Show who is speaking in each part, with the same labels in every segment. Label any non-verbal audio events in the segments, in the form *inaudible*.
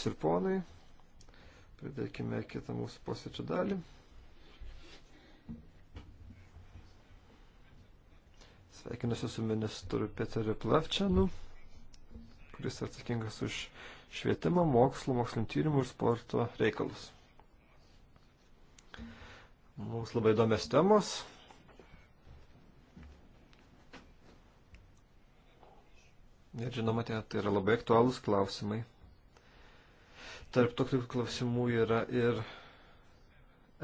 Speaker 1: Ponios ir ponai, pridėkime kitą mūsų posėdžio dalį. Sveikinuosi su ministru Peteriu Plavčianu, kuris atsakingas už švietimą, mokslo, mokslinio tyrimų ir sporto reikalus. Mums labai įdomios temos. Ir žinoma, tai yra labai aktualūs klausimai. Tarp tokių klausimų yra ir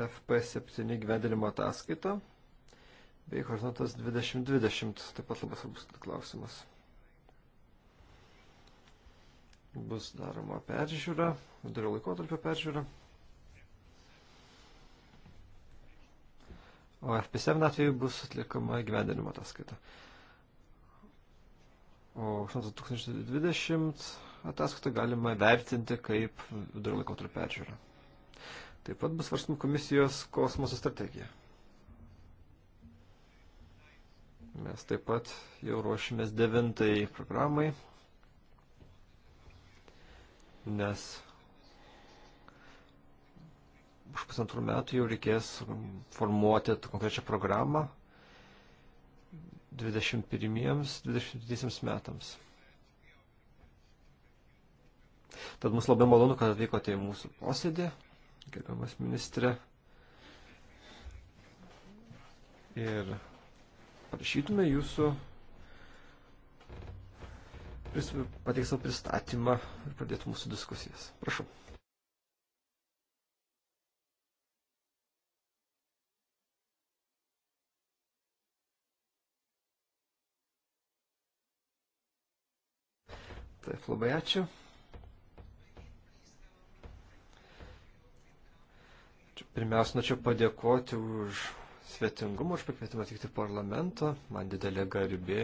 Speaker 1: FP7 gyvendinimo ataskaita bei horizontas 2020, taip pat labai svarbus klausimas. Bus daroma peržiūra, vidurio laikotarpio peržiūra. O FP7 atveju bus atliekama gyvendinimo ataskaita. O 2020 ataskaitą galima vertinti kaip vidurio laikotarpio peržiūrą. Taip pat bus svarstama komisijos kosmoso strategija. Mes taip pat jau ruošimės devintai programai, nes už pusantrų metų jau reikės formuoti konkrečią programą 21-22 metams. Tad mums labai malonu, kad atvykote į mūsų posėdį, gerbiamas ministrė. Ir prašytume jūsų pateikti savo pristatymą ir pradėti mūsų diskusijas. Prašau. Taip, labai ačiū. Pirmiausia, norėčiau padėkoti už svetingumą, už pakvietimą atvykti parlamentą. Man didelė garbė,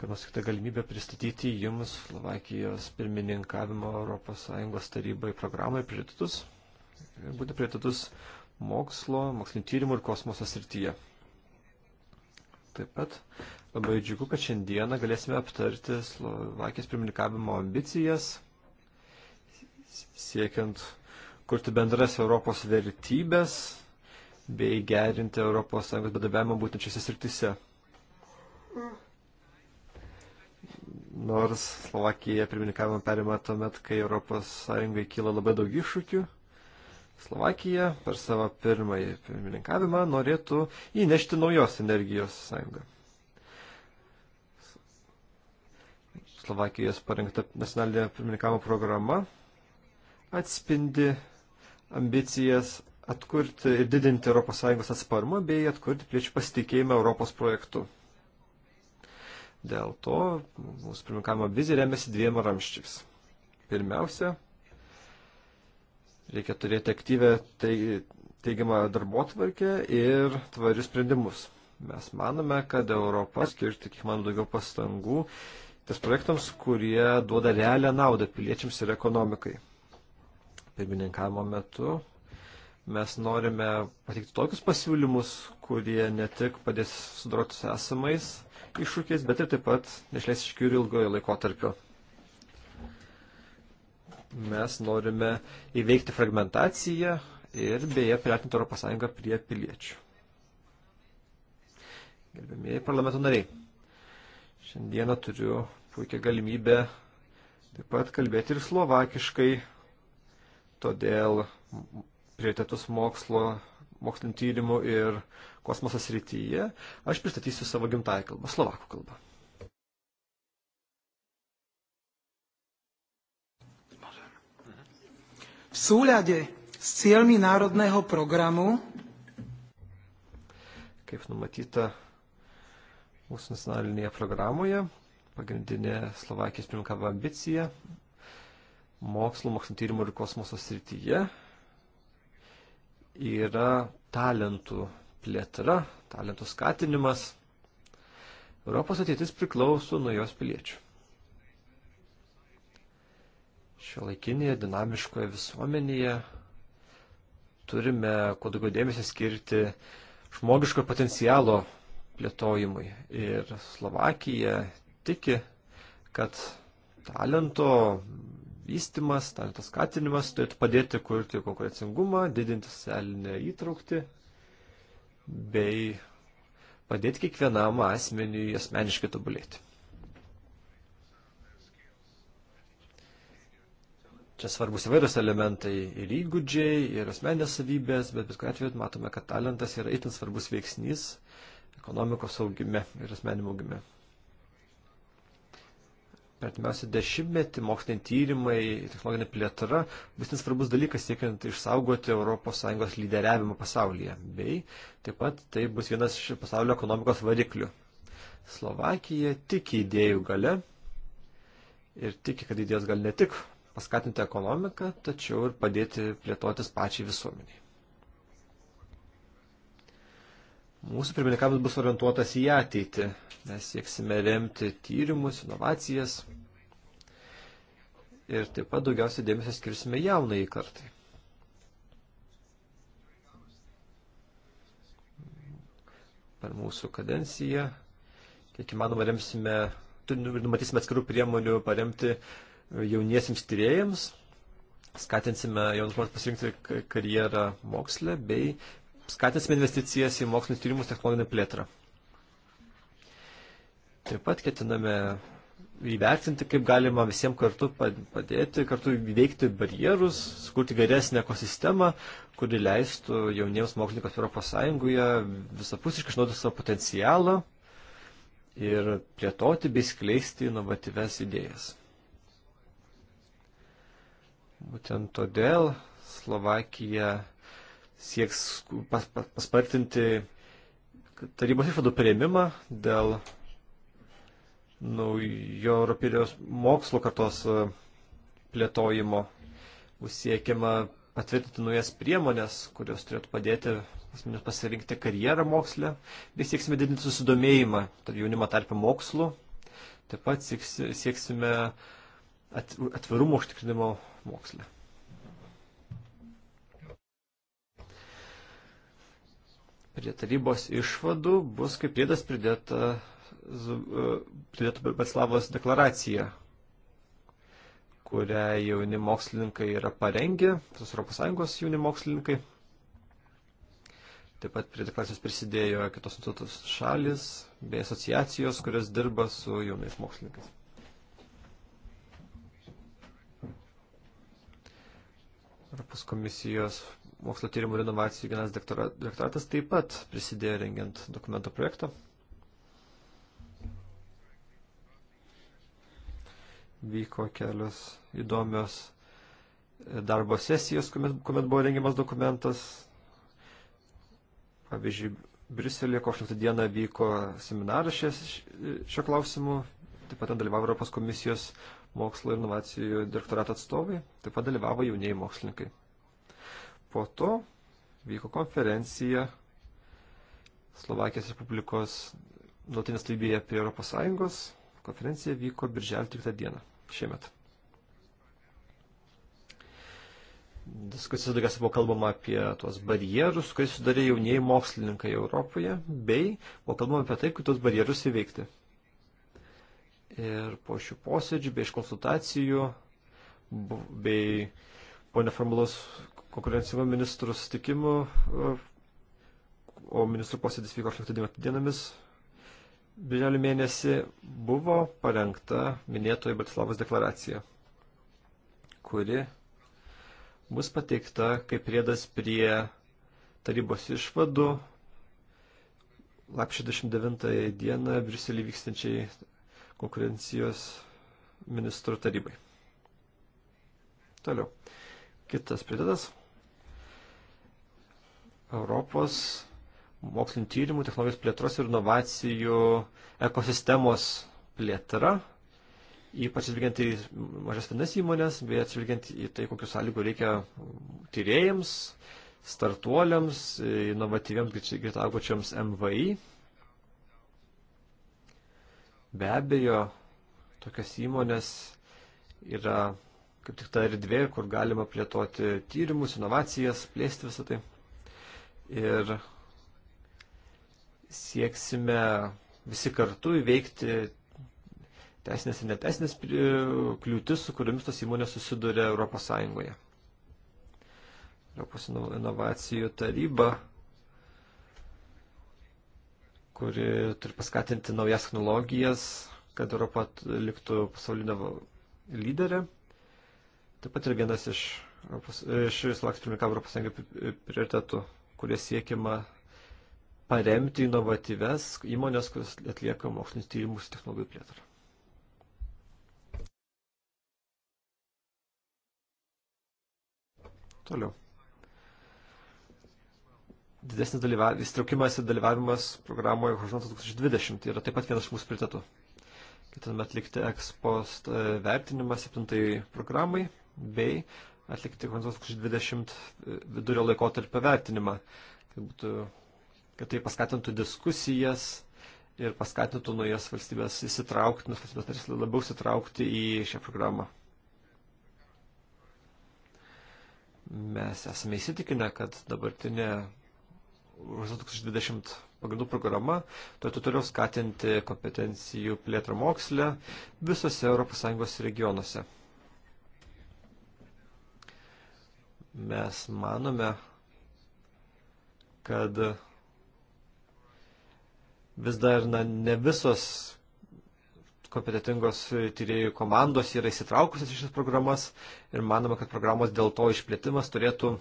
Speaker 1: kad mes tik galimybę pristatyti jums Slovakijos pirmininkavimo ES tarybai programai prioritetus, būtent prioritetus mokslo, mokslinio tyrimų ir kosmoso srityje. Taip pat labai džiugu, kad šiandieną galėsime aptarti Slovakijos pirmininkavimo ambicijas siekiant kurti bendras Europos vertybės bei gerinti ES bedarbiavimą būtent šiose srityse. Nors Slovakija pirmininkavimą perima tuomet, kai ES kyla labai daug iššūkių, Slovakija per savo pirmąjį pirmininkavimą norėtų įnešti naujos energijos sąjungą. Slovakijos parengta nacionalinė pirmininkavimo programa atspindi ambicijas atkurti ir didinti ES atsparumą bei atkurti piliečių pasitikėjimą Europos projektu. Dėl to mūsų pirmininkavimo vizija remiasi dviem ramščiais. Pirmiausia, reikia turėti aktyvę teigiamą darbotvarkę ir tvarius sprendimus. Mes manome, kad Europa skirti, kiek man daugiau pastangų, ties projektams, kurie duoda realią naudą piliečiams ir ekonomikai pirmininkavimo metu mes norime pateikti tokius pasiūlymus, kurie ne tik padės sudoroti su esamais iššūkiais, bet ir taip pat neišleis iškių ir ilgojo laikotarpio. Mes norime įveikti fragmentaciją ir beje priartinti Europos Sąjungą prie piliečių. Gerbėmėjai parlamento nariai, šiandieną turiu puikią galimybę taip pat kalbėti ir slovakiškai todėl prioritetus mokslo, mokslinio tyrimų ir kosmoso srityje aš pristatysiu savo gimtąją kalbą, slovakų kalbą.
Speaker 2: V súľade s cieľmi národného programu
Speaker 1: kaip numatyta mūsų nacionalinėje programoje, pagrindinė Slovakijos pirmkavo ambicija mokslo, mokslo tyrimų ir kosmoso srityje yra talentų plėtra, talentų skatinimas. Europos ateitis priklauso nuo jos piliečių. Šio laikinėje, dinamiškoje visuomenėje turime kuo daugiau dėmesio skirti žmogiško potencialo plėtojimui. Ir Slovakija tiki, kad talento vystimas, talento skatinimas turėtų padėti kurti konkurencingumą, didinti socialinę įtraukti bei padėti kiekvienam asmeniui asmeniškai tobulėti. Čia svarbus įvairūs elementai ir įgūdžiai, ir asmenės savybės, bet bet kuriuo atveju matome, kad talentas yra itin svarbus veiksnys ekonomikos augime ir asmenimo augime per atmiausią dešimtmetį moksliniai tyrimai, technologinė plėtra bus nesvarbus dalykas siekiant išsaugoti ES lyderiavimą pasaulyje. Bei taip pat tai bus vienas iš pasaulio ekonomikos variklių. Slovakija tiki idėjų gale ir tiki, kad idėjos gali ne tik paskatinti ekonomiką, tačiau ir padėti plėtotis pačiai visuomeniai. Mūsų pirmininkavimas bus orientuotas į ateitį. Mes sieksime remti tyrimus, inovacijas ir taip pat daugiausiai dėmesio skirsime jaunai kartai. Per mūsų kadenciją, kiek įmanoma, remsime, nu, numatysime atskirų priemonių paremti jauniesiems tyrėjams, skatinsime jaunus žmonės pasirinkti karjerą moksle bei skatinsime investicijas į mokslinius tyrimus technologinę plėtrą. Taip pat ketiname įvertinti, kaip galima visiems kartu padėti, kartu įveikti barjerus, sukurti geresnę ekosistemą, kuri leistų jauniems mokslininkams Europos Sąjungoje visapusiškai išnaudoti savo potencialą ir plėtoti bei skleisti inovatyves idėjas. Būtent todėl Slovakija sieks pas, pas, paspartinti tarybos išvadų prieimimą dėl naujo europinės mokslo kartos e, plėtojimo. Bus siekiama patvirtinti naujas priemonės, kurios turėtų padėti asmenius pasirinkti karjerą mokslę. Vis sieksime didinti susidomėjimą tarp jaunimo tarp mokslų. Taip pat sieksime atvirumo užtikrinimo mokslę. prie tarybos išvadų bus kaip priedas pridėta, e, pridėta Bratislavos deklaracija, kurią jauni mokslininkai yra parengę, visos ES jauni mokslininkai. Taip pat prie deklaracijos prisidėjo kitos institutos šalis bei asociacijos, kurios dirba su jaunais mokslininkais. Europos komisijos mokslo tyrimų ir inovacijų vienas direktoratas taip pat prisidėjo rengiant dokumento projektą. Vyko kelios įdomios e, darbo sesijos, kuomet, kuomet buvo rengiamas dokumentas. Pavyzdžiui, Briuselėje kovo dieną vyko seminaras e, šio klausimu, taip pat dalyvavo Europos komisijos mokslo ir inovacijų direktorato atstovai, taip pat dalyvavo jaunieji mokslininkai. Po to vyko konferencija Slovakijos Respublikos nuolatinės lygybėje prie Europos Sąjungos. Konferencija vyko birželio 3 dieną šiemet. Diskusijos daugiausia buvo kalbama apie tuos barjerus, kuris sudarė jaunieji mokslininkai Europoje, bei buvo kalbama apie tai, kaip tuos barjerus įveikti. Ir po šių posėdžių, bei iš konsultacijų, bei po neformalaus konkurencingumo ministrų sutikimų, o ministrų posėdis vyko 8 dienomis. Birželio mėnesį buvo parengta minėtoji Bratislavos deklaracija, kuri bus pateikta kaip priedas prie tarybos išvadų lapšio 29 dieną Briuselį vykstančiai konkurencijos ministrų tarybai. Toliau. Kitas pridedas. Europos mokslinio tyrimų, technologijos plėtros ir inovacijų ekosistemos plėtra, ypač atsižvelgiant į mažas vienas įmonės, bei atsižvelgiant į tai, kokius sąlygų reikia tyrėjams, startuoliams, inovatyviams greit augačiams MVI. Be abejo, tokios įmonės yra kaip tik ta erdvė, kur galima plėtoti tyrimus, inovacijas, plėsti visą tai ir sieksime visi kartu įveikti teisinės ir neteisinės kliūtis, su kuriomis tos įmonės susiduria Europos Sąjungoje. Europos inovacijų taryba, kuri turi paskatinti naujas technologijas, kad Europa liktų pasaulinio lyderė. Taip pat ir vienas iš, Europos, iš Slovakijos pirmininkavo Europos Sąjungų prioritetų kuria siekiama paremti inovatyves įmonės, kurios atlieka mokslinis tyrimus technologijų plėtrą. Toliau. Didesnis įstraukimas ir dalyvavimas programoje Horizontas 2020 tai yra taip pat vienas iš mūsų prioritetų. Ketiname atlikti ekspost e, vertinimą septintai programai bei atlikti Horizontas 2020 e, vidurio laikotarpio vertinimą, kad, tai būtų, kad tai paskatintų diskusijas ir paskatintų naujas valstybės įsitraukti, nes valstybės narys labiau įsitraukti į šią programą. Mes esame įsitikinę, kad dabartinė 2020 pagrindų programa turėtų toliau skatinti kompetencijų plėtrą moksle visose ES regionuose. Mes manome, kad vis dar na, ne visos kompetitingos tyriejų komandos yra įsitraukusios į šias programas ir manome, kad programos dėl to išplėtimas turėtų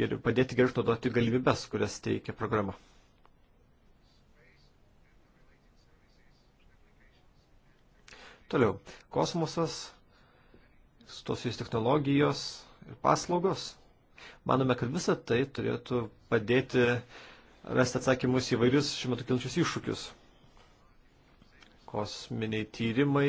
Speaker 1: geriau, padėti geriau išnaudoti galimybės, kurias teikia programa. Toliau, kosmosas, stosius technologijos, ir paslaugos. Manome, kad visa tai turėtų padėti rasti atsakymus į vairius šiuo metu kilčius iššūkius. Kosminiai tyrimai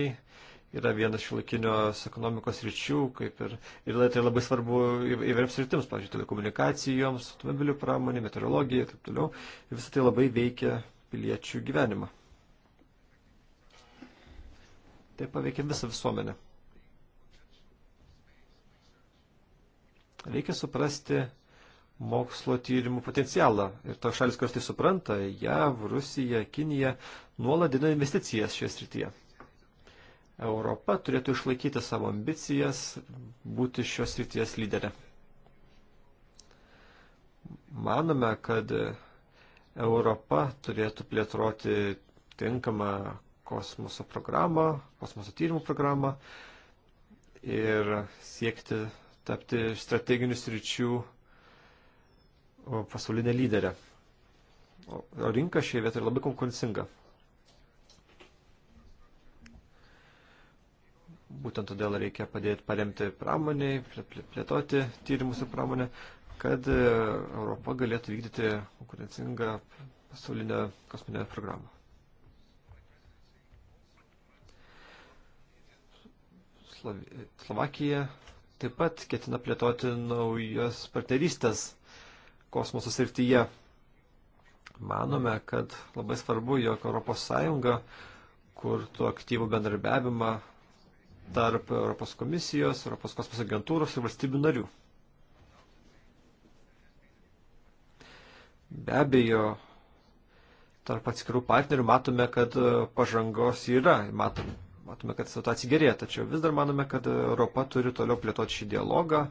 Speaker 1: yra vienas šiuolaikinios ekonomikos ryčių, kaip ir, ir tai labai svarbu įvairiams rytims, pavyzdžiui, telekomunikacijoms, automobilių pramonė, meteorologija ir taip toliau. Ir visą tai labai veikia piliečių gyvenimą. Tai paveikia visą visuomenę. Reikia suprasti mokslo tyrimų potencialą. Ir tos šalis, kurios tai supranta, JAV, Rusija, Kinija, nuolat didina investicijas šioje srityje. Europa turėtų išlaikyti savo ambicijas, būti šios srities lyderė. Manome, kad Europa turėtų plėtroti tinkamą kosmoso programą, kosmoso tyrimų programą ir siekti tapti strateginių sričių pasaulinė lyderė. O rinka šioje vietoje labai konkurencinga. Būtent todėl reikia padėti paremti pramoniai, plėtoti tyrimus ir pramonę, kad e, Europa galėtų vykdyti konkurencingą pasaulinę kosminę programą. Slovakija taip pat ketina plėtoti naujos partnerystės kosmoso srityje. Manome, kad labai svarbu, jog ES kurtų aktyvų bendarbiavimą tarp Europos komisijos, Europos kosmoso agentūros ir valstybių narių. Be abejo, tarp atskirų partnerių matome, kad pažangos yra, matome, Matome, kad situacija gerėja, tačiau vis dar manome, kad Europa turi toliau plėtoti šį dialogą,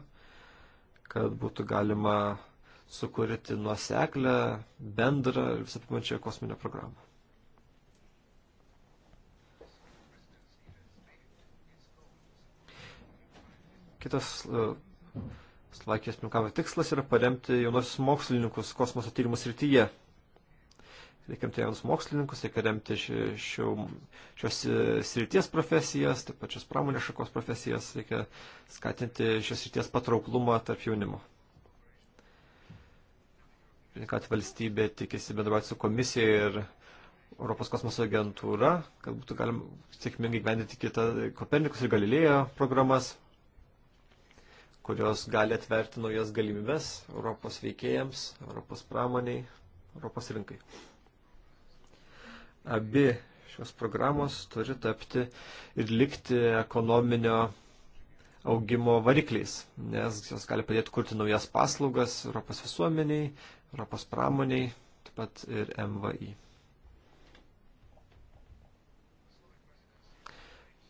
Speaker 1: kad būtų galima sukurti nuoseklę, bendrą ir visapimančią kosminę programą. Kitas e, Slovakijos pirmkavimo tikslas yra paremti jaunosius mokslininkus kosmoso tyrimų srityje reikia remti jaunus mokslininkus, reikia remti šio, šios e, srities profesijas, taip pat šios pramonės šakos profesijas, reikia skatinti šios srities patrauklumą tarp jaunimo. Kad valstybė tikisi bendrauti su komisija ir Europos kosmoso agentūra, kad būtų galima sėkmingai gyvendinti kitą Kopernikus ir Galilėjo programas, kurios gali atverti naujas galimybes Europos veikėjams, Europos pramoniai, Europos rinkai abi šios programos turi tapti ir likti ekonominio augimo varikliais, nes jos gali padėti kurti naujas paslaugas Europos visuomeniai, Europos pramoniai, taip pat ir MVI.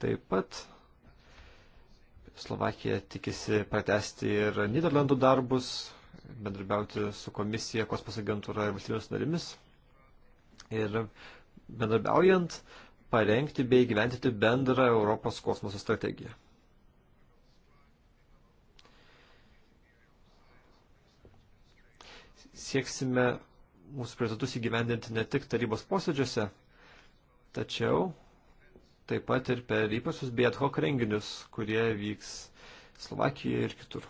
Speaker 1: Taip pat Slovakija tikisi pratesti ir Niderlandų darbus, bendrabiauti su komisija, kosmos agentūra ir valstybės narimis. Ir bendarbiaujant parengti bei gyventyti bendrą Europos kosmoso strategiją. Sieksime mūsų prioritetus įgyvendinti ne tik tarybos posėdžiuose, tačiau taip pat ir per įprasus bei ad hoc renginius, kurie vyks Slovakijoje ir kitur.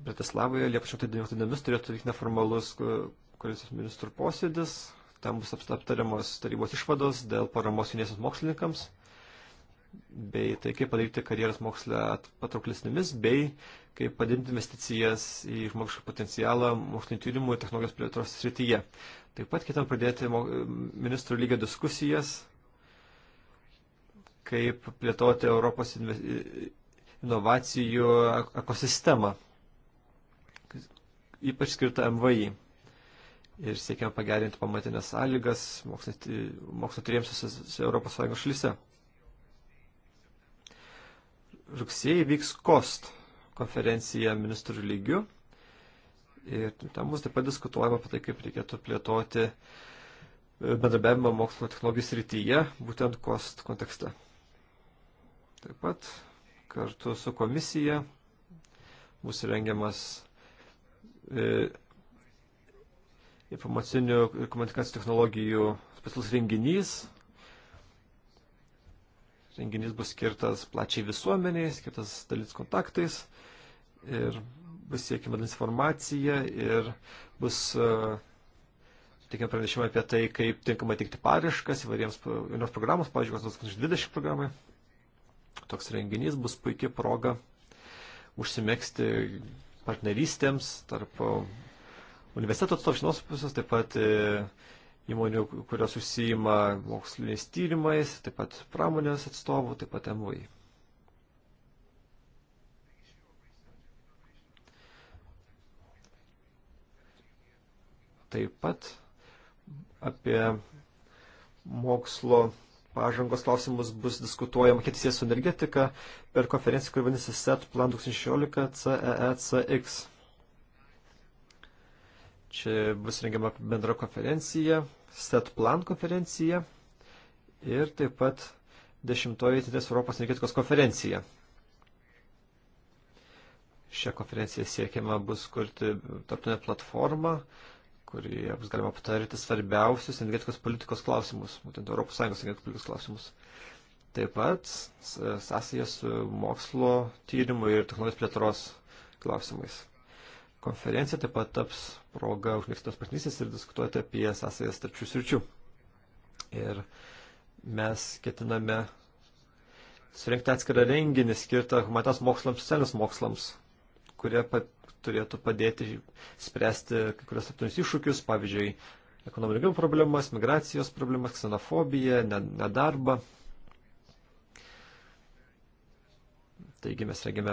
Speaker 1: Bratislavoje Liepos 19 dienomis turėtų vykti neformalus koalicijos ministrų posėdis. Tam bus aptariamos tarybos išvados dėl paramos jauniesiams mokslininkams, bei tai, kaip padaryti karjeras mokslę patrauklesnėmis, bei kaip padinti investicijas į žmogišką potencialą mokslinio tyrimų ir technologijos plėtros srityje. Taip pat kitam pradėti ministrų lygio diskusijas, kaip plėtoti Europos inovacijų ekosistemą ypač skirta MVI. Ir siekiame pagerinti pamatinės sąlygas mokslo tyriems Europos Sąjungos šalyse. Rugsėjai vyks KOST konferencija ministrų lygių. Ir ten bus taip pat diskutuojama apie tai, kaip reikėtų plėtoti e, bendrabiavimą mokslo technologijų srityje, būtent KOST kontekste. Taip pat kartu su komisija bus rengiamas E, informacinių ir komunikacijų technologijų specialus renginys. Renginys bus skirtas plačiai visuomeniai, skirtas dalis kontaktais ir bus siekiama informacija ir bus e, teikiam pranešimą apie tai, kaip tinkamai teikti paraiškas įvairiems vienos programos, pavyzdžiui, 2020 programai. Toks renginys bus puikia proga užsimėgsti partnerystėms tarp universiteto atstovų iš vienos pusės, taip pat e, įmonių, kurios užsijima moksliniais tyrimais, taip pat pramonės atstovų, taip pat MVI. Taip pat apie mokslo pažangos klausimus bus diskutuojama kitisės su energetika per konferenciją, kuri vadinasi SET Plan 2016 CEECX. Čia bus rengiama bendra konferencija, SET Plan konferencija ir taip pat 10-oji Titės Europos energetikos konferencija. Šią konferenciją siekiama bus kurti tarptautinę platformą, kurioje bus galima aptarti svarbiausius energetikos politikos klausimus, būtent ES energetikos politikos klausimus. Taip pat sąsąją su mokslo tyrimų ir technologijos plėtros klausimais. Konferencija taip pat taps proga užmėgstos partnysės ir diskutuoti apie sąsąjas tarp šių sričių. Ir mes ketiname surinkti atskirą renginį skirtą humanitas mokslams, socialiniams mokslams, kurie pat turėtų padėti spręsti kai kurios tarptautinius iššūkius, pavyzdžiui, ekonominio problemas, migracijos problemas, ksenofobiją, nedarbą. Taigi mes regime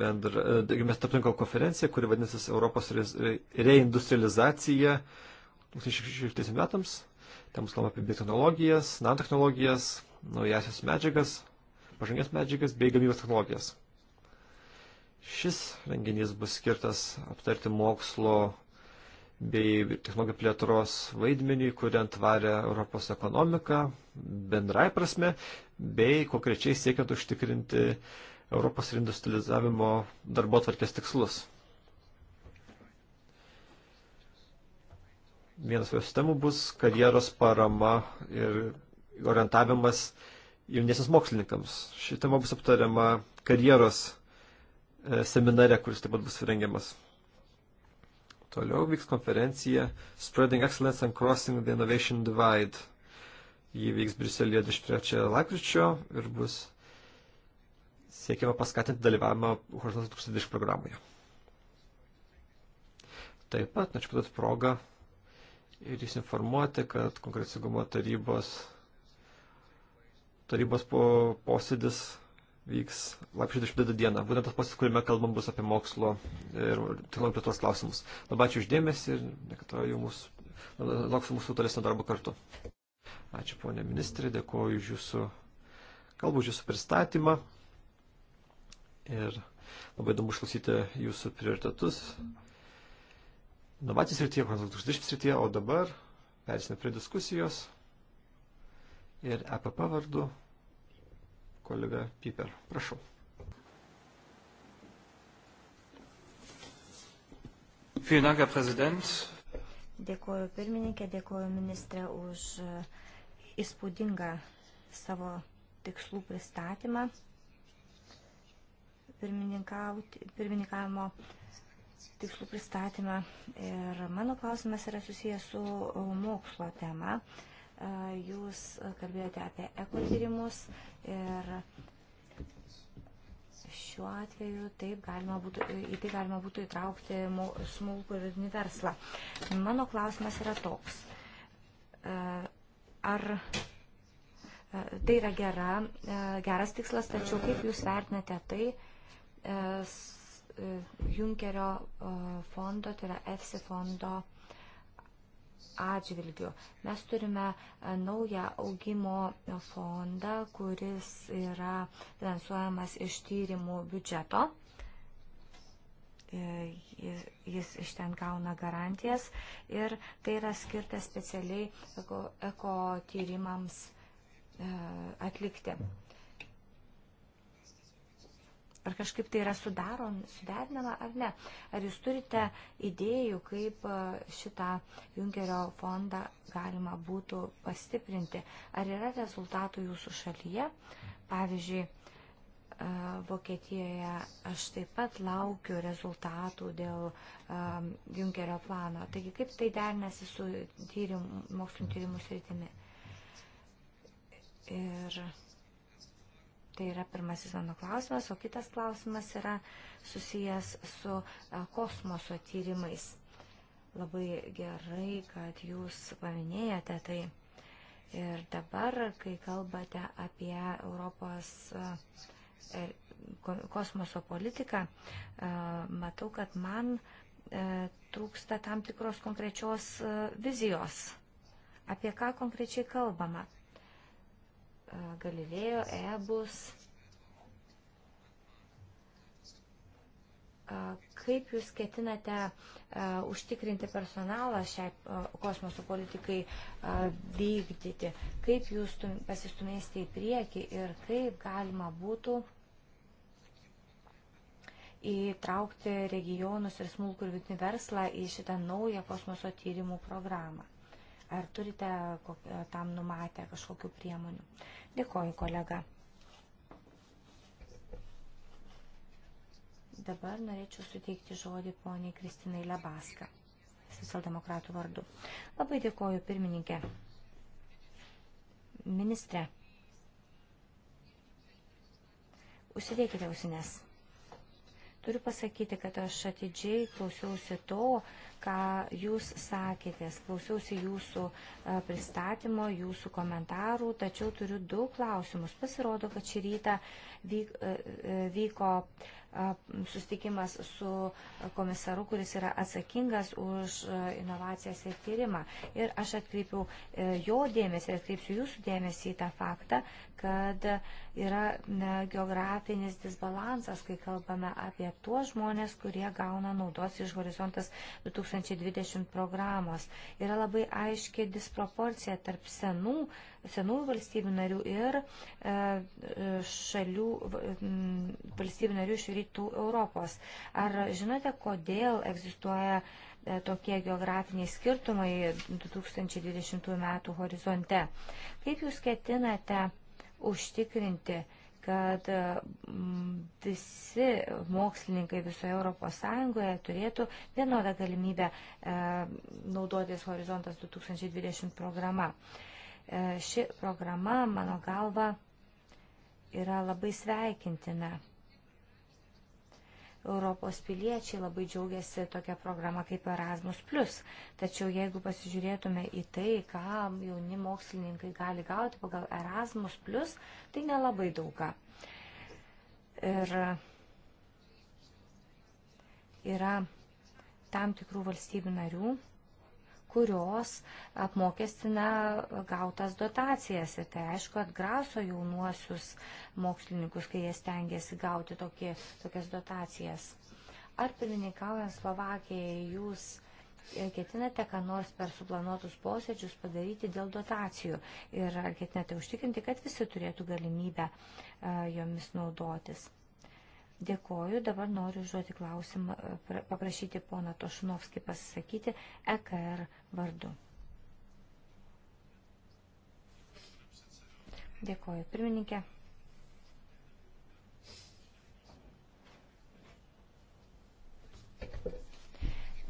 Speaker 1: bendrą, e, taigi mes tarptautinę konferenciją, kuri vadinasi Europos reindustrializacija 2016 metams. Ten bus kalbama apie biotechnologijas, nanotechnologijas, naujasias medžiagas, pažangias medžiagas bei gamybos technologijas. Šis renginys bus skirtas aptarti mokslo bei technologijų plėtros vaidmenį, kuriant tvarę Europos ekonomiką bendrai prasme, bei konkrečiai siekiant užtikrinti Europos industrializavimo darbo tvarkės tikslus. Vienas jos temų bus karjeros parama ir orientavimas jauniesiams mokslininkams. Ši tema bus aptariama karjeros E, seminare, kuris taip pat bus rengiamas. Toliau vyks konferencija Spreading Excellence and Crossing the Innovation Divide. Ji vyks Briuselėje 23 lakryčio ir bus siekiama paskatinti dalyvavimą Horizontas 2020 programoje. Taip pat, norėčiau paduoti progą ir jūs informuoti, kad konkurencingumo tarybos, tarybos po, posėdis vyks lapkričio 22 dieną. Būtent tas posėdis, kuriame kalbam bus apie mokslo ir technologijų plėtros klausimus. Labai ačiū uždėmesį ir nekatoju mūsų, lauksiu mūsų tolesnio darbo kartu. Ačiū ponė ministrė, dėkoju už jūsų kalbą, už jūsų pristatymą. Ir labai įdomu išklausyti jūsų prioritetus. Inovacijos srityje, konsultus dirbs srityje, o dabar persime prie diskusijos. Ir EPP vardu kolega Piper. Prašau.
Speaker 3: Dėkuoju pirmininkė, dėkuoju ministrė už e, įspūdingą savo tikslų pristatymą pirmininkavimo tikslų pristatymą. Ir mano klausimas yra susijęs su e, mokslo tema. Jūs kalbėjote apie ekotyrimus ir šiuo atveju taip galima būtų, į tai galima būtų įtraukti smulkų ir vidinį verslą. Mano klausimas yra toks. E, ar e, tai yra gera, e, geras tikslas, tačiau kaip Jūs vertinate tai Junkerio fondo, tai yra EFSI fondo atžvilgių. Mes turime e, naują augimo fondą, kuris yra finansuojamas iš tyrimų biudžeto. E, jis, jis iš ten gauna garantijas ir tai yra skirta specialiai eko, eko tyrimams e, atlikti. Ar kažkaip tai yra sudarom, suderinama ar ne? Ar jūs turite idėjų, kaip e, šitą Junkerio fondą galima būtų pastiprinti? Ar yra rezultatų jūsų šalyje? Pavyzdžiui, e, Vokietijoje aš taip pat laukiu rezultatų dėl um, Junkerio plano. Taigi kaip tai derinasi su tyrim, mokslinio tyrimų sritimi? Ir Tai yra pirmasis mano klausimas, o kitas klausimas yra susijęs su e, kosmoso tyrimais. Labai gerai, kad jūs paminėjate tai. Ir dabar, kai kalbate apie Europos e, e, kosmoso politiką, matau, kad man trūksta tam tikros konkrečios vizijos. Apie ką konkrečiai kalbama? Galilėjo, EBUS. Kaip jūs ketinate uh, užtikrinti personalą šiai uh, kosmoso politikai uh, vykdyti? Kaip jūs pasistumėsite į priekį ir kaip galima būtų įtraukti regionus ir smulkų ir vidutinį verslą į šitą naują kosmoso tyrimų programą? Ar turite kok, tam numatę kažkokių priemonių? Uh, Dėkoju, kolega. Dabar norėčiau suteikti žodį poniai Kristinai Lebaska, socialdemokratų vardu. Labai dėkoju, pirmininkė. Ministre, užsidėkite ausinės. Turiu pasakyti, kad aš atidžiai klausiausi to, ką jūs sakėte. Klausiausi jūsų e, pristatymo, jūsų komentarų, tačiau turiu du klausimus. Pasirodo, kad šį rytą e, e, vyko susitikimas su komisaru, kuris yra atsakingas už inovacijas ir tyrimą. Ir aš atkreipiau jo dėmesį ir atkreipsiu jūsų dėmesį į tą faktą, kad yra geografinis disbalansas, kai kalbame apie tuos žmonės, kurie gauna naudos iš horizontas 2000. 2020 programos. Yra labai aiški disproporcija tarp senų, senų valstybių narių ir e, e, šalių valstybių narių iš rytų Europos. Ar žinote, kodėl egzistuoja e, tokie geografiniai skirtumai 2020 metų horizonte? Kaip jūs ketinate užtikrinti, kad e, visi mokslininkai visoje Europos Sąjungoje turėtų vienodą galimybę e, naudotis Horizontas 2020 programa. E, ši programa, mano galva, yra labai sveikintina Europos piliečiai labai džiaugiasi tokia programa kaip Erasmus. Tačiau jeigu pasižiūrėtume į tai, ką jauni mokslininkai gali gauti pagal Erasmus, tai nelabai dauga. Ir yra tam tikrų valstybių narių, kurios apmokestina gautas dotacijas. Ir tai aišku atgraso jaunuosius mokslininkus, kai jie stengiasi gauti tokie, tokias dotacijas. Ar pirmininkaujant Slovakijai jūs ketinate, ką nors per suplanuotus posėdžius padaryti dėl dotacijų ir ar ketinate užtikrinti, kad visi turėtų galimybę e, jomis naudotis? Dėkoju, dabar noriu užduoti klausimą, e, paprašyti pono Tošinovskį pasisakyti EKR vardu. Dėkoju, pirmininkė.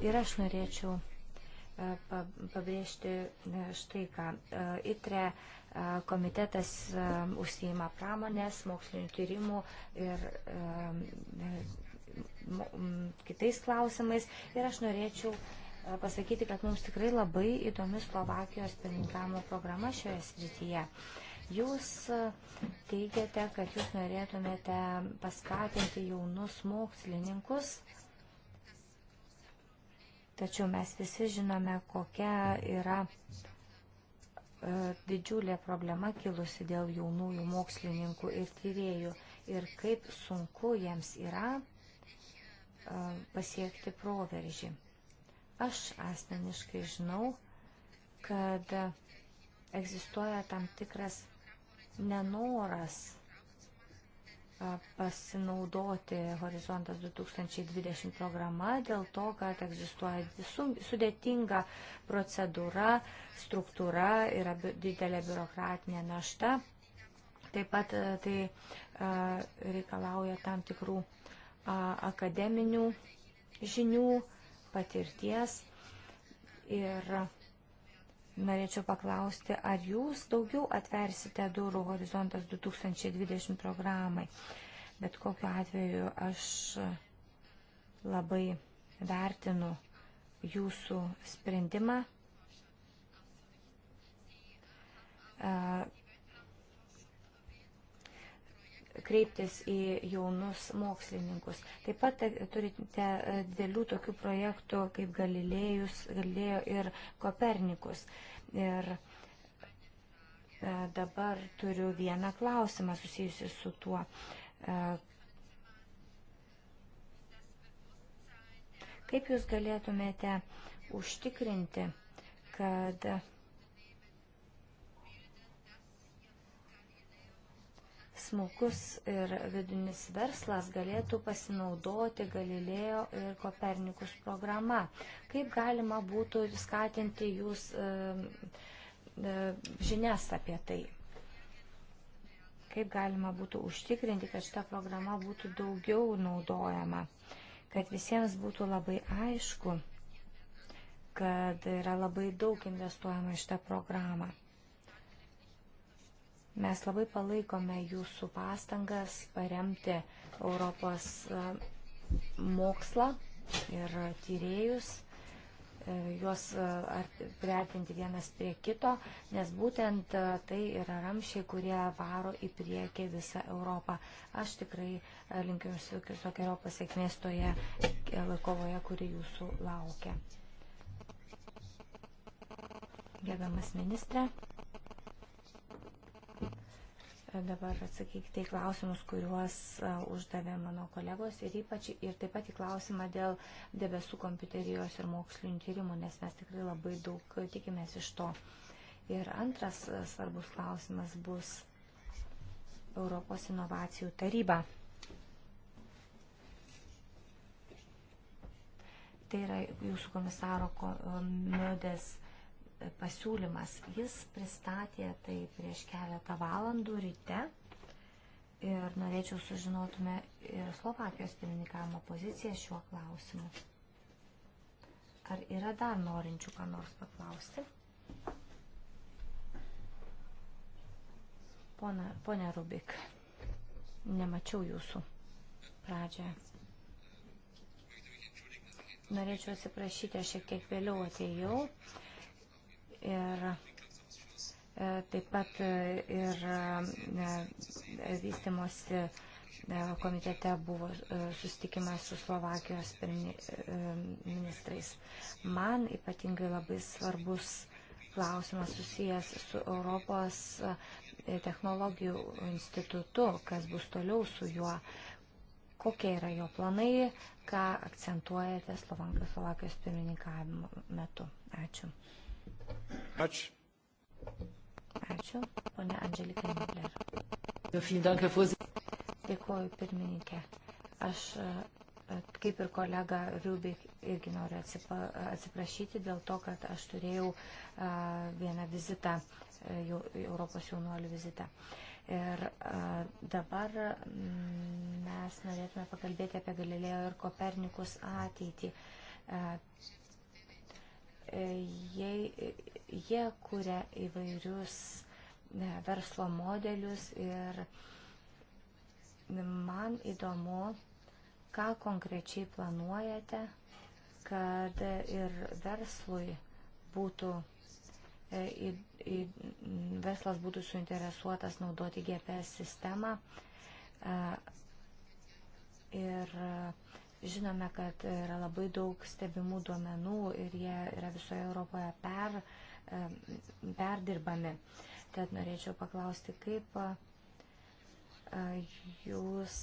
Speaker 3: Ir aš norėčiau e, pabrėžti e, štai ką. ITRE komitetas užsijima pramonės, mokslinių tyrimų ir kitais klausimais. Ir aš norėčiau pasakyti, kad mums tikrai labai įdomi Slovakijos pirmininkavimo programa šioje srityje. Jūs teigiate, kad jūs norėtumėte paskatinti jaunus mokslininkus, tačiau mes visi žinome, kokia yra E, didžiulė problema kilusi dėl jaunųjų mokslininkų ir tyriejų ir kaip sunku jiems yra e, pasiekti proveržį. Aš asmeniškai žinau, kad egzistuoja tam tikras nenoras pasinaudoti Horizontas 2020 programa dėl to, kad egzistuoja sudėtinga procedūra, struktūra, yra didelė biurokratinė našta. Taip pat tai reikalauja tam tikrų akademinių žinių, patirties ir Norėčiau paklausti, ar jūs daugiau atversite durų horizontas 2020 programai. Bet kokiu atveju aš labai vertinu jūsų sprendimą kreiptis į jaunus mokslininkus. Taip pat turite e, dėlių tokių projektų kaip Galilėjus, Galilėjo ir Kopernikus. Ir e, dabar turiu vieną klausimą susijusi su tuo. E, kaip jūs galėtumėte užtikrinti, kad smulkus ir vidinis verslas galėtų pasinaudoti Galilėjo ir Kopernikus programa. Kaip galima būtų skatinti jūs e, žinias apie tai? Kaip galima būtų užtikrinti, kad šita programa būtų daugiau naudojama, kad visiems būtų labai aišku, kad yra labai daug investuojama šitą programą. Mes labai palaikome jūsų pastangas paremti Europos e, mokslą ir tyrėjus, e, juos e, priartinti vienas prie kito, nes būtent tai yra ramšiai, kurie varo į priekį visą Europą. Aš tikrai linkiu jums visokiojo pasiekmės toje kovoje, kuri jūsų laukia. Gerbiamas ministrė dabar atsakykite į klausimus, kuriuos uždavė mano kolegos ir, ypač, ir taip pat į klausimą dėl debesų kompiuterijos ir mokslinių tyrimų, nes mes tikrai labai daug tikimės iš to. Ir antras svarbus klausimas bus Europos inovacijų taryba. Tai yra jūsų komisaro Mėdės. Um, pasiūlymas. Jis pristatė tai prieš keletą valandų ryte ir norėčiau sužinotume ir Slovakijos pirmininkavimo poziciją šiuo klausimu. Ar yra dar norinčių ką nors paklausti? Pona, ponia Rubik, nemačiau jūsų pradžioje. Norėčiau atsiprašyti, aš šiek tiek vėliau atėjau ir e, taip pat e, ir e, vystimosi komitete buvo susitikimas su Slovakijos ministrais. Man ypatingai labai svarbus klausimas susijęs su Europos technologijų institutu, kas bus toliau su juo, kokie yra jo planai, ką akcentuojate Slovakijos pirmininkavimo metu. Ačiū. Ačiū. Ačiū, ponia Andželika Nibler. Dėkuoju, pirmininkė. Aš e, e, kaip ir kolega Rubik irgi noriu atsipa, atsiprašyti dėl to, kad aš turėjau a, e, vieną vizitą, a, jau, Europos jaunuolių vizitą. Ir a, dabar m, mm, mes norėtume pakalbėti apie Galilėjo ir Kopernikus ateitį. A, jie, e, jie kuria įvairius ne, verslo modelius ir man įdomu, ką konkrečiai planuojate, kad ir verslui būtų, e, į, į, verslas būtų suinteresuotas naudoti GPS sistemą. E, ir uh, Žinome, kad yra labai daug stebimų duomenų ir jie yra visoje Europoje per, perdirbami. Tad norėčiau paklausti, kaip jūs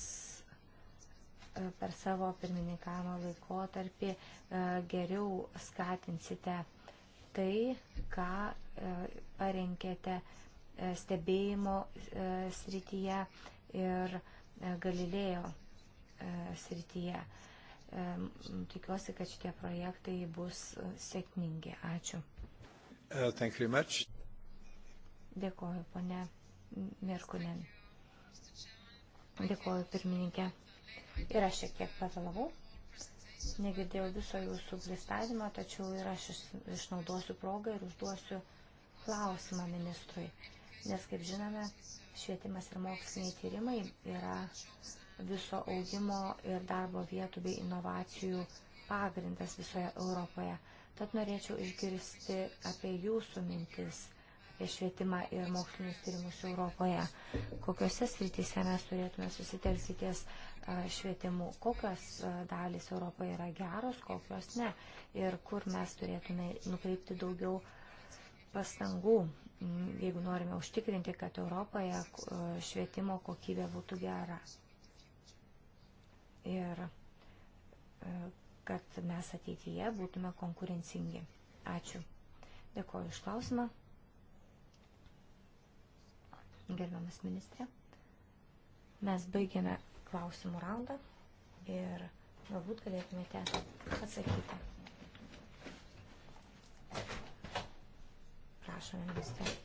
Speaker 3: per savo pirmininkavimo laikotarpį geriau skatinsite tai, ką parinkėte stebėjimo srityje ir Galilėjo E, srityje. E, tikiuosi, kad šitie projektai bus sėkmingi. Ačiū.
Speaker 1: Uh,
Speaker 3: Dėkoju, ponė Mirkunen. Dėkoju, pirmininkė. Ir aš šiek tiek pavėlavau. Negirdėjau viso jūsų pristatymo, tačiau ir aš išnaudosiu progą ir užduosiu klausimą ministrui. Nes, kaip žinome, švietimas ir moksliniai tyrimai yra viso augimo ir darbo vietų bei inovacijų pagrindas visoje Europoje. Tad norėčiau išgirsti apie jūsų mintis apie švietimą ir mokslinius tyrimus Europoje. Kokiuose srityse mes turėtume susitelkti ties švietimu, kokios dalys Europoje yra geros, kokios ne ir kur mes turėtume nukreipti daugiau pastangų, jeigu norime užtikrinti, kad Europoje švietimo kokybė būtų gera ir e, kad mes ateityje būtume konkurencingi. Ačiū. Dėkuoju iš klausimą. Gerbiamas ministrė. Mes baigėme klausimų raundą ir galbūt galėtumėte atsakyti. Prašome, ministrė.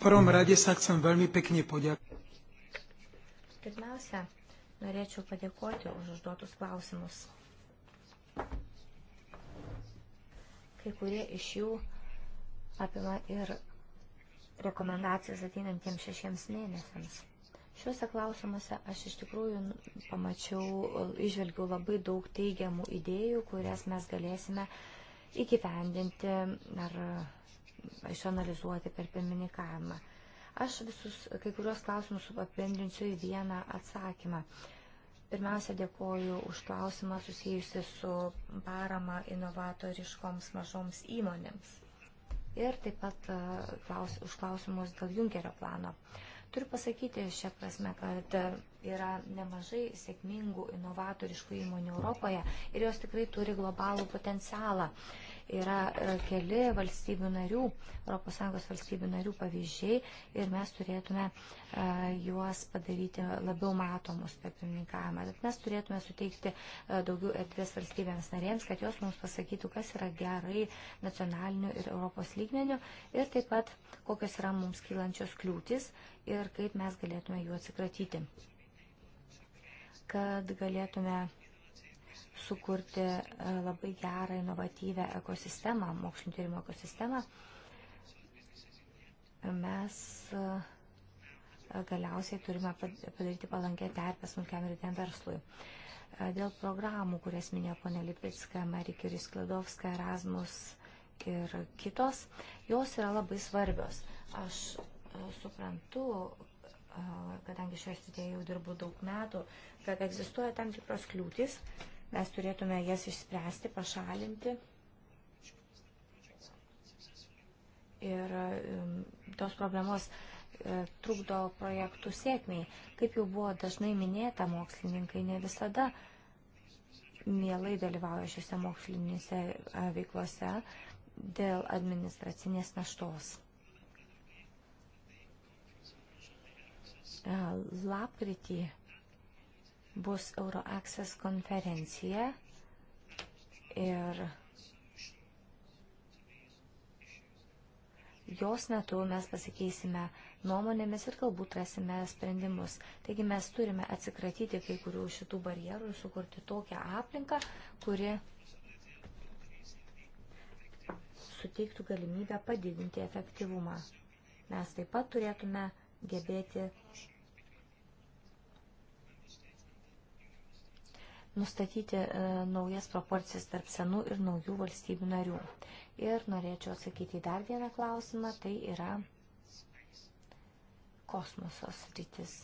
Speaker 2: prvom rade sa chcem veľmi pekne poďakovať.
Speaker 3: Pirmiausia, norėčiau padėkoti už užduotus klausimus. Kai kurie iš jų apima ir rekomendacijas ateinantiems šešiems mėnesiams. Šiuose klausimuose aš iš tikrųjų pamačiau, išvelgiau labai daug teigiamų idėjų, kurias mes galėsime įgyvendinti ar išanalizuoti per pirmininkavimą. Aš visus kai kurios klausimus apibendrinsiu į vieną atsakymą. Pirmiausia, dėkoju už klausimą susijusi su parama inovatoriškoms mažoms įmonėms. Ir taip pat e, klaus, už klausimus dėl Junkerio plano. Turiu pasakyti šią prasme, kad yra nemažai sėkmingų inovatoriškų įmonių Europoje ir jos tikrai turi globalų potencialą. Yra e, keli valstybių narių, ES valstybių narių pavyzdžiai ir mes turėtume e, juos padaryti labiau matomus per pirmininkavimą. Bet mes turėtume suteikti e, daugiau erdvės valstybėms narėms, kad jos mums pasakytų, kas yra gerai nacionaliniu ir Europos lygmeniu ir taip pat kokios yra mums kylančios kliūtis ir kaip mes galėtume jų atsikratyti kad galėtume sukurti e, labai gerą inovatyvę ekosistemą, mokslinio tyrimo ekosistemą, mes e, galiausiai turime padaryti palankę terpę smulkiam ir dideliam verslui. E, dėl programų, kurias minėjo ponė Lipicka, Marika Riskladovska, Erasmus ir kitos, jos yra labai svarbios. Aš suprantu, kadangi šioje srityje jau dirbu daug metų, kad egzistuoja tam tikros kliūtis, mes turėtume jas išspręsti, pašalinti. Ir um, tos problemos e, trukdo projektų sėkmiai. Kaip jau buvo dažnai minėta, mokslininkai ne visada mielai dalyvauja šiuose mokslinėse e, veiklose dėl administracinės naštos. E, lapkritį bus Euroaccess konferencija ir jos metu mes pasikeisime nuomonėmis ir galbūt rasime sprendimus. Taigi mes turime atsikratyti kai kurių šitų barjerų ir sukurti tokią aplinką, kuri suteiktų galimybę padidinti efektyvumą. Mes taip pat turėtume gebėti nustatyti e, naujas proporcijas tarp senų ir naujų valstybių narių. Ir norėčiau atsakyti į dar vieną klausimą, tai yra kosmosos rytis.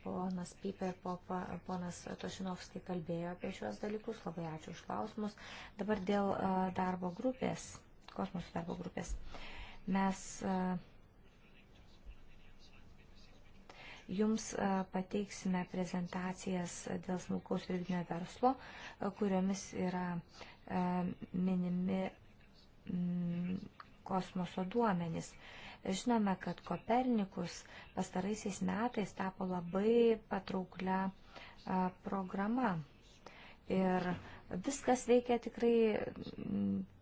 Speaker 3: Ponas Piper, po, ponas Tošinovskai kalbėjo apie šios dalykus, labai ačiū už klausimus. Dabar dėl darbo grupės, kosmoso darbo grupės. Mes uh, Jums pateiksime prezentacijas dėl smulkaus ir vidinio verslo, kuriomis yra minimi kosmoso duomenys. Žinome, kad Kopernikus pastaraisiais metais tapo labai patrauklia programa. Ir viskas veikia tikrai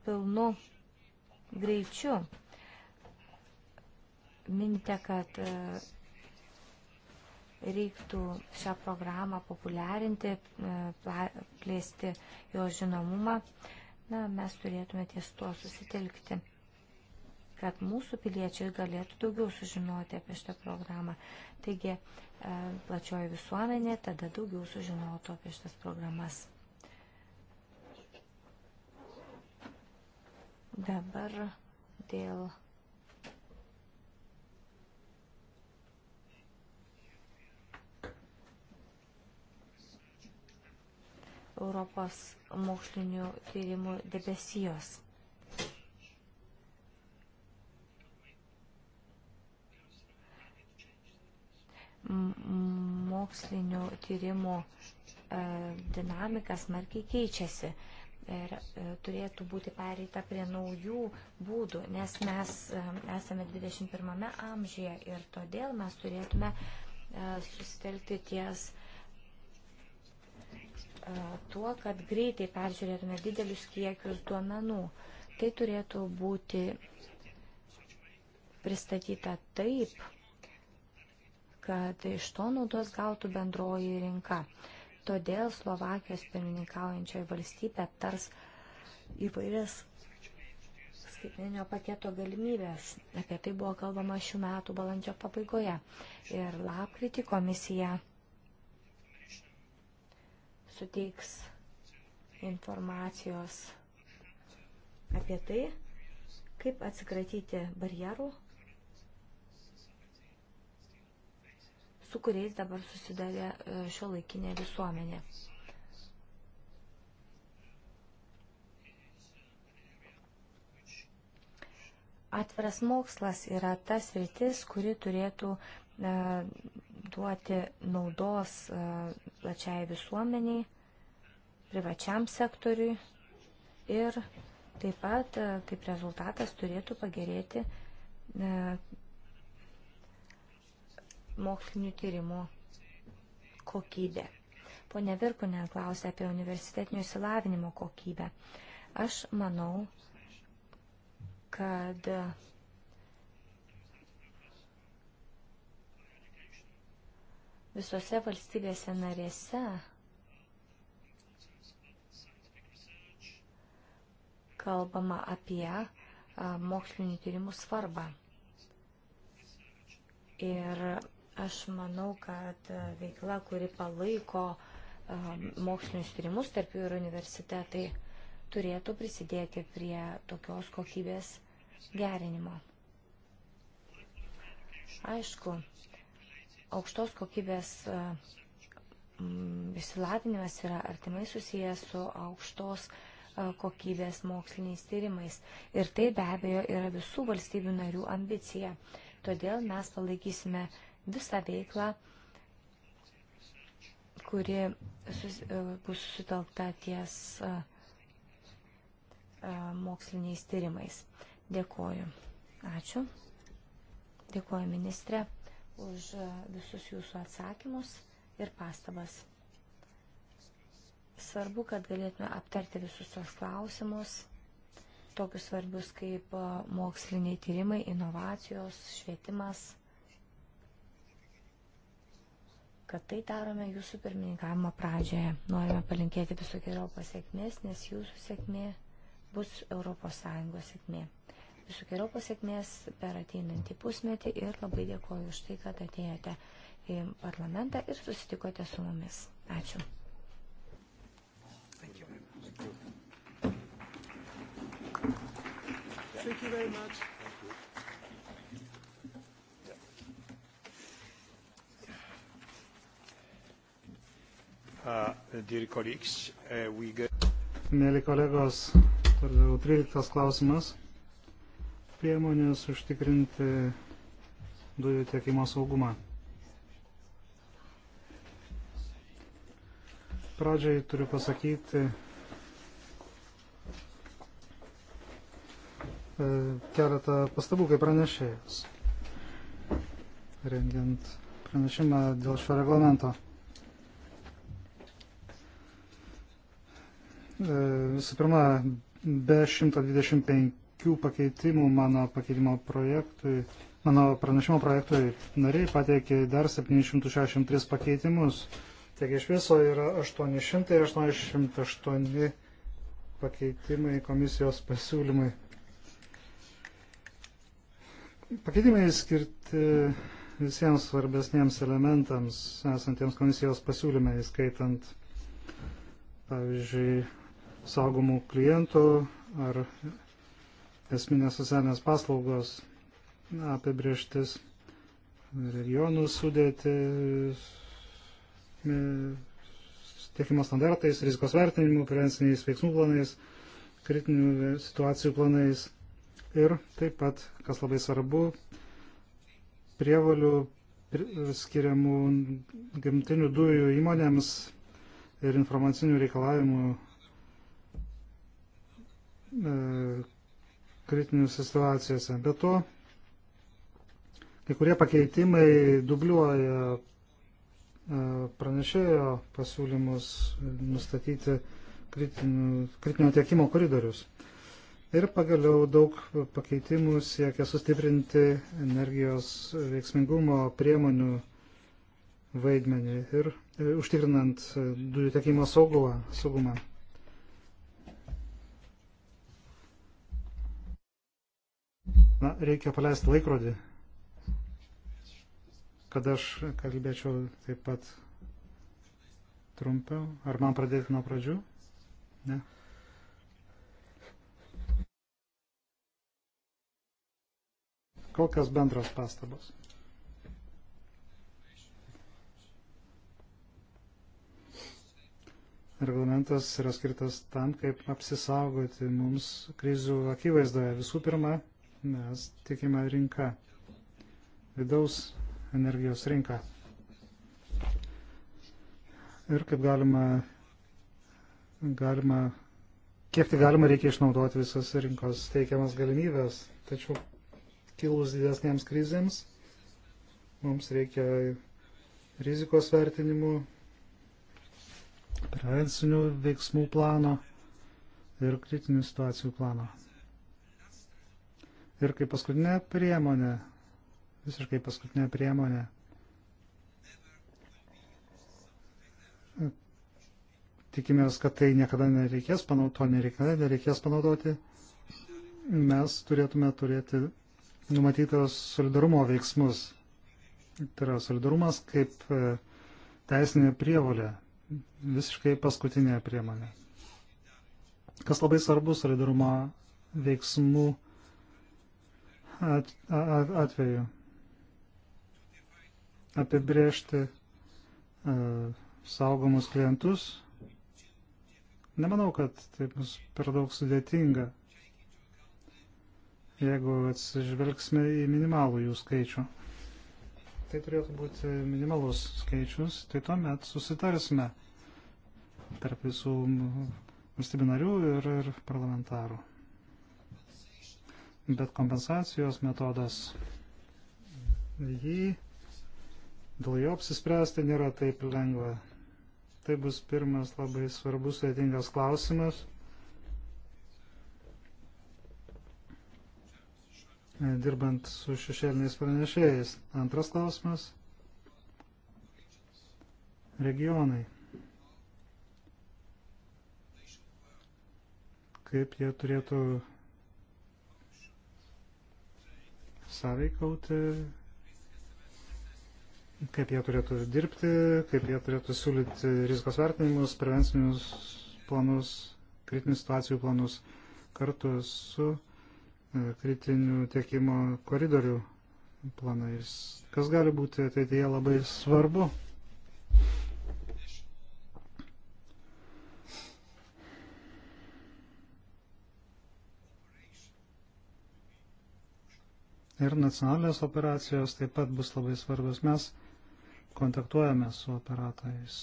Speaker 3: pilnu greičiu. Minite, kad reiktų šią programą populiarinti, e, plėsti jo žinomumą, na, mes turėtume ties tuo susitelkti kad mūsų piliečiai galėtų daugiau sužinoti apie šitą programą. Taigi, e, plačioji visuomenė tada daugiau sužinotų apie šitas programas. Dabar dėl Europos mokslinių tyrimų debesijos. Mokslinių tyrimų e, dinamika smarkiai keičiasi ir e, turėtų būti pereita prie naujų būdų, nes mes e, esame 21 amžiuje ir todėl mes turėtume susitelkti ties uh, E, tuo, kad greitai peržiūrėtume didelius kiekius duomenų. Tai turėtų būti pristatyta taip, kad iš to naudos gautų bendroji rinka. Todėl Slovakijos pirmininkaujančioji valstybė aptars įvairias skaitmeninio paketo galimybės. Apie tai buvo kalbama šių metų balandžio pabaigoje. Ir lapkritį komisija suteiks informacijos apie tai, kaip atsikratyti barjerų, su kuriais dabar susidarė e, šio laikinė visuomenė. Atviras mokslas yra tas rytis, kuri turėtų E, duoti naudos e, plačiai visuomeniai, privačiam sektoriui ir taip pat e, kaip rezultatas turėtų pagerėti mokslinių tyrimų kokybė. Pone Virkunė klausė apie universitetinio įsilavinimo kokybę. Aš manau, kad visose valstybėse narėse kalbama apie mokslinių tyrimų svarbą. Ir aš manau, kad veikla, kuri palaiko mokslinius tyrimus, tarp jų ir universitetai, turėtų prisidėti prie tokios kokybės gerinimo. Aišku, aukštos kokybės e, išsilavinimas yra artimai susijęs su aukštos e, kokybės moksliniais tyrimais. Ir tai be abejo yra visų valstybių narių ambicija. Todėl mes palaikysime visą veiklą, kuri sus, e, bus sutelkta ties moksliniais tyrimais. Dėkoju. Ačiū. Dėkoju ministrė už e, visus jūsų atsakymus ir pastabas. Svarbu, kad galėtume aptarti visus tos klausimus, tokius svarbius kaip e, moksliniai tyrimai, inovacijos, švietimas, kad tai darome jūsų pirmininkavimo pradžioje. Norime palinkėti visokiojo pasiekmės, nes jūsų sėkmė bus ES sėkmė visokiojo pasiekmės per ateinantį pusmetį ir labai dėkoju už tai, kad atėjote į parlamentą ir susitikote su mumis. Ačiū. Thank you. Thank you very
Speaker 2: much. Uh, uh, Mėly kolegos, toliau 13 klausimas priemonės užtikrinti dujų tiekimo saugumą. Pradžiai turiu pasakyti e, keletą pastabų kaip pranešėjas, rengiant pranešimą dėl šio reglamento. E, visų pirma, be 125 kokių pakeitimų mano pakeitimo projektui, mano pranešimo projektui nariai pateikė dar 763 pakeitimus. Taigi iš viso yra 888 pakeitimai komisijos pasiūlymai. Pakeitimai skirti visiems svarbesniems elementams esantiems komisijos pasiūlyme, įskaitant, pavyzdžiui, saugomų klientų ar esminės socialinės paslaugos apibrieštis, regionų sudėti, tiekimo standartais, rizikos vertinimu, prevenciniais veiksmų planais, kritinių situacijų planais ir taip pat, kas labai svarbu, prievalių skiriamų gamtinių dujų įmonėms ir informacinių reikalavimų e, kritiniuose situacijose. Be to, kai kurie pakeitimai dubliuoja e, pranešėjo pasiūlymus nustatyti kritinių, kritinio tiekimo koridorius. Ir pagaliau daug pakeitimų siekia sustiprinti energijos veiksmingumo priemonių vaidmenį ir, ir užtikrinant dujų tiekimo saugumą. Na, reikia paleisti laikrodį, kad aš kalbėčiau taip pat trumpiau. Ar man pradėti nuo pradžių? Ne. Kokios bendros pastabos? Reglamentas yra skirtas tam, kaip apsisaugoti mums krizių akivaizdoje. Visų pirma, mes tikime rinką, vidaus energijos rinką. Ir kaip galima, galima kiek tai galima reikia išnaudoti visas rinkos teikiamas galimybės. Tačiau kilus didesnėms krizėms mums reikia rizikos vertinimų, prevencinių veiksmų plano ir kritinių situacijų plano. Ir kaip paskutinė priemonė, visiškai paskutinė priemonė, tikimės, kad tai niekada nereikės panaudoti, to nereikada nereikės panaudoti, mes turėtume turėti numatytos solidarumo veiksmus. Tai yra solidarumas kaip e, teisinė prievolė, visiškai paskutinė priemonė. Kas labai svarbu solidarumo veiksmų at, at, atveju apibriežti uh, saugomus klientus. Nemanau, kad tai bus per daug sudėtinga, jeigu atsižvelgsime į minimalų jų skaičių. Tai turėtų būti minimalus skaičius, tai tuomet susitarsime tarp visų valstybių narių ir, ir parlamentarų bet kompensacijos metodas jį dėl jo apsispręsti nėra taip lengva. Tai bus pirmas labai svarbus sveitingas klausimas. Dirbant su šešėliniais pranešėjais. Antras klausimas. Regionai. Kaip jie turėtų sąveikauti, kaip jie turėtų dirbti, kaip jie turėtų siūlyti rizikos vertinimus, prevencinius planus, kritinių situacijų planus kartu su e, kritinių tiekimo koridorių planais, kas gali būti ateityje labai svarbu. Ir nacionalinės operacijos taip pat bus labai svarbios. Mes kontaktuojame su operatoriais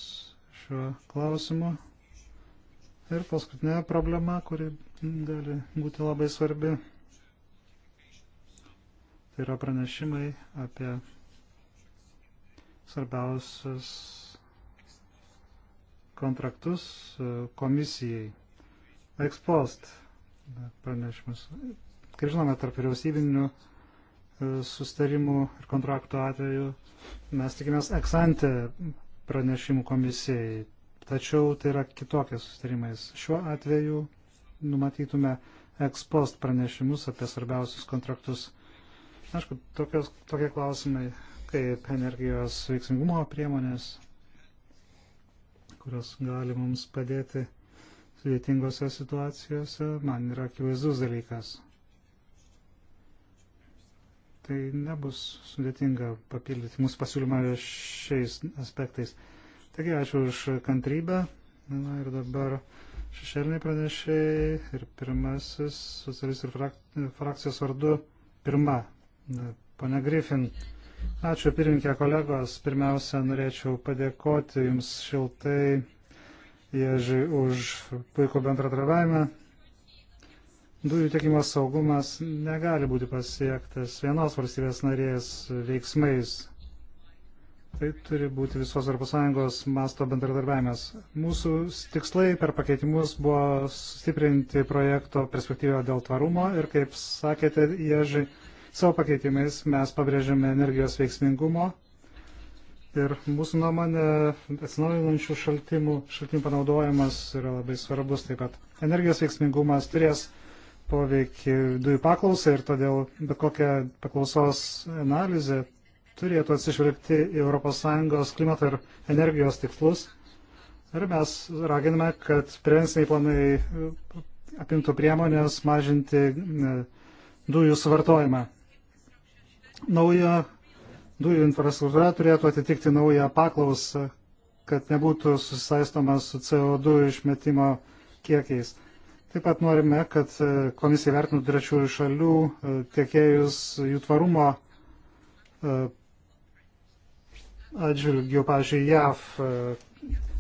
Speaker 2: šiuo klausimu. Ir paskutinė problema, kuri gali būti labai svarbi, tai yra pranešimai apie svarbiausius kontraktus e, komisijai. Ekspost pranešimus. Kaip žinome, tarp vyriausybinių sustarimų ir kontraktų atveju mes tikimės eksantę pranešimų komisijai, tačiau tai yra kitokie sustarimais. Šiuo atveju numatytume ekspost pranešimus apie svarbiausius kontraktus. Aišku, tokios, tokie klausimai kaip energijos veiksmingumo priemonės, kurios gali mums padėti sudėtingose situacijose, man yra akivaizdus dalykas tai nebus sudėtinga papildyti mūsų pasiūlymą šiais aspektais. Taigi, ačiū už kantrybę. Na ir dabar šešėliniai pranešėjai ir pirmasis socialistų frak, frakcijos vardu pirma. Pane Griffin, ačiū pirmininkė kolegos. Pirmiausia, norėčiau padėkoti Jums šiltai Ježi už puikų bendradarbiavimą Dujų tiekimas saugumas negali būti pasiektas vienos valstybės narės veiksmais. Tai turi būti visos ES masto bendradarbiavimas. Mūsų tikslai per pakeitimus buvo sustiprinti projekto perspektyvą dėl tvarumo ir, kaip sakėte, ježi, savo pakeitimais mes pabrėžiame energijos veiksmingumo ir mūsų nuomonė atsinaujinančių šaltinių panaudojimas yra labai svarbus taip pat. Energijos veiksmingumas turės poveikį dujų paklausai ir todėl bet kokia paklausos analizė turėtų atsižvelgti į ES klimato ir energijos tikslus. Ir mes raginame, kad prevenciniai planai apimtų priemonės mažinti e, dujų suvartojimą. Nauja dujų infrastruktūra turėtų atitikti naują paklausą, kad nebūtų susisaistoma su CO2 išmetimo kiekiais. Taip pat norime, kad e, komisija vertintų trečių šalių e, tiekėjus jų tvarumo e, atžvilgių, pavyzdžiui, JAV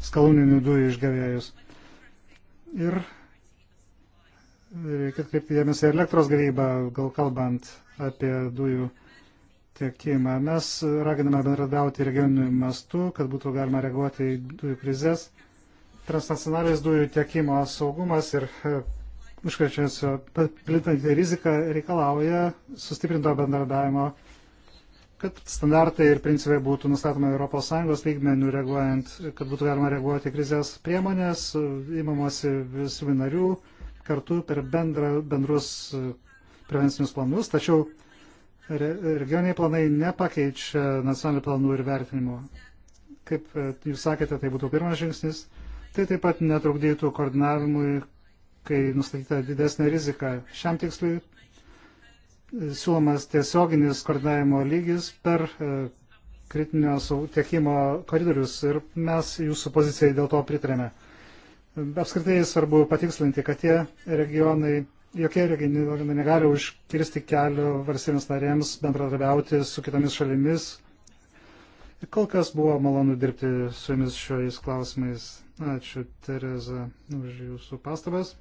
Speaker 2: skaluninių dujų išgavėjus. Ir reikia atkreipti dėmesį elektros gavybą, gal kalbant apie dujų tiekimą. Mes raginame bendradauti regioniniu mastu, kad būtų galima reaguoti į dujų krizės transnacionalinis dujų tiekimo saugumas ir e, užkrečiančio plitantį riziką reikalauja sustiprinto bendradavimo, kad standartai ir principai būtų nustatomi ES lygmenių reaguojant, kad būtų galima reaguoti krizės priemonės, įmamosi visų narių kartu per bendra, bendrus e, prevencinius planus, tačiau regioniai planai nepakeičia nacionalinių planų ir vertinimo. Kaip e, jūs sakėte, tai būtų pirmas žingsnis Tai taip pat netrukdytų koordinavimui, kai nustatyta didesnė rizika. Šiam tikslui e, siūlomas tiesioginis koordinavimo lygis per e, kritinio tiekimo koridorius ir mes jūsų pozicijai dėl to pritarėme. Apskritai svarbu patikslinti, kad tie regionai, jokie regionai negali užkirsti kelio valstybėms narėms bendradarbiauti su kitomis šalimis Kol kas buvo malonu dirbti su jumis šiais klausimais. Ačiū, Tereza, už jūsų pastabas.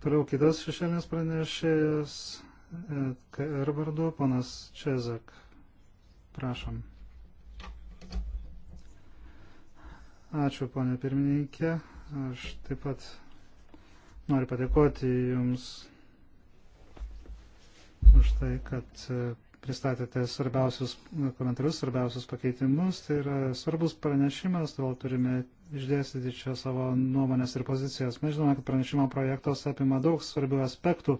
Speaker 2: Toliau kitas šešėlinės pranešėjas, KR vardu, ponas Čezak. Prašom. Ačiū, ponė pirmininkė. Aš taip pat noriu padėkoti Jums už tai, kad pristatėte svarbiausius komentarus, svarbiausius pakeitimus. Tai yra svarbus pranešimas, todėl turime išdėstyti čia savo nuomonės ir pozicijas. Mes žinome, kad pranešimo projektos apima daug svarbių aspektų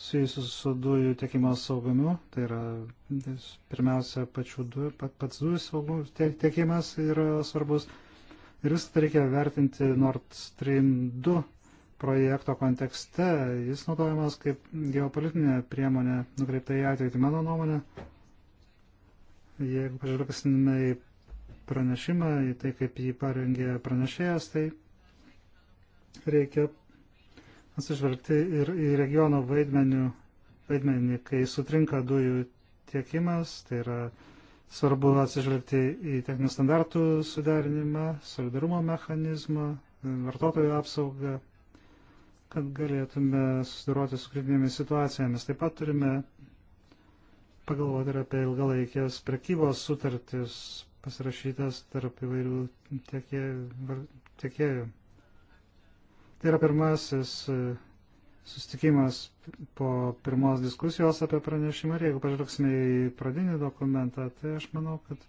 Speaker 2: susijusių su dujų tiekimo saugumu. Tai yra tai pirmiausia, du, pat, pats dujų saugumas tiekimas yra svarbus. Ir visą tai reikia vertinti Nord Stream 2 projekto kontekste. Jis naudojamas kaip geopolitinė priemonė nukreipta į ateitį, mano nuomonė. Jeigu pažvelgsime į pranešimą, į tai, kaip jį parengė pranešėjas, tai reikia atsižvelgti ir į regiono vaidmenių, vaidmenį, kai sutrinka dujų tiekimas, tai yra svarbu atsižvelgti į techninių standartų suderinimą, solidarumo mechanizmą, vartotojų apsaugą kad galėtume susidoroti su kritinėmis situacijomis. Taip pat turime pagalvoti ir apie ilgalaikės prekybos sutartis pasirašytas tarp įvairių tiekėjų. Tai yra pirmasis e, sustikimas po pirmos diskusijos apie pranešimą ir jeigu pažvelgsime į pradinį dokumentą, tai aš manau, kad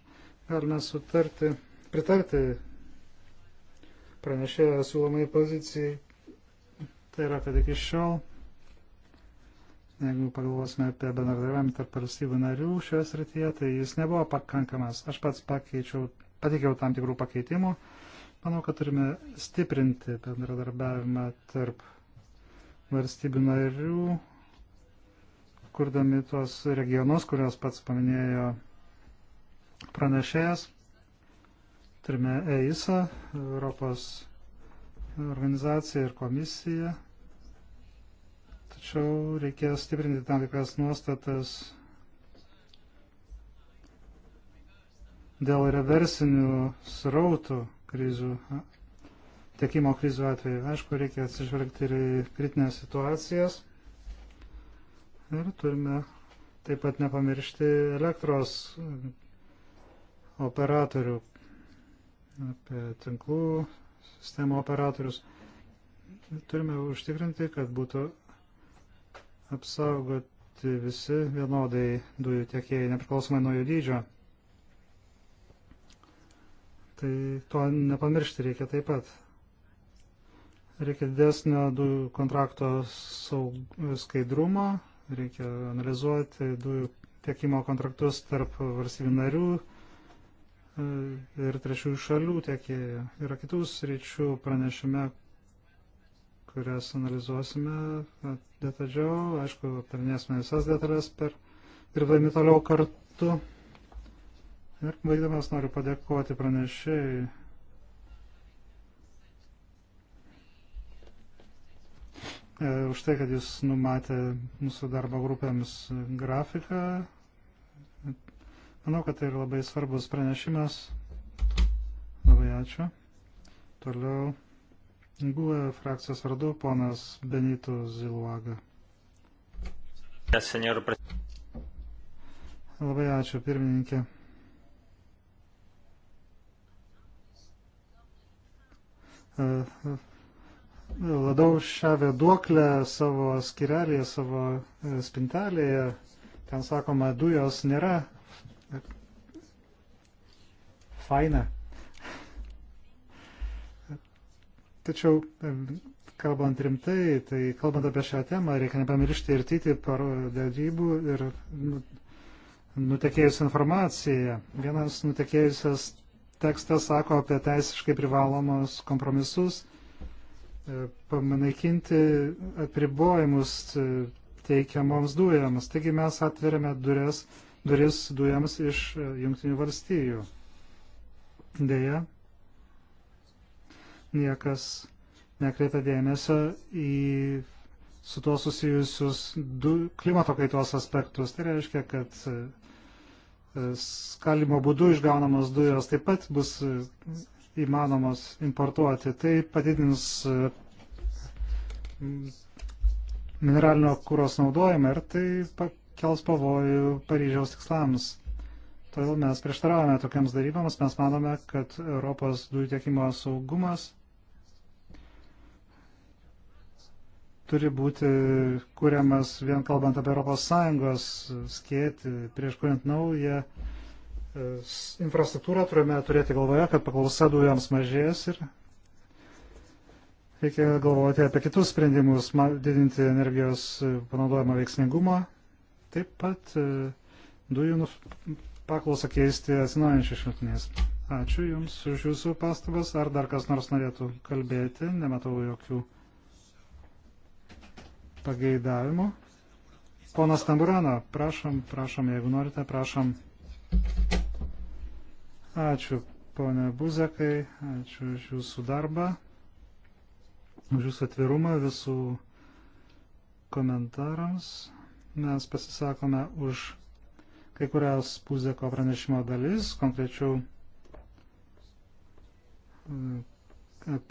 Speaker 2: galime sutarti, pritarti pranešėjo siūlomai pozicijai Tai yra, kad iki šiol, jeigu pagalvosime apie bendradarbiavimą tarp valstybių narių šioje srityje, tai jis nebuvo pakankamas. Aš pats pakeičiau, pateikiau tam tikrų pakeitimų. Manau, kad turime stiprinti bendradarbiavimą tarp valstybių narių, kurdami tuos regionus, kuriuos pats paminėjo pranešėjas. Turime EISA, Europos organizaciją ir komisiją, tačiau reikės stiprinti tam tikras nuostatas dėl reversinių srautų krizių, tiekimo krizių atveju. Aišku, reikia atsižvelgti ir į kritinės situacijas. Ir turime taip pat nepamiršti elektros operatorių, apie tinklų sistemų operatorius. Turime užtikrinti, kad būtų apsaugoti visi vienodai dujų tiekėjai, nepriklausomai nuo jų dydžio. Tai to nepamiršti reikia taip pat. Reikia didesnio dujų kontrakto saug... skaidrumo, reikia analizuoti dujų tiekimo kontraktus tarp valstybių narių e, ir trečiųjų šalių tiekėjų. Yra kitų sričių pranešime, kurias analizuosime e, detadžiau. Aišku, aptarinėsime visas detalės per dirbdami toliau kartu. Ir baigdamas noriu padėkoti pranešėjai. E, už tai, kad jis numatė mūsų darbo grupėms grafiką. Manau, kad tai yra labai svarbus pranešimas. Labai ačiū. Toliau. GUE frakcijos vardu ponas Benito Ziluaga. Labai ačiū, pirmininkė. E, ladau šią vėduoklę savo skirelėje, savo e, spintelėje. Ten sakoma, dujos nėra. Faina. Tačiau, kalbant rimtai, tai kalbant apie šią temą, reikia nepamiršti ir tyti par dėrybų ir nu, nutekėjus informaciją. Vienas nutekėjusias tekstas sako apie teisiškai privalomus kompromisus, e, pamanaikinti apribojimus e, teikiamoms dujams. Taigi mes atveriame duris, duris dujams iš e, jungtinių valstybių. Deja, niekas nekreipia dėmesio į su tuo susijusius du klimato kaitos aspektus. Tai reiškia, kad e, skalimo būdu išgaunamos dujos taip pat bus e, įmanomos importuoti. Tai padidins e, mineralinio kūros naudojimą ir tai pakels pavojų Paryžiaus tikslams. Todėl mes prieštaravome tokiams darybams, mes manome, kad Europos dujų tiekimo saugumas turi būti kuriamas vien kalbant apie ES skėti, prieš kuriant naują e, infrastruktūrą turime turėti galvoje, kad paklausa dujams mažės ir reikia galvoti apie kitus sprendimus, didinti energijos panaudojimą veiksmingumą, taip pat e, dujų paklausą keisti atsinaujančiais šaltiniais. Ačiū Jums už Jūsų pastabas. Ar dar kas nors norėtų kalbėti? Nematau jokių pageidavimų. Ponas Tamburano, prašom, prašom, jeigu norite, prašom. Ačiū, ponė Buzekai, ačiū už Jūsų darbą, už Jūsų atvirumą visų komentarams. Mes pasisakome už kai kurias Pūzdeko pranešimo dalis, konkrečiau,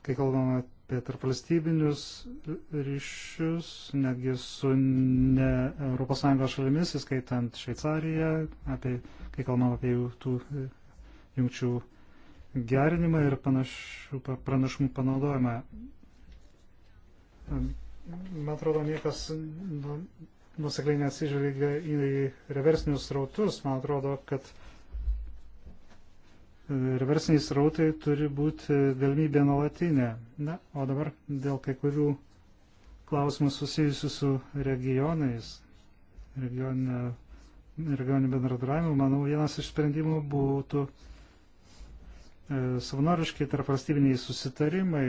Speaker 2: kai kalbame apie tarpvalstybinius ryšius, netgi su ne ES šalimis, įskaitant Šveicariją, apie, kai kalbame apie jų tų jungčių gerinimą ir panašių pranašumų panaudojimą. Man atrodo, niekas nu, nusekliai nesižvelgia į reversinius rautus. Man atrodo, kad reversiniai srautai turi būti galimybė nuolatinė. Na, o dabar dėl kai kurių klausimų susijusių su regionais, regioninė, regioninė bendradarbiavimu, manau, vienas iš sprendimų būtų e, savanoriškai tarpvalstybiniai susitarimai,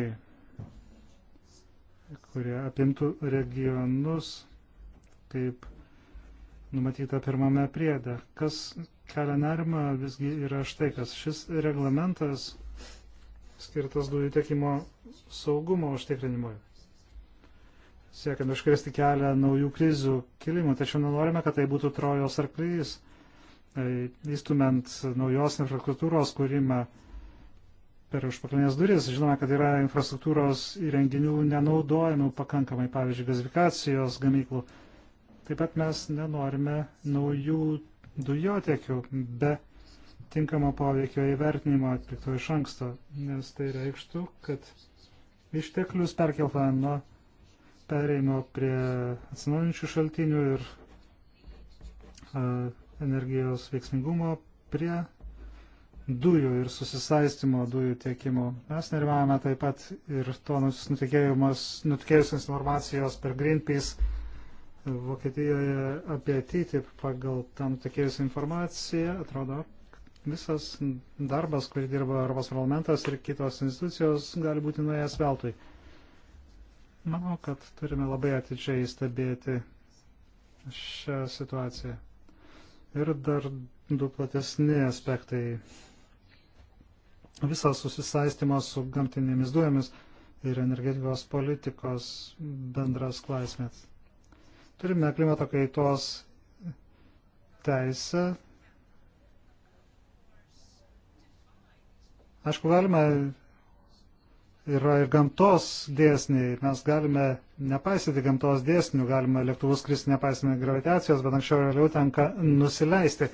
Speaker 2: kurie apimtų regionus kaip numatyta pirmame priede. Kas kelia nerima visgi yra štai, kas šis reglamentas skirtas dujų tiekimo saugumo užtikrinimui. Siekiant užkirsti kelią naujų krizių kilimų, tačiau nenorime, kad tai būtų trojos arklys, e, įstumant naujos infrastruktūros kūrimą per užpakalinės duris. Žinome, kad yra infrastruktūros įrenginių nenaudojimų pakankamai, pavyzdžiui, gazifikacijos gamyklų Taip pat mes nenorime naujų dujotiekių be tinkamo poveikio įvertinimo atlikto iš anksto, nes tai reikštų, kad išteklius perkeltą nuo pereimo prie atsinaujinčių šaltinių ir a, energijos veiksmingumo prie dujų ir susisaistimo dujų tiekimo. Mes nerimavome taip pat ir to nutikėjusios informacijos per Greenpeace Vokietijoje apie TTIP pagal tam tikėjus informaciją, atrodo, visas darbas, kurį dirba Europos parlamentas ir kitos institucijos, gali būti nuėjęs veltui. Manau, kad turime labai atidžiai stebėti šią situaciją. Ir dar du platesni aspektai. Visas susisaistimas su gamtinėmis dujomis ir energetikos politikos bendras klaismės Turime klimato kaitos teisę. Aišku, galima yra ir gamtos dėsniai. Mes galime nepaisyti gamtos dėsnių, galime lėktuvus kristi nepaisyti gravitacijos, bet anksčiau ir vėliau tenka nusileisti.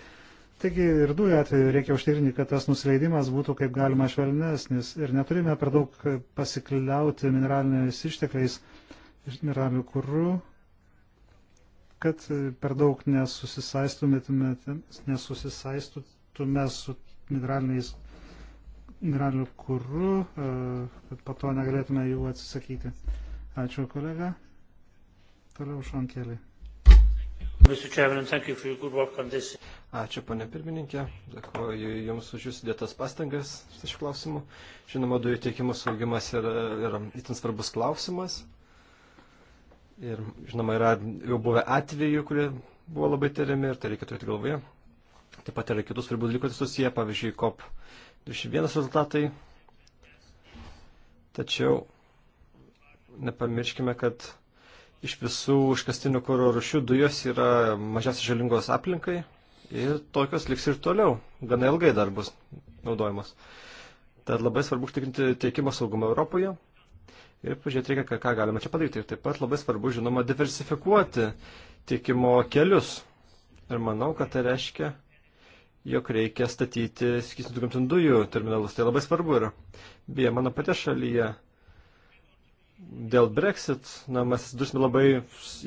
Speaker 2: Taigi ir dujų atveju reikia užtikrinti, kad tas nusileidimas būtų kaip galima švelnesnis ir neturime per daug pasikliauti mineraliniais ištekliais ir mineralinių kurų kad e, per daug nesusisaistume su mineraliniais mineraliniu kūru, e, kad po to negalėtume jų atsisakyti. Ačiū kolega. Toliau Šankeliai.
Speaker 1: Ačiū, pane pirmininkė. Dėkuoju Jums už Jūsų dėtas pastangas šiuo klausimu. Žinoma, dujų tiekimo saugimas yra, yra itin svarbus klausimas. Ir, žinoma, yra jau buvę atvejų, kurie buvo labai tariami ir tai reikia turėti galvoje. Taip pat yra kitus svarbių dalykų susiję, pavyzdžiui, COP21 rezultatai. Tačiau nepamirškime, kad iš visų iškastinių kūro rušių dujos yra mažiausiai žalingos aplinkai ir tokios liks ir toliau, gana ilgai dar bus naudojamos. Tad labai svarbu užtikrinti teikimo saugumą Europoje ir pažiūrėti reikia, ką galima čia padaryti. Ir taip pat labai svarbu, žinoma, diversifikuoti tiekimo kelius. Ir manau, kad tai reiškia, jog reikia statyti skystintų gamtinių dujų terminalus. Tai labai svarbu yra. Beje, mano patie šalyje dėl Brexit, na, mes dursime labai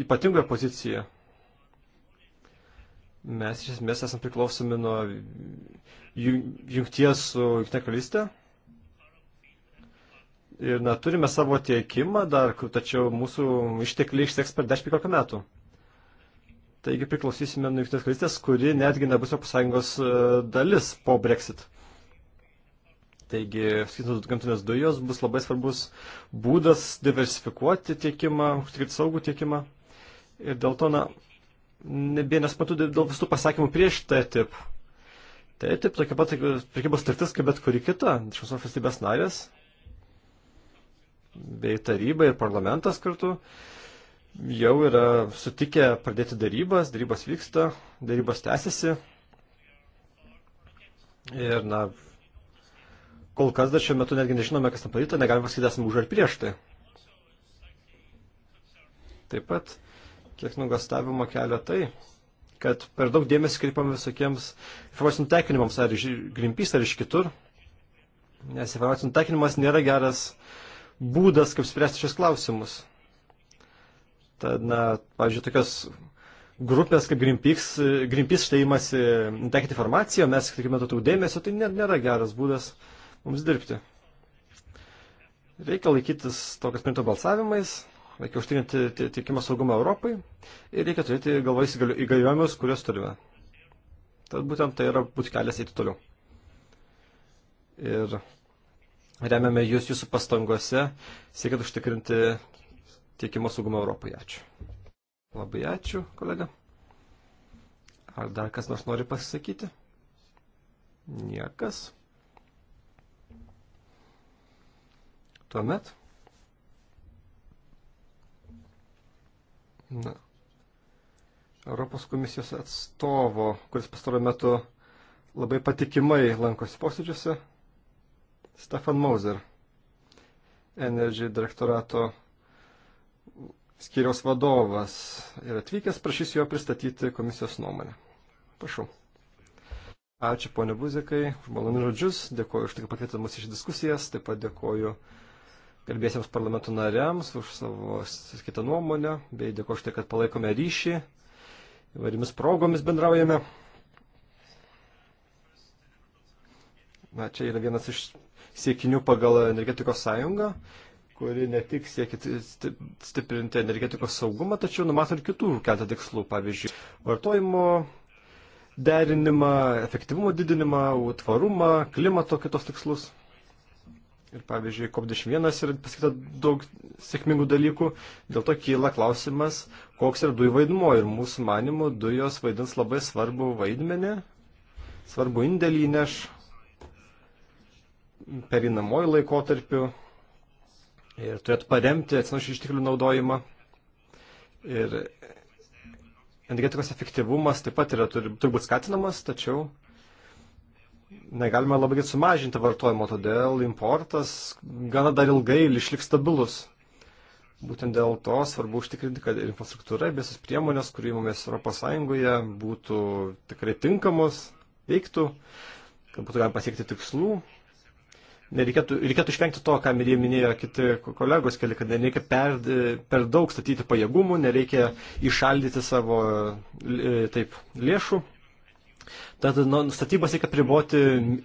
Speaker 1: ypatingoje pozicijoje. Mes iš esmės esame priklausomi nuo jungties su Junktinė karalystė Ir na, turime savo tiekimą dar, tačiau mūsų ištekliai išseks per 10-15 metų. Taigi priklausysime nuo Junktinės karalystės, kuri netgi nebus ES e, dalis po Brexit. Taigi, skaitant gamtinės dujos, bus labai svarbus būdas diversifikuoti tiekimą, užtikrinti saugų tiekimą. Ir dėl to, na, nebėjau nespatu dėl visų pasakymų prieš TTIP. Tai taip, tokia pat prekybos tartis kaip bet kuri kita, iš mūsų valstybės narės bei taryba ir parlamentas kartu jau yra sutikę pradėti darybas, darybas vyksta, darybas tęsiasi. Ir, na, kol kas dar šiuo metu netgi nežinome, kas ten padaryta, negalime pasakyti, esame už ar prieš tai. Taip pat, kiek nugastavimo kelia tai, kad per daug dėmesio kreipiam visokiems informacinių tekinimams, ar iš Grimpys, ar iš kitur, nes informacinių tekinimas nėra geras būdas, kaip spręsti šis klausimus. Tad, na, pavyzdžiui, tokios grupės kaip Greenpeace, Greenpeace štai imasi teikti informaciją, mes sakykime tautų dėmesio, tai nėra geras būdas mums dirbti. Reikia laikytis to, kas priimta balsavimais, reikia užtikrinti tiekimo saugumą Europai ir reikia turėti galvojus įgaliojimus, kuriuos turime. Tad būtent tai yra būtų kelias eiti toliau. Ir remiame jūs jūsų pastangose, siekit užtikrinti tiekimo saugumą Europoje. Ačiū. Labai ačiū, kolega. Ar dar kas nors nori pasisakyti? Niekas. Tuomet. Na. Europos komisijos atstovo, kuris pastaruoju metu labai patikimai lankosi posėdžiuose, Stefan Moser, Energy direktorato skyriaus vadovas ir atvykęs prašysiu jo pristatyti komisijos nuomonę. Prašau. Ačiū ponė Buzikai už malonius žodžius, dėkoju už tai, kad pakvietėte mus iš diskusijas, taip pat dėkoju kalbėsiems parlamento nariams už savo kitą nuomonę, bei dėkoju už tai, kad palaikome ryšį, įvairiomis progomis bendraujame. Na, čia yra vienas iš siekinių pagal energetikos sąjungą, kuri ne tik siekia stiprinti energetikos saugumą, tačiau numato ir kitų keletą tikslų, pavyzdžiui, vartojimo derinimą, efektyvumo didinimą, tvarumą, klimato kitos tikslus. Ir pavyzdžiui, COP21 yra pasakyta daug sėkmingų dalykų, dėl to kyla klausimas, koks yra dujų vaidmuo. Ir mūsų manimų dujos vaidins labai svarbu vaidmenį, svarbu indėlį neš perinamoju laikotarpiu ir turėtų paremti atsinaujančių išteklių naudojimą. Ir energetikos efektyvumas taip pat yra turi, turi būti skatinamas, tačiau negalima labai greit sumažinti vartojimo, todėl importas gana dar ilgai išliks stabilus. Būtent dėl to svarbu užtikrinti, kad infrastruktūra bei visos priemonės, kurių įmomės ES, būtų tikrai tinkamos, veiktų, kad būtų galima pasiekti tikslų nereikėtų, reikėtų išvengti to, ką minėjo kiti kolegos keli, kad nereikia per, per daug statyti pajėgumų, nereikia išaldyti savo e, taip, lėšų. Tad nu, statybas reikia priboti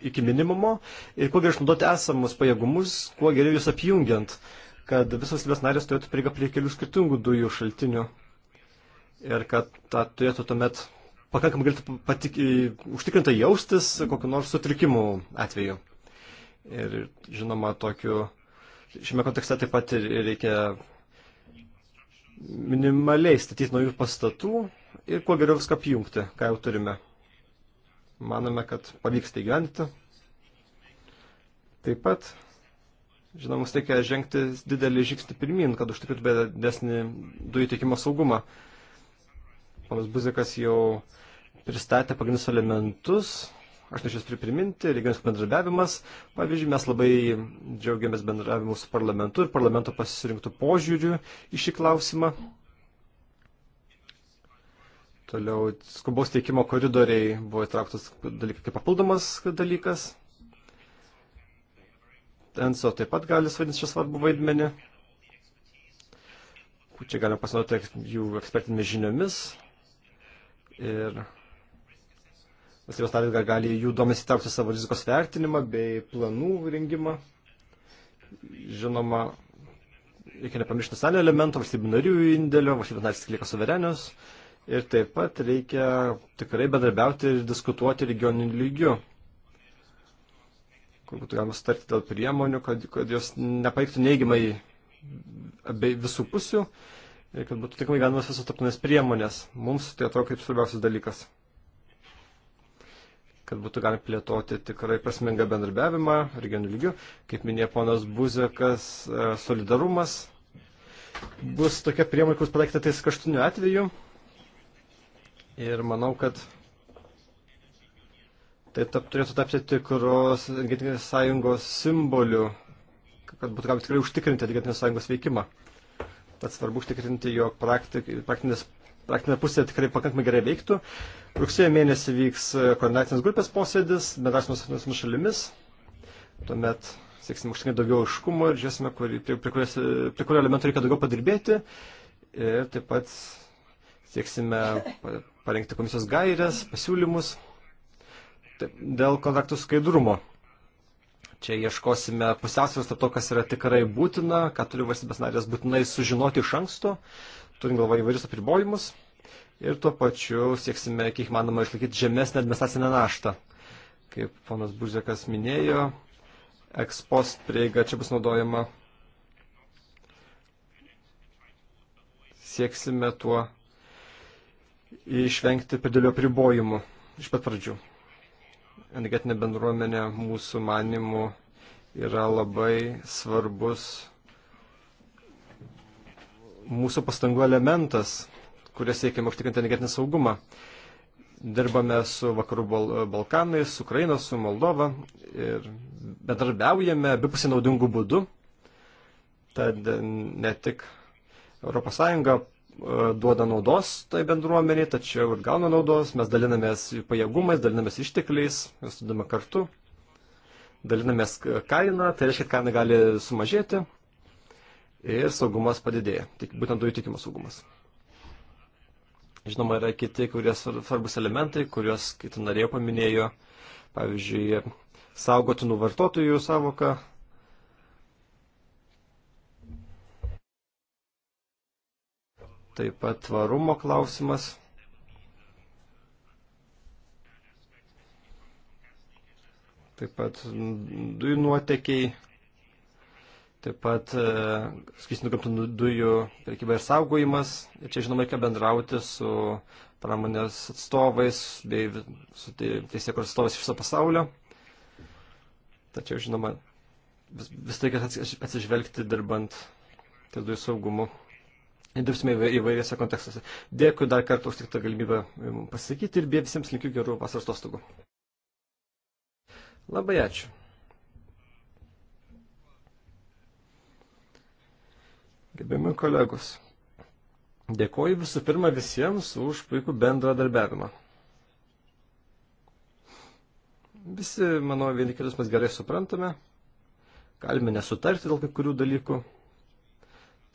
Speaker 1: iki minimumo ir kuo geriau išnaudoti esamus pajėgumus, kuo geriau jūs apjungiant, kad visos valstybės narės turėtų prieigą prie kelių skirtingų dujų šaltinių ir kad tą turėtų tuomet pakankamai galėtų patik, užtikrintai jaustis kokiu nors sutrikimu atveju. Ir žinoma, tokiu, šiame kontekste taip pat ir reikia minimaliai statyti naujų pastatų ir kuo geriau viską apjungti, ką jau turime. Manome, kad pavyks tai gyventi. Taip pat, žinoma, mums reikia žengti didelį žingsnį pirmin, kad užtikrintume desnį dujų tiekimo saugumą. Panas Buzikas jau pristatė pagrindinius elementus Aš norėčiau priminti, regioninis bendradarbiavimas. Pavyzdžiui, mes labai džiaugiamės bendradarbiavimu su parlamentu ir parlamento pasirinktų požiūrių į šį klausimą. Toliau skubos teikimo koridoriai buvo įtrauktas dalykas kaip papildomas dalykas. ENSO taip pat gali svaidinti šią svarbų vaidmenį. Čia galima pasinaudoti jų ekspertinėmis žiniomis. Ir Valstybės narės gali jų duomenys įtraukti savo rizikos vertinimą bei planų rengimą. Žinoma, reikia nepamiršti nacionalinio elemento, valstybių narių indėlio, valstybės narės lieka suverenios. Ir taip pat reikia tikrai bedarbiauti ir diskutuoti regioniniu lygiu. Kur būtų galima sutarti dėl priemonių, kad, kad jos nepaiktų neigiamai visų pusių ir kad būtų tikrai galimas visos tarptautinės priemonės. Mums tai atrodo kaip svarbiausias dalykas kad būtų galima plėtoti tikrai prasmingą bendarbiavimą regionų lygių. Kaip minėjo ponas Buzekas, e, solidarumas bus tokia priemonė, kur padaikta tais kraštiniu atveju. Ir manau, kad tai tap, turėtų tapti tikros energetinės sąjungos simboliu, kad būtų galima tikrai užtikrinti energetinės sąjungos veikimą. Tad svarbu užtikrinti, jog praktik, praktinės praktinė pusė tikrai pakankamai gerai veiktų. Rugsėjo mėnesį vyks e, koordinacinės grupės posėdis, bendrausime su visomis šalimis. Tuomet sieksime užtikrinti daugiau aiškumo ir žiūrėsime, kur, prie, prie, prie, prie kurio elementų reikia daugiau padirbėti. Ir taip pat sieksime parengti komisijos gairias, pasiūlymus taip, dėl kontaktų skaidrumo. Čia ieškosime pusiausvėros tarp to, kas yra tikrai būtina, ką turi valstybės narės būtinai sužinoti iš anksto, turint galvoje įvairius apribojimus ir tuo pačiu sieksime, kiek manoma, išlaikyti žemesnę administracinę naštą. Kaip ponas Buzekas minėjo, ekspost prieiga čia bus naudojama. Sieksime tuo išvengti perdėlio pribojimų iš pat pradžių. Energetinė bendruomenė mūsų manimų yra labai svarbus mūsų pastangų elementas, kurias siekiame užtikrinti energetinį saugumą. Dirbame su Vakarų Bal Balkanais, su Ukraina, su Moldova ir bedarbiaujame abipusį naudingų būdų. Tad ne tik ES e, duoda naudos tai bendruomeniai, tačiau ir gauna naudos, mes dalinamės pajėgumais, dalinamės ištekliais, mes sudame kartu, dalinamės e, kainą, tai reiškia, kad kaina gali sumažėti, ir saugumas padidėja, tik būtent dujų tikimo saugumas. Žinoma, yra kiti, kurie svarbus elementai, kuriuos kiti narėjo paminėjo, pavyzdžiui, saugotinų vartotojų savoka. Taip pat tvarumo klausimas. Taip pat dujų nuotekiai Taip pat e, skystintų gamtinių dujų prekyba ir saugojimas. Ir čia, žinoma, reikia bendrauti su pramonės atstovais bei su teisėkos atstovais iš viso pasaulio. Tačiau, žinoma, vis, vis tai reikia atsižvelgti dirbant ties dujų saugumu. Ir dirbsime įvairiose kontekstuose. Dėkui dar kartą už tik tą galimybę e, pasakyti ir visiems linkiu gerų vasaros atostogų. Labai ačiū. Gerbiami kolegos, dėkoju visų pirma visiems už puikų bendradarbiavimą. Visi, manau, vieni kitus mes gerai suprantame, galime nesutarti dėl kai kurių dalykų,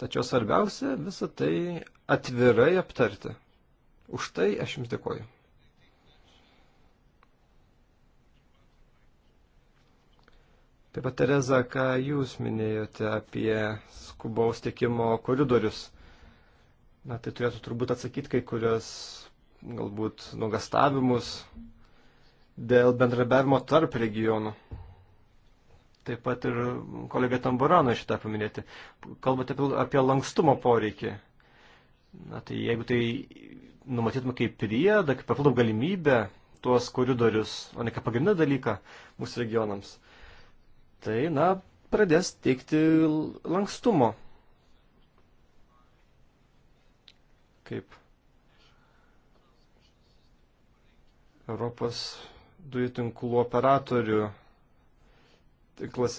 Speaker 1: tačiau svarbiausia visą tai atvirai aptarti. Už tai aš jums dėkoju. Taip pat, Tereza, ką Jūs minėjote apie skubaus tiekimo koridorius? Na, tai turėtų turbūt atsakyti kai kurias galbūt nuogastavimus dėl bendrabiavimo tarp regionų. Taip pat ir kolega Tamburano šitą paminėti. Kalbate apie lankstumo poreikį. Na tai jeigu tai numatytume kaip priedą, kaip papildom galimybę tuos koridorius, o ne kaip pagrindinį dalyką mūsų regionams, tai, na, pradės teikti lankstumo. Kaip Europos dujų tinklų operatorių tinklas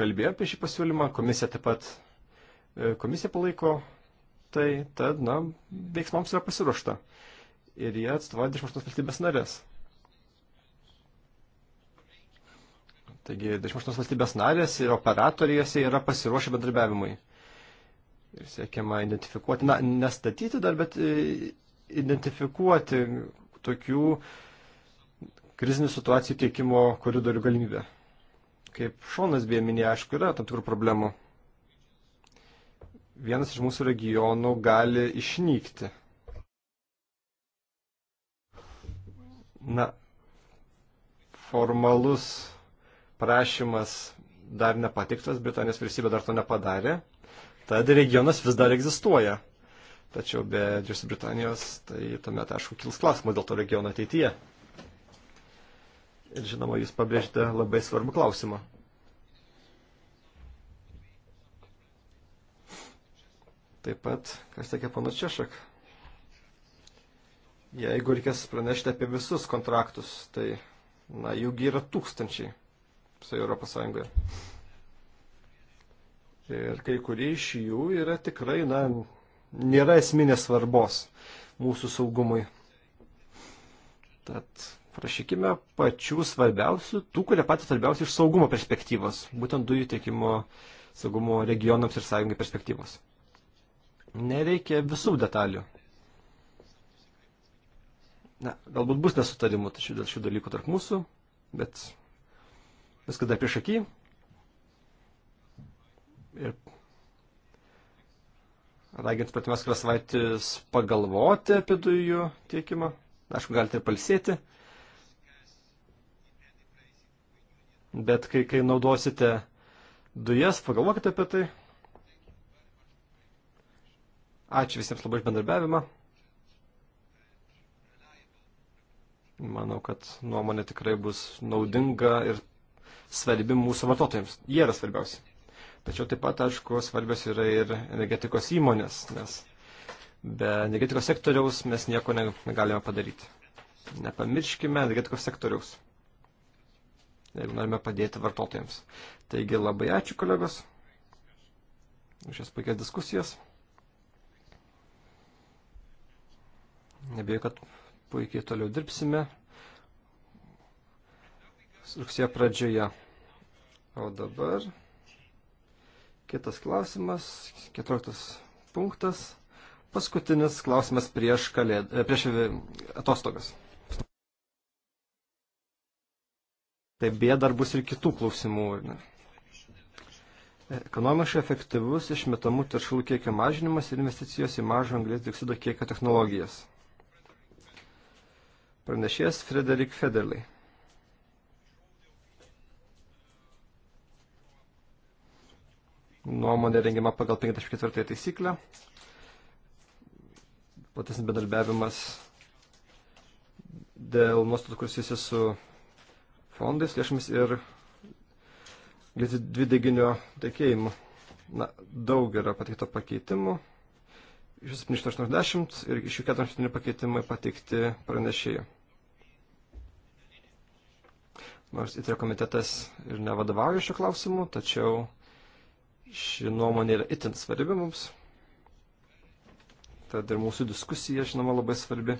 Speaker 1: kalbėjo apie šį pasiūlymą, komisija taip pat e, komisija palaiko, tai tad, na, veiksmams yra pasiruošta. Ir jie atstovauja 28 valstybės narės. Taigi 28 valstybės narės ir operatorijose yra pasiruošę bendradarbiavimui. Ir siekiama identifikuoti, na, nestatyti dar, bet e, identifikuoti tokių krizinių situacijų tiekimo koridorių galimybę. Kaip Šonas beje minėjo, aišku, yra tam tikrų problemų. Vienas iš mūsų regionų gali išnykti. Na, formalus prašymas dar nepatiktas, Britanijos vyriausybė dar to nepadarė, tad regionas vis dar egzistuoja. Tačiau be Didžiosios Britanijos, tai tuomet, aišku, kils klausimų dėl to regiono ateityje. Ir žinoma, jūs pabrėžite labai svarbų klausimą. Taip pat, kas sakė panas Češak, jeigu reikės pranešti apie visus kontraktus, tai, na, jųgi yra tūkstančiai visoje Europos Sąjungoje. Ir kai kurie iš jų yra tikrai, na, nėra esminės svarbos mūsų saugumui. Tad prašykime pačių svarbiausių, tų, kurie patys svarbiausi iš saugumo perspektyvos, būtent dujų tiekimo saugumo regionams ir sąjungai perspektyvos. Nereikia visų detalių. Na, galbūt bus nesutarimų tačiau dėl šių dalykų tarp mūsų, bet viską dar prieš akį. Ir ragint per atmes kelias savaitės pagalvoti apie dujų tiekimą. Aišku, galite ir palsėti. Bet kai, kai naudosite dujas, pagalvokite apie tai. Ačiū visiems labai už bendarbiavimą. Manau, kad nuomonė tikrai bus naudinga ir svarbi mūsų vartotojams. Jie yra svarbiausi. Tačiau taip pat, aišku, svarbios yra ir energetikos įmonės, nes be energetikos sektoriaus mes nieko negalime padaryti. Nepamirškime energetikos sektoriaus, jeigu norime padėti vartotojams. Taigi labai ačiū kolegos už šias puikias diskusijas. Nebėjau, kad puikiai toliau dirbsime rugsėjo pradžioje. O dabar kitas klausimas, keturtas punktas, paskutinis klausimas prieš, kalėd, e, prieš e, atostogas. Tai bėda dar bus ir kitų klausimų. Ne? E, ekonomiškai efektyvus išmetamų teršalų kiekio mažinimas ir investicijos į mažo anglės dioksido kiekio technologijas. Pranešės Frederik Federley. nuomonė rengiama pagal 54 taisyklę. Platesnis bedarbiavimas dėl nuostatų, kuris susijusi su fondais, lėšomis ir dvideginio tekėjimu. Na, daug yra pateikto pakeitimų. Iš 780 ir iš jų 47 pakeitimai pateikti pranešėjai. Nors įtrio komitetas ir nevadovauja šio klausimu, tačiau Ši nuomonė yra itin svarbi mums. Tad ir mūsų diskusija, žinoma, labai svarbi.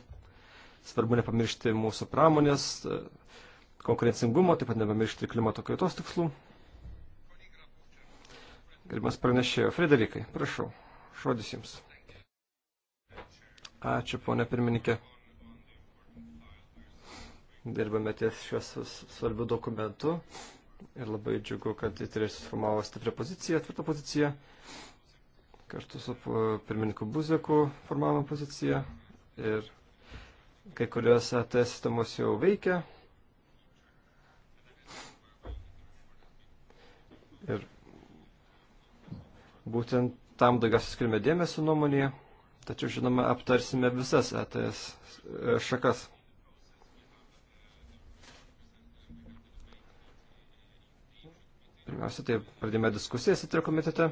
Speaker 1: Svarbu nepamiršti mūsų pramonės, konkurencingumo, taip pat nepamiršti klimato kaitos tikslų. Gerimas pranešėjo. Frederikai, prašau, žodis jums. Ačiū, ponė pirmininkė. Dirbame ties šios svarbių dokumentų ir labai džiugu, kad įtrė suformavo stiprią poziciją, tvirtą poziciją. Kartu su pirmininku Buzeku formavome poziciją ir kai kurios ATS sistemos jau veikia. Ir būtent tam daugiausiai skirime dėmesio nuomonėje, tačiau žinoma aptarsime visas ATS e, šakas. Pirmiausia, tai pradėjome diskusijas įtrio komitete.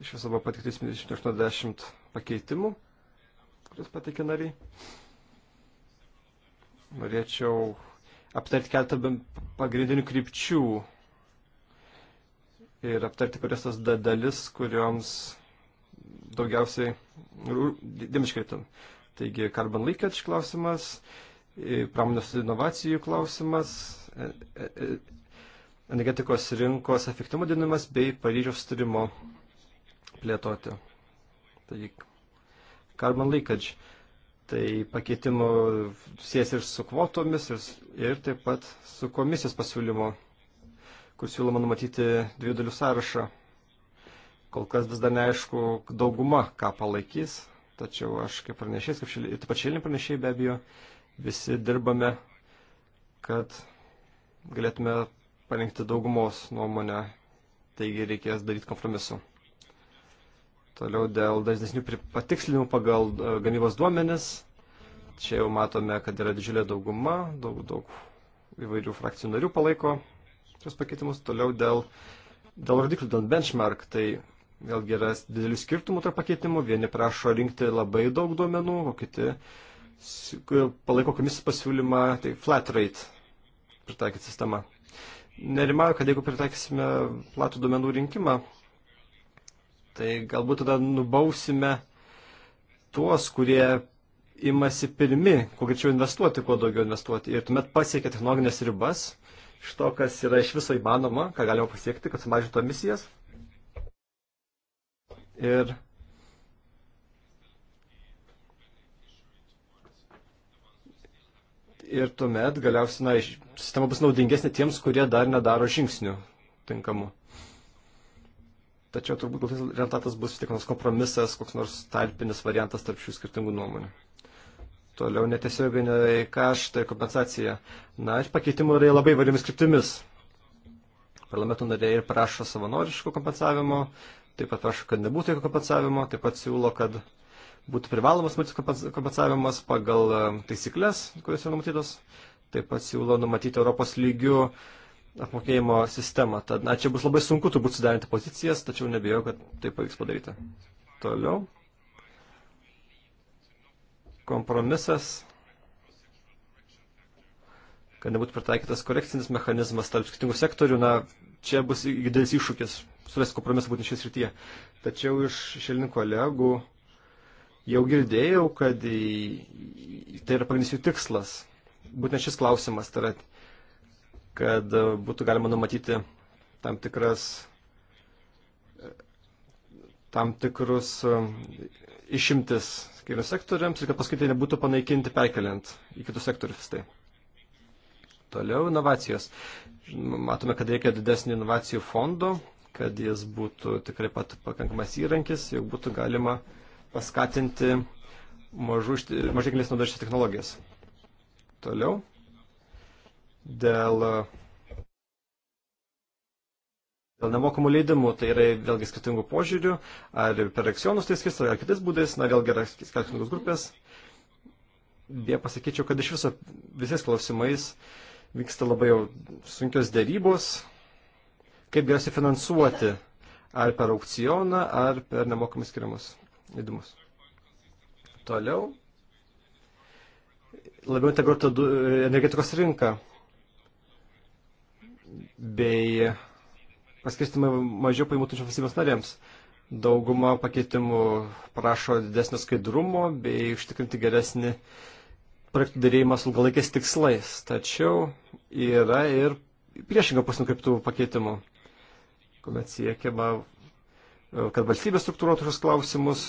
Speaker 1: Iš viso buvo patikti 180 pakeitimų, kuris pateikė nariai. Norėčiau aptarti keletą pagrindinių krypčių ir aptarti, kurias tas dalis, kurioms daugiausiai dėmiškaitam. Taigi, carbon leakage klausimas, pramonės inovacijų klausimas, e, e, e, energetikos rinkos efektyvumo didinimas bei Paryžiaus sutarimo plėtoti. Taigi, carbon leakage. Tai pakeitimo sies ir su kvotomis, ir, ir taip pat su komisijos pasiūlymo, kur siūloma numatyti dviejų dalių sąrašą. Kol kas vis dar neaišku dauguma, ką palaikys, tačiau aš kaip pranešėjas, kaip šilin, ir taip pat šilin pranešėjai be abejo, visi dirbame, kad galėtume parinkti daugumos nuomonę, taigi reikės daryti kompromisu. Toliau dėl dažnesnių patikslinimų pagal e, gamybos duomenis. Čia jau matome, kad yra didžiulė dauguma, daug, daug įvairių frakcijų narių palaiko šios pakeitimus. Toliau dėl, dėl rodiklių, dėl benchmark, tai vėlgi yra didelių skirtumų tarp pakeitimų. Vieni prašo rinkti labai daug duomenų, o kiti palaiko komisijos pasiūlymą, tai flat rate pritaikyti sistemą nerimauju, kad jeigu pritaikysime platų duomenų rinkimą, tai galbūt tada nubausime tuos, kurie imasi pirmi, kuo greičiau investuoti, kuo daugiau investuoti. Ir tuomet pasiekia technologinės ribas iš to, kas yra iš viso įmanoma, ką galima pasiekti, kad sumažintų emisijas. Ir ir tuomet galiausiai na, sistema bus naudingesnė tiems, kurie dar nedaro žingsnių tinkamų. Tačiau turbūt rezultatas bus tik nors kompromisas, koks nors tarpinis variantas tarp šių skirtingų nuomonių. Toliau netiesioginiai kaštai, kompensacija. Na ir pakeitimų yra labai variomis kryptimis. Parlamento nariai ir prašo savanoriško kompensavimo, taip pat prašo, kad nebūtų jokio kompensavimo, taip pat siūlo, kad būtų privalomas maistos kompensavimas pagal e, taisyklės, kurios yra numatytos. Taip pat siūlo numatyti Europos lygių apmokėjimo sistemą. Tad, na, čia bus labai sunku turbūt suderinti pozicijas, tačiau nebijau, kad tai pavyks padaryti. Toliau. Kompromisas kad nebūtų pritaikytas korekcinis mechanizmas tarp skirtingų sektorių, na, čia bus didelis iššūkis surasti kompromisą būtent šioje srityje. Tačiau iš šelinių kolegų Jau girdėjau, kad tai yra pagrindinis jų tikslas. Būtent šis klausimas, tai yra, kad e, būtų galima numatyti tam tikras e, tam tikrus e, išimtis skiriams sektoriams ir kad paskui tai nebūtų panaikinti perkeliant į kitus sektorius. Tai. Toliau inovacijos. Matome, kad reikia didesnį inovacijų fondo, kad jis būtų tikrai pat pakankamas įrankis, jog būtų galima uh, paskatinti mažai galės naudoti šias technologijas. Toliau. Dėl, dėl nemokamų leidimų, tai yra vėlgi skirtingų požiūrių, ar per aksionus tai skirsta, ar kitais būdais, na vėlgi yra skirtingos grupės. Beje, pasakyčiau, kad iš viso visais klausimais vyksta labai jau sunkios dėrybos, kaip geriausiai finansuoti, ar per aukcioną, ar per nemokamus skirimus leidimus. Toliau, labiau integruota energetikos rinka bei paskirstimai mažiau paimų turinčių valstybės narėms. Dauguma pakeitimų prašo didesnio skaidrumo bei užtikrinti geresnį projektų dėrėjimą su ilgalaikės tikslais. Tačiau yra ir priešinga pusnukreiptų pakeitimų, kuomet siekiama kad valstybė struktūruotų šios klausimus,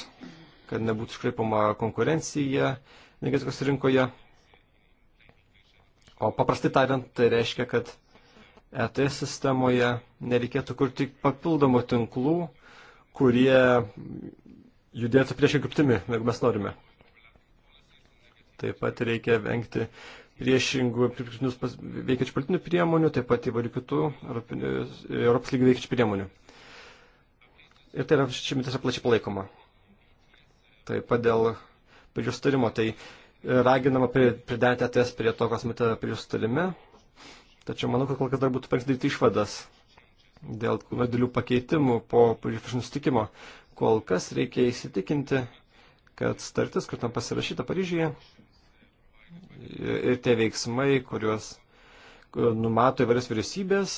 Speaker 1: kad nebūtų iškraipama konkurencija energetikos rinkoje. O paprastai tariant, tai reiškia, kad ETS sistemoje nereikėtų kurti papildomų tinklų, kurie judėtų priešingai kryptimi, jeigu mes norime. Taip pat reikia vengti priešingų veikiančių politinių priemonių, taip pat įvairių kitų Europos lygių veikiančių priemonių. Ir tai yra ši mintis yra plačiai palaikoma. Taip pat dėl prie sutarimo, tai e, raginama pridėti atės prie to, kas matė prie sutarime. Tačiau manau, kad kol kas dar būtų penks daryti išvadas dėl didelių pakeitimų po priešpažinų sutikimo. Kol kas reikia įsitikinti, kad startis, kur tam pasirašyta Paryžyje, ir tie veiksmai, kuriuos numato įvairias vyriausybės,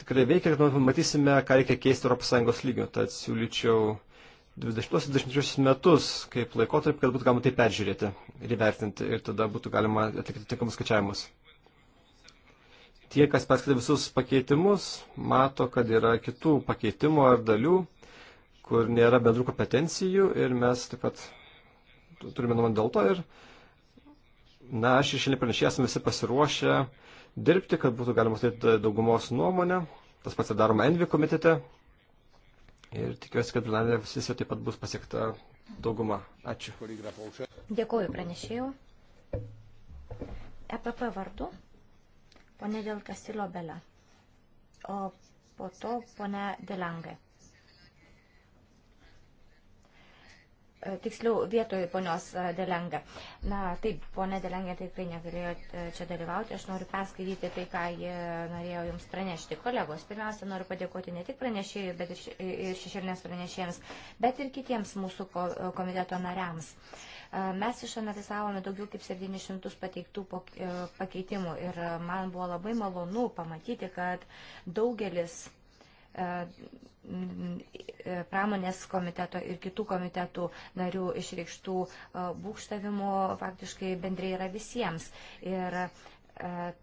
Speaker 1: tikrai veikia ir matysime, ką reikia keisti ES lygio. Tad siūlyčiau 20-23 metus kaip laikotarpį, kad būtų galima tai peržiūrėti ir įvertinti ir tada būtų galima atlikti tinkamus skaičiavimus. Tie, kas perskaitė visus pakeitimus, mato, kad yra kitų pakeitimo ar dalių, kur nėra bendrų kompetencijų ir mes taip pat turime nuomonę dėl to ir, na, aš išėlį pranešėsime visi pasiruošę dirbti, kad būtų galima turėti daugumos nuomonę. Tas pats ir daroma Envi komitete. Ir tikiuosi, kad plenarinė sesija taip pat bus pasiekta dauguma. Ačiū.
Speaker 3: Dėkuoju pranešėjau. EPP vardu. Pone dėl Kasilo Bela. O po to pone Delangai. E, tiksliau vietoj ponios e, Delenga. Na, taip, ponė Delenga tikrai negalėjo e, čia dalyvauti. Aš noriu perskaityti tai, ką ji norėjo jums pranešti. Kolegos, pirmiausia, noriu padėkoti ne tik pranešėjai, bet ir šešėlinės pranešėjams, bet ir kitiems mūsų komiteto nariams. Mes išanalizavome daugiau kaip 700 pateiktų pakeitimų ir man buvo labai malonu pamatyti, kad daugelis pramonės komiteto ir kitų komitetų narių išreikštų e, būkštavimų faktiškai bendrai yra visiems. Ir e,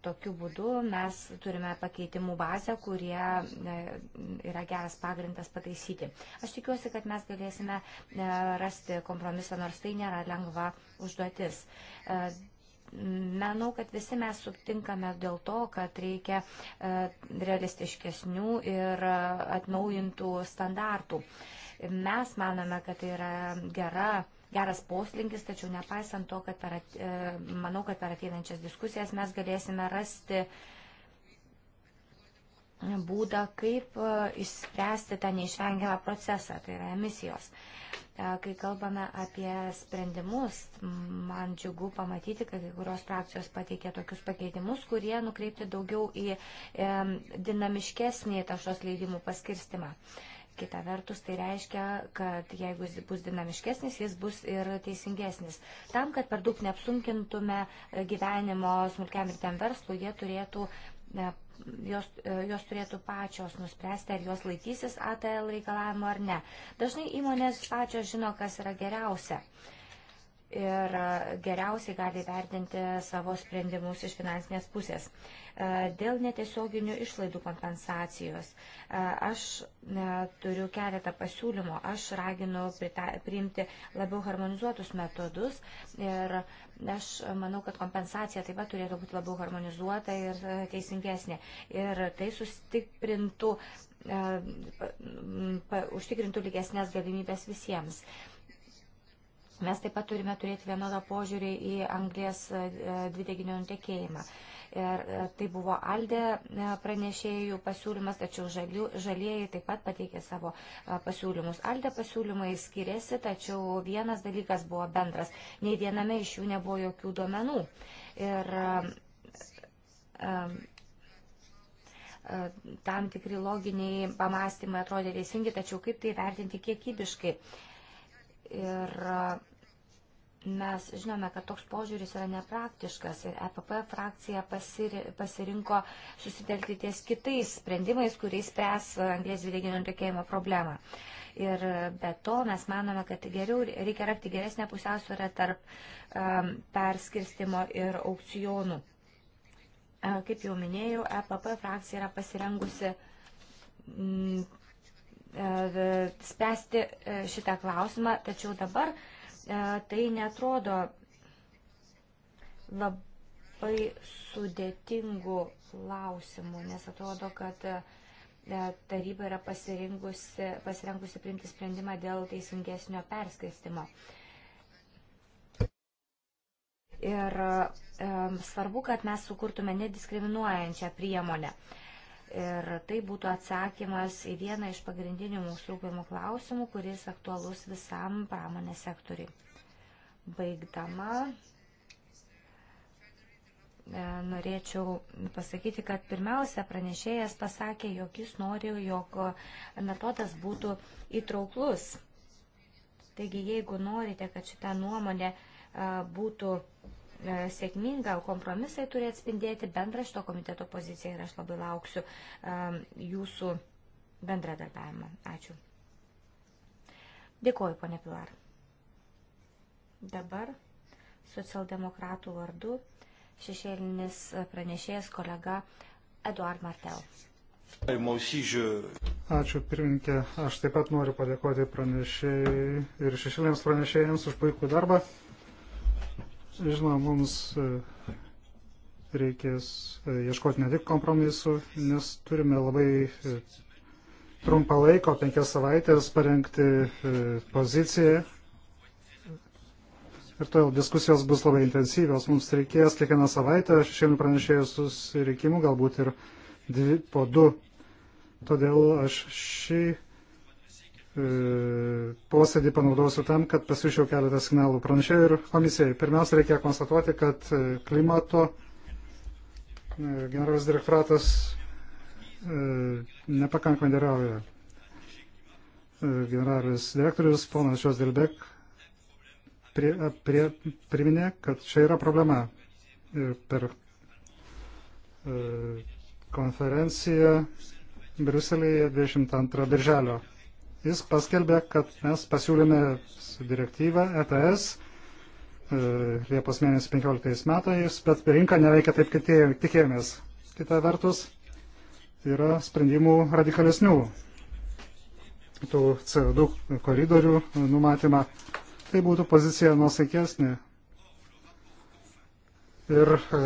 Speaker 3: tokiu būdu mes turime pakeitimų bazę, kurie e, yra geras pagrindas pataisyti. Aš tikiuosi, kad mes galėsime rasti kompromisą, nors tai nėra lengva užduotis. Manau, kad visi mes sutinkame dėl to, kad reikia e, realistiškesnių ir e, atnaujintų standartų. Mes manome, kad tai yra gera, geras poslinkis, tačiau nepaisant to, kad per, at, e, manau, kad per ateinančias diskusijas mes galėsime rasti uh, būdą, kaip e, išspręsti tą neišvengiamą procesą, tai yra emisijos. E, kai kalbame apie sprendimus, man džiugu pamatyti, kad kai kurios frakcijos pateikė tokius pakeitimus, kurie nukreipti daugiau į e, dinamiškesnį taršos leidimų paskirstimą. Kita vertus, tai reiškia, kad jeigu jis bus dinamiškesnis, jis bus ir teisingesnis. Tam, kad per daug neapsunkintume gyvenimo smulkiam ir tam verslui, jie turėtų jos, e, jos turėtų pačios nuspręsti, ar jos laikysis ATL reikalavimo ar ne. Dažnai įmonės pačios žino, kas yra geriausia. Ir e, geriausiai gali vertinti savo sprendimus iš finansinės pusės. Uh, Dėl netiesioginių išlaidų kompensacijos aš turiu keletą pasiūlymų. Aš raginu priimti labiau harmonizuotus metodus ir aš manau, kad kompensacija taip pat turėtų būti labiau harmonizuota ir teisingesnė. Ir tai sustiprintų, užtikrintų lygesnės galimybės visiems. Mes taip pat turime turėti vienodą požiūrį į anglės dvideginio nutekėjimą. Ir e, tai buvo Aldė e, pranešėjų pasiūlymas, tačiau žalieji taip pat pateikė savo e, pasiūlymus. Aldė pasiūlymai skiriasi, tačiau vienas dalykas buvo bendras. Nei viename iš jų nebuvo jokių duomenų. Ir, um, tam tikri loginiai pamastymai atrodė teisingi, tačiau kaip tai vertinti kiekybiškai. Ir uh, Mes žinome, kad toks požiūris yra nepraktiškas ir EPP frakcija pasirinko susitelkti ties kitais sprendimais, kuriais spręs anglės dvideginio nutekėjimo problemą. Ir be to mes manome, kad geriau reikia rakti geresnę pusiausvyrą tarp um, perskirstimo ir aukcionų. Kaip jau minėjau, EPP frakcija yra pasirengusi mm, e, spręsti e, šitą klausimą, tačiau dabar uh, E, tai netrodo labai sudėtingų klausimų, nes atrodo, kad e, taryba yra pasirengusi, pasirengusi priimti sprendimą dėl teisingesnio perskaistimo. Ir um, svarbu, kad mes sukurtume nediskriminuojančią priemonę. Uh, Ir tai būtų atsakymas į vieną iš pagrindinių mūsų rūpimų klausimų, kuris aktualus visam pramonės sektoriui. Baigdama, e, norėčiau pasakyti, kad pirmiausia pranešėjas pasakė, jog jis nori, jog metodas būtų įtrauklus. Taigi, jeigu norite, kad šita nuomonė e, būtų E, sėkminga, kompromisai turi atspindėti bendrą šito komiteto poziciją ir aš labai lauksiu e, jūsų bendradarbiavimo. Ačiū. Dėkuoju, ponė Pilar. Dabar socialdemokratų vardu šešėlinis pranešėjas kolega Eduard Martel.
Speaker 1: Ačiū
Speaker 2: pirmininkė. Aš taip pat noriu padėkoti pranešėjai ir šešėlėms pranešėjams už puikų darbą. Žinoma, mums e, reikės e, ieškoti ne tik kompromisų, nes turime labai e, trumpą laiko, penkias savaitės, parengti poziciją. Ir todėl diskusijos bus labai intensyvios. Mums reikės kiekvieną savaitę šešėlių pranešėjų susirikimų, galbūt ir dvi, po du. Todėl aš šį E, posėdį panaudosiu tam, kad pasiūčiau keletą signalų pranešėjai ir komisijai. Pirmiausia, reikia konstatuoti, kad e, klimato e, generalinis direktoratas nepakankamai dėrauja. Generalinis direktorius ponas Šios Dilbek prie, prie, priminė, kad čia yra problema. Ir per konferenciją Briuselėje 22 birželio jis paskelbė, kad mes pasiūlėme direktyvą ETS e, Liepos mėnesį 15 metais, bet rinka neveikia taip, kaip tikėjomės. Kita vertus, yra sprendimų radikalesnių tų CO2 koridorių numatymą. Tai būtų pozicija nusaikesnė. Ir e,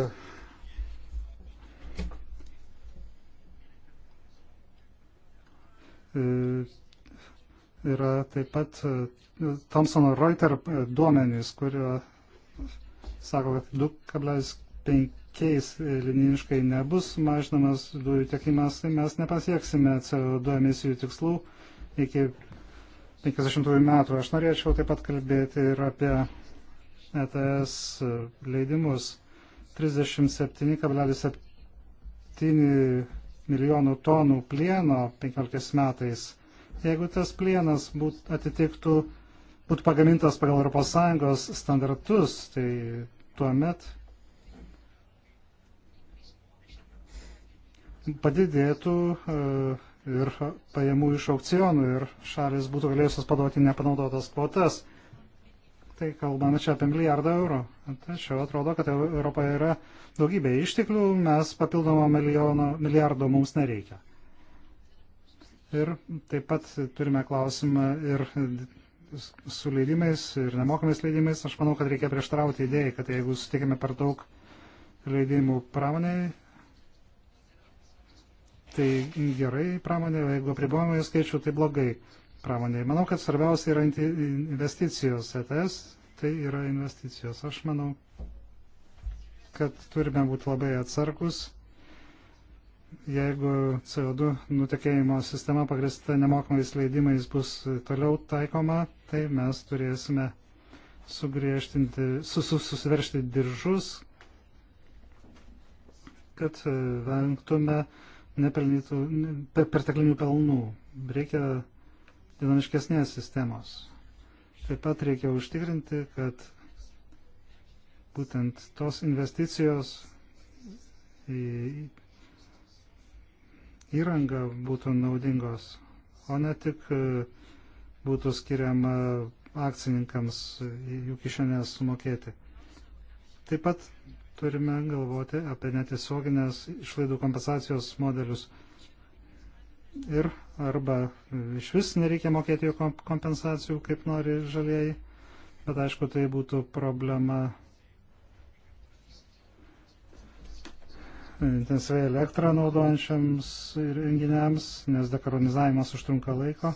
Speaker 2: yra taip pat e, Thomson Reuters e, duomenys, kurio sako, kad 2,5 linijiškai nebus mažinamas dujų tiekimas, tai mes nepasieksime CO2 emisijų tikslų iki 50 metų. Aš norėčiau taip pat kalbėti ir apie ETS leidimus. 37,7 milijonų tonų plieno 15 metais Jeigu tas plienas būtų atitiktų, būtų pagamintas pagal ES standartus, tai tuomet padidėtų e, ir pajamų iš aukcionų ir šalis būtų galėjusios paduoti nepanaudotas kvotas. Tai kalbame čia apie milijardą eurų. Tačiau atrodo, kad Europoje yra daugybė išteklių, mes papildomo milijono, milijardo mums nereikia. Ir taip pat turime klausimą ir su leidimais ir nemokamais leidimais. Aš manau, kad reikia prieštarauti idėjai, kad jeigu sutikime per daug leidimų pramoniai, tai gerai pramonė, o jeigu apribojame skaičių, tai blogai pramonė. Manau, kad svarbiausia yra investicijos. ETS tai yra investicijos. Aš manau, kad turime būti labai atsargus jeigu CO2 nutekėjimo sistema pagrįsta nemokamais leidimais bus toliau taikoma, tai mes turėsime sugriežtinti, sus, susiveršti diržus, kad e, vengtume perteklinių pelnų. Reikia dinamiškesnės sistemos. Taip pat reikia užtikrinti, kad būtent tos investicijos į įranga būtų naudingos, o ne tik e, būtų skiriama akcininkams jų kišenės sumokėti. Taip pat turime galvoti apie netiesioginės išlaidų kompensacijos modelius ir arba iš vis nereikia mokėti jų kompensacijų, kaip nori žalieji, bet aišku, tai būtų problema intensyviai elektrą naudojančiams renginiams, nes dekaronizavimas užtrunka laiko.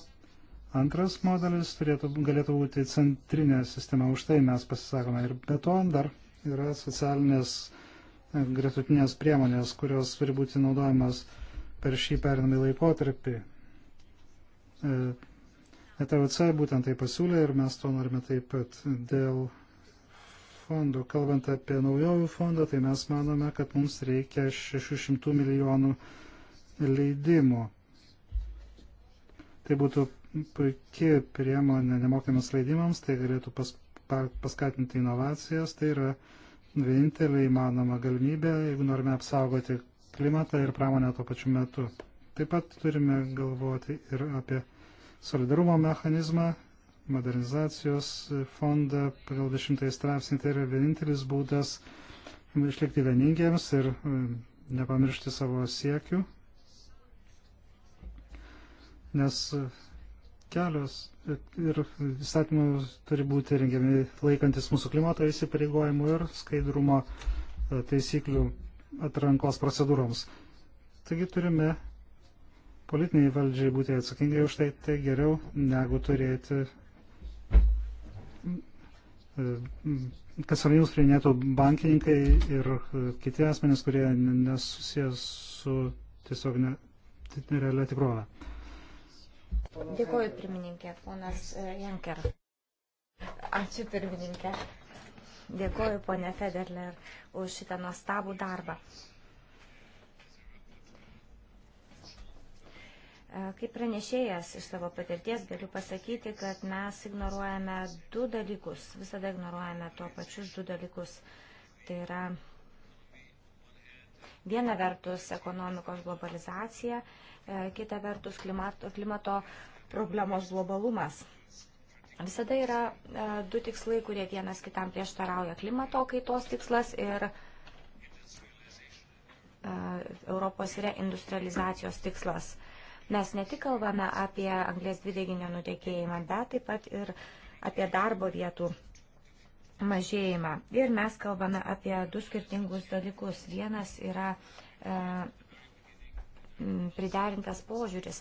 Speaker 2: Antras modelis turėtų, galėtų būti centrinė sistema, už tai mes pasisakome. Ir be to dar yra socialinės e, gretutinės priemonės, kurios turi būti naudojamas per šį perinamį laikotarpį. ETVC e būtent tai pasiūlė ir mes to norime taip pat dėl fondų. Kalbant apie naujovių fondą, tai mes manome, kad mums reikia 600 milijonų leidimų. Tai būtų puikia priemonė nemokiamas leidimams, tai galėtų pas, pa, paskatinti inovacijas, tai yra vienintelė įmanoma galimybė, jeigu norime apsaugoti klimatą ir pramonę tuo pačiu metu. Taip pat turime galvoti ir apie solidarumo mechanizmą modernizacijos fondą pagal 10 straipsnį. Tai yra vienintelis būdas išlikti vieningiems ir e, nepamiršti savo siekių, nes kelios ir įstatymų turi būti rengiami laikantis mūsų klimato įsipareigojimų ir skaidrumo e, taisyklių atrankos procedūroms. Taigi turime politiniai valdžiai būti atsakingi už tai, tai geriau negu turėti E, kad sprendimus prieinėtų bankininkai ir e, kiti asmenys, kurie nesusijęs su tiesiog ne, realia tikrove.
Speaker 3: Dėkuoju, pirmininkė, ponas e, Janker. Ačiū, pirmininkė. Dėkuoju, ponė Federler, už šitą nuostabų darbą. E, kaip pranešėjas iš savo patirties galiu pasakyti, kad mes ignoruojame du dalykus, visada ignoruojame tuo pačius du dalykus. Tai yra viena vertus ekonomikos globalizacija, e, kita vertus klimato, klimato problemos globalumas. Visada yra e, du tikslai, kurie vienas kitam prieštarauja klimato kaitos tikslas ir Europos reindustrializacijos tikslas. Mes ne tik kalbame apie anglės dvideginio nutekėjimą, bet taip pat ir apie darbo vietų mažėjimą. Ir mes kalbame apie du skirtingus dalykus. Vienas yra e, priderintas požiūris.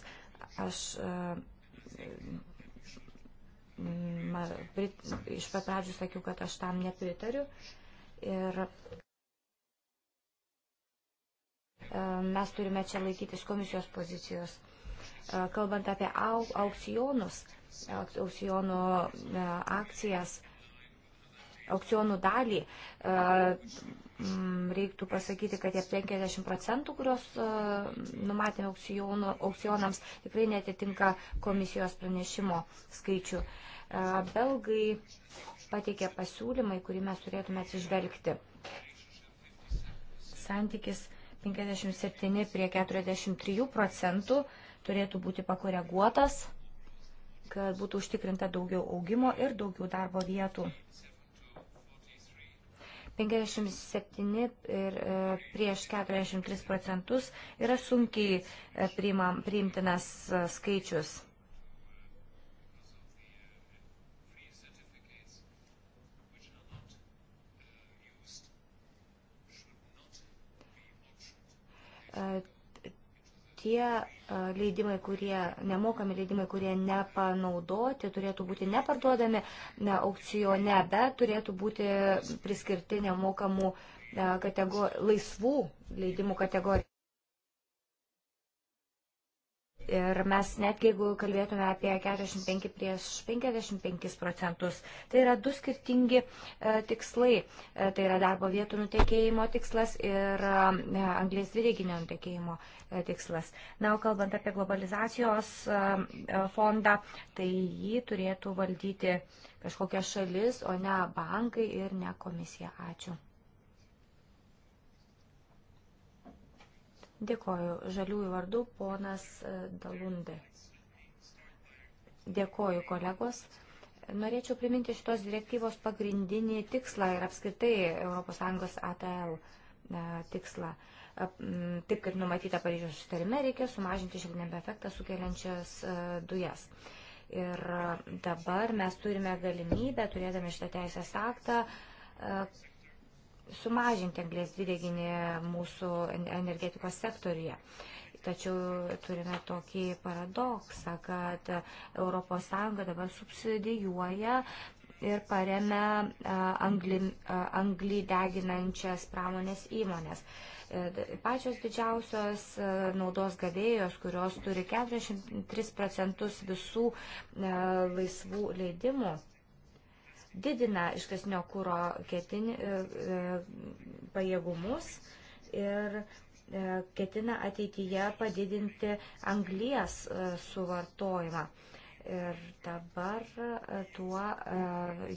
Speaker 3: Aš e, ma, prit, iš pat pradžių sakiau, kad aš tam nepritariu. Ir e, mes turime čia laikytis komisijos pozicijos. Kalbant apie au, aukcionus, aukcionų akcijas, aukcionų dalį, reiktų pasakyti, kad tie 50 procentų, kurios numatėme aukcionų, aukcionams, tikrai netitinka komisijos pranešimo skaičių. Belgai pateikė pasiūlymą, į kurį mes turėtume atsižvelgti. Santykis 57 prie 43 procentų turėtų būti pakoreguotas, kad būtų užtikrinta daugiau augimo ir daugiau darbo vietų. 57 ir e, prieš 43 procentus yra sunkiai e, priimam, priimtinas e, skaičius. Tie leidimai, kurie nemokami leidimai, kurie nepanaudoti, turėtų būti neparduodami ne, aukcijone, bet turėtų būti priskirti nemokamų kategor... laisvų leidimų kategorijų. Ir mes netgi, jeigu kalbėtume apie 45 prieš 55 procentus, tai yra du skirtingi e, tikslai. E, tai yra darbo vietų nutekėjimo tikslas ir e, anglės dvideginio nutekėjimo tikslas. Na, o kalbant apie globalizacijos fondą, tai jį turėtų valdyti kažkokia šalis, o ne bankai ir ne komisija. Ačiū. Dėkoju. Žaliųjų vardu ponas e, Dalundė. Dėkoju, kolegos. Norėčiau priminti šitos direktyvos pagrindinį tikslą ir apskritai ES ATL e, tikslą. E, taip kaip numatyta Paryžiaus sutarime, reikia sumažinti šiltnėme efektą sukeliančias dujas. Ir dabar mes turime galimybę, turėdami šitą teisės aktą, sumažinti anglės dvideginį mūsų energetikos sektoriuje. Tačiau turime tokį paradoksą, kad ES dabar subsidijuoja ir paremia anglį, anglį deginančias pramonės įmonės. E, pačios didžiausios naudos gavėjos, kurios turi 43 procentus visų laisvų leidimų didina iškasnio kūro ketini, e, e, pajėgumus ir e, ketina ateityje padidinti anglies suvartojimą. Ir dabar tuo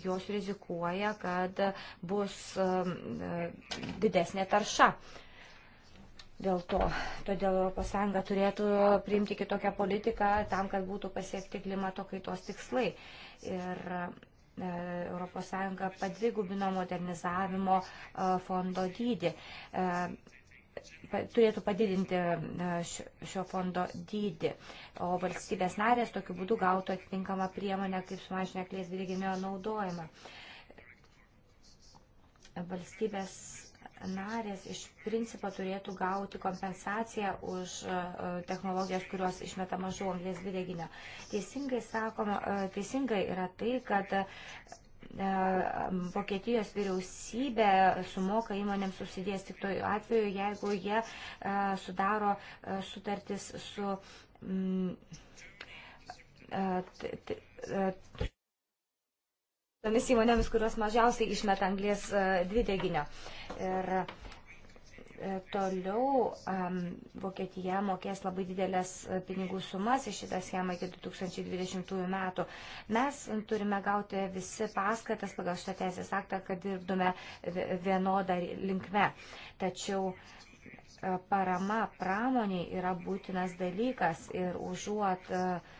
Speaker 3: jos rizikuoja, kad bus didesnė tarša. Dėl to, todėl ES turėtų priimti kitokią politiką tam, kad būtų pasiekti klimato kaitos tikslai. Ir ES padvigubino modernizavimo e, fondo dydį. E, turėtų padidinti e, šio fondo dydį, o valstybės narės tokiu būdu gautų atitinkamą priemonę, kaip sumažinę klės dvideginio naudojimą. Valstybės narės iš principo turėtų gauti kompensaciją už e, e, technologijas, kurios išmeta mažų anglės dvideginio. Teisingai, sakoma, e, teisingai yra tai, kad Vokietijos vyriausybė sumoka įmonėms susidės tik toju atveju, jeigu jie sudaro sutartis su. Mm, t, t, t, tomis įmonėmis, kurios mažiausiai išmeta anglės e, dvideginio. Ir e, toliau um, Vokietija mokės labai didelės e, pinigų sumas iš šitą schemą iki 2020 metų. Mes turime gauti visi paskatas pagal šitą teisės aktą, kad dirbdume vienodą linkme. Tačiau parama pramoniai yra būtinas dalykas ir užuot uh,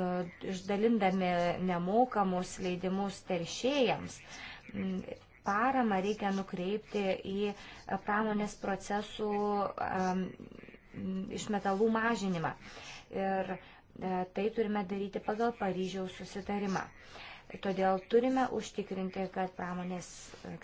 Speaker 3: E, išdalindami nemokamus leidimus teršėjams. Mm, paramą reikia nukreipti į pramonės procesų išmetalų mažinimą. Ir e, tai turime daryti pagal Paryžiaus susitarimą. Todėl turime užtikrinti, kad, pramonės,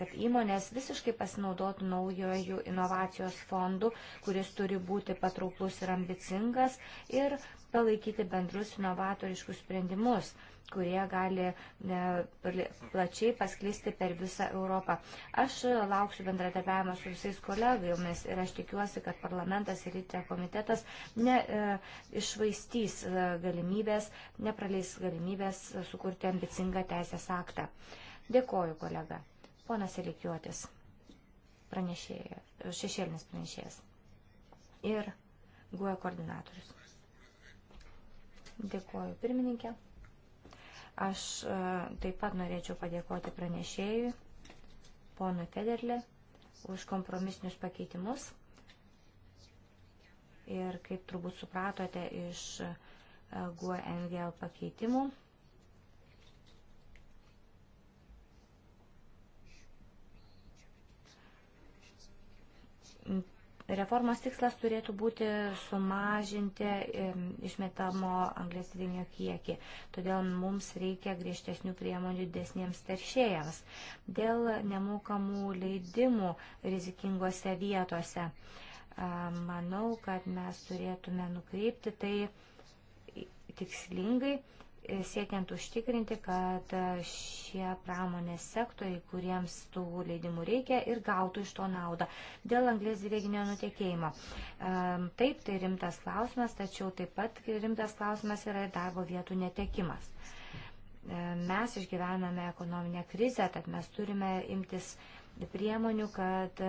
Speaker 3: kad įmonės visiškai pasinaudotų naujojų inovacijos fondų, kuris turi būti patrauklus ir ambicingas ir palaikyti bendrus inovatoriškus sprendimus kurie gali plačiai pasklisti per visą Europą. Aš lauksiu bendradarbiavimo su visais kolegomis ir aš tikiuosi, kad parlamentas ir įtė komitetas ne, e, išvaistys e, galimybės, nepraleis galimybės sukurti ambicingą teisės aktą. Dėkoju, kolega. Ponas Elikiuotis, šešėlinis pranešėjas ir GUE koordinatorius. Dėkoju, pirmininkė. Aš e, taip pat norėčiau padėkoti pranešėjui, ponui Federlė, už kompromisinius pakeitimus. Ir kaip turbūt supratote iš e, GUNGL e pakeitimų, Reformos tikslas turėtų būti sumažinti išmetamo anglės dvideginio kiekį. Todėl mums reikia griežtesnių priemonių desniems teršėjams. Dėl nemokamų leidimų rizikingose vietose. Manau, kad mes turėtume nukreipti tai tikslingai siekiant užtikrinti, kad šie pramonės sektoriai, kuriems tų leidimų reikia ir gautų iš to naudą dėl anglės dvideginio nutekėjimo. Taip, tai rimtas klausimas, tačiau taip pat rimtas klausimas yra ir darbo vietų netekimas. Mes išgyvename ekonominę krizę, tad mes turime imtis priemonių, kad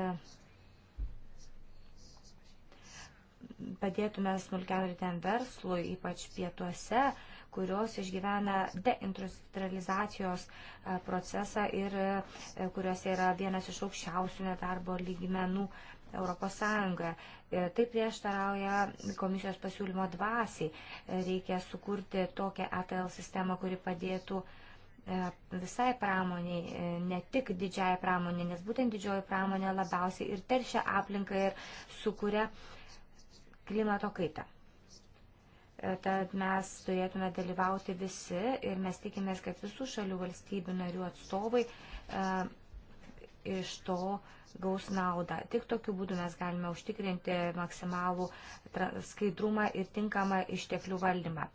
Speaker 3: padėtume smulkiam ir ten verslui, ypač pietuose, uh, kurios išgyvena deindustrializacijos e, procesą ir e, kuriuose yra vienas iš aukščiausių nedarbo lygmenų Europos Sąjungoje. E, tai prieštarauja komisijos pasiūlymo dvasiai. Reikia sukurti tokią ATL sistemą, kuri padėtų visai pramoniai, ne tik didžiai pramoniai, nes būtent didžioji pramonė labiausiai ir teršia aplinką ir sukuria klimato kaitą. E, tad mes turėtume dalyvauti visi ir mes tikimės, kad visų šalių valstybių narių atstovai e, iš to gaus naudą. Tik tokiu būdu mes galime užtikrinti maksimalų skaidrumą ir tinkamą išteklių valdymą.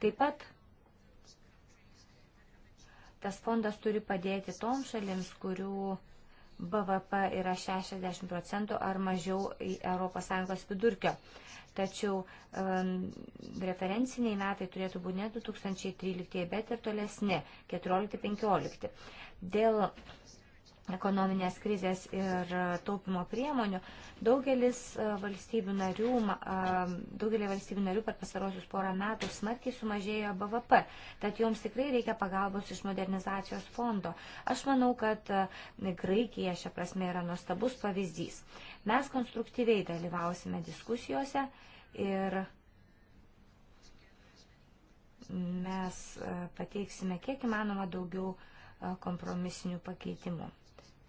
Speaker 3: Taip pat tas fondas turi padėti toms šalims, kurių BVP yra 60 procentų ar mažiau ES vidurkio. Tačiau um, referenciniai metai turėtų būti ne 2013, bet ir tolesni 14-15. Dėl ekonominės krizės ir e, taupimo priemonių, daugelis e, valstybių narių, e, daugelį valstybių narių per pasarosius porą metų smarkiai sumažėjo BVP, tad joms tikrai reikia pagalbos iš modernizacijos fondo. Aš manau, kad Graikija šia prasme yra nuostabus pavyzdys. Mes konstruktyviai dalyvausime diskusijose ir mes pateiksime kiek įmanoma daugiau kompromisinių pakeitimų.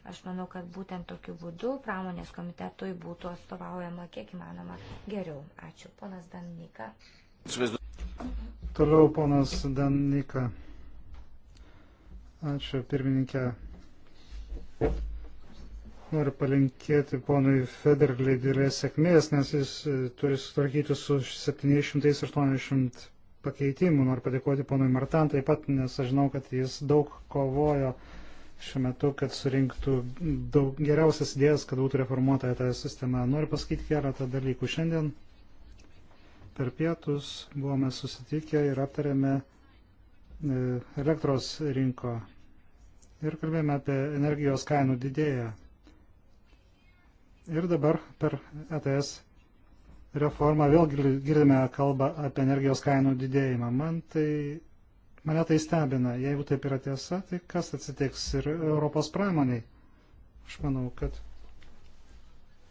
Speaker 3: Aš manau, kad būtent tokiu būdu pramonės komitetui būtų atstovaujama kiek įmanoma geriau. Ačiū, ponas Danika.
Speaker 2: Toliau ponas Danika. Ačiū, pirmininkė. Noriu palinkėti ponui Federlį didelės sėkmės, nes jis e, turi sutvarkyti su 780 pakeitimų. Noriu padėkoti ponui Martan taip pat, nes aš žinau, kad jis daug kovojo šiuo metu, kad surinktų daug geriausias idėjas, kad būtų reformuota e ta sistema. Noriu pasakyti keletą dalykų. Šiandien per pietus buvome susitikę ir aptarėme e, elektros rinko ir kalbėjome apie energijos kainų didėją. Ir dabar per ETS reformą vėl girdime kalbą apie energijos kainų didėjimą. Man tai Mane tai stebina. Jeigu taip yra tiesa, tai kas atsitiks ir Europos pramoniai? Aš manau, kad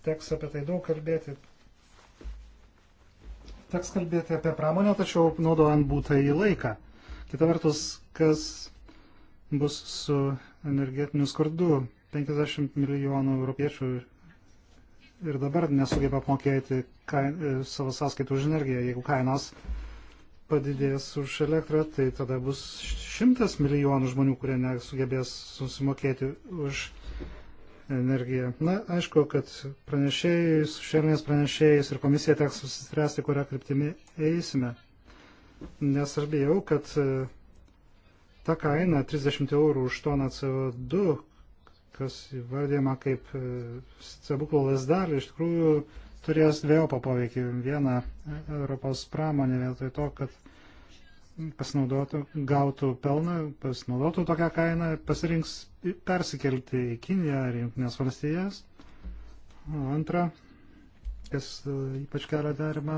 Speaker 2: teks apie tai daug kalbėti. Teks kalbėti apie pramonę, tačiau naudojant būtą į laiką. Kita vertus, kas bus su energetiniu skurdu? 50 milijonų europiečių ir dabar nesugeba apmokėti kain, savo sąskaitų už energiją, jeigu kainos padidės už elektrą, tai tada bus šimtas milijonų žmonių, kurie nesugebės susimokėti už energiją. Na, aišku, kad pranešėjais, šelnės pranešėjais ir komisija teks susistresti, kurią kryptimį eisime. Nes aš bijau, kad e, ta kaina 30 eurų už toną CO2, kas įvardėma kaip e, stebuklo lasdelį, iš tikrųjų turės dviejopą poveikį. Viena e, Europos pramonė vietoj to, kad pasinaudotų, gautų pelną, pasinaudotų tokią kainą, pasirinks persikelti į Kiniją ar Junktinės valstijas. Antra, kas e, ypač kelia derimą,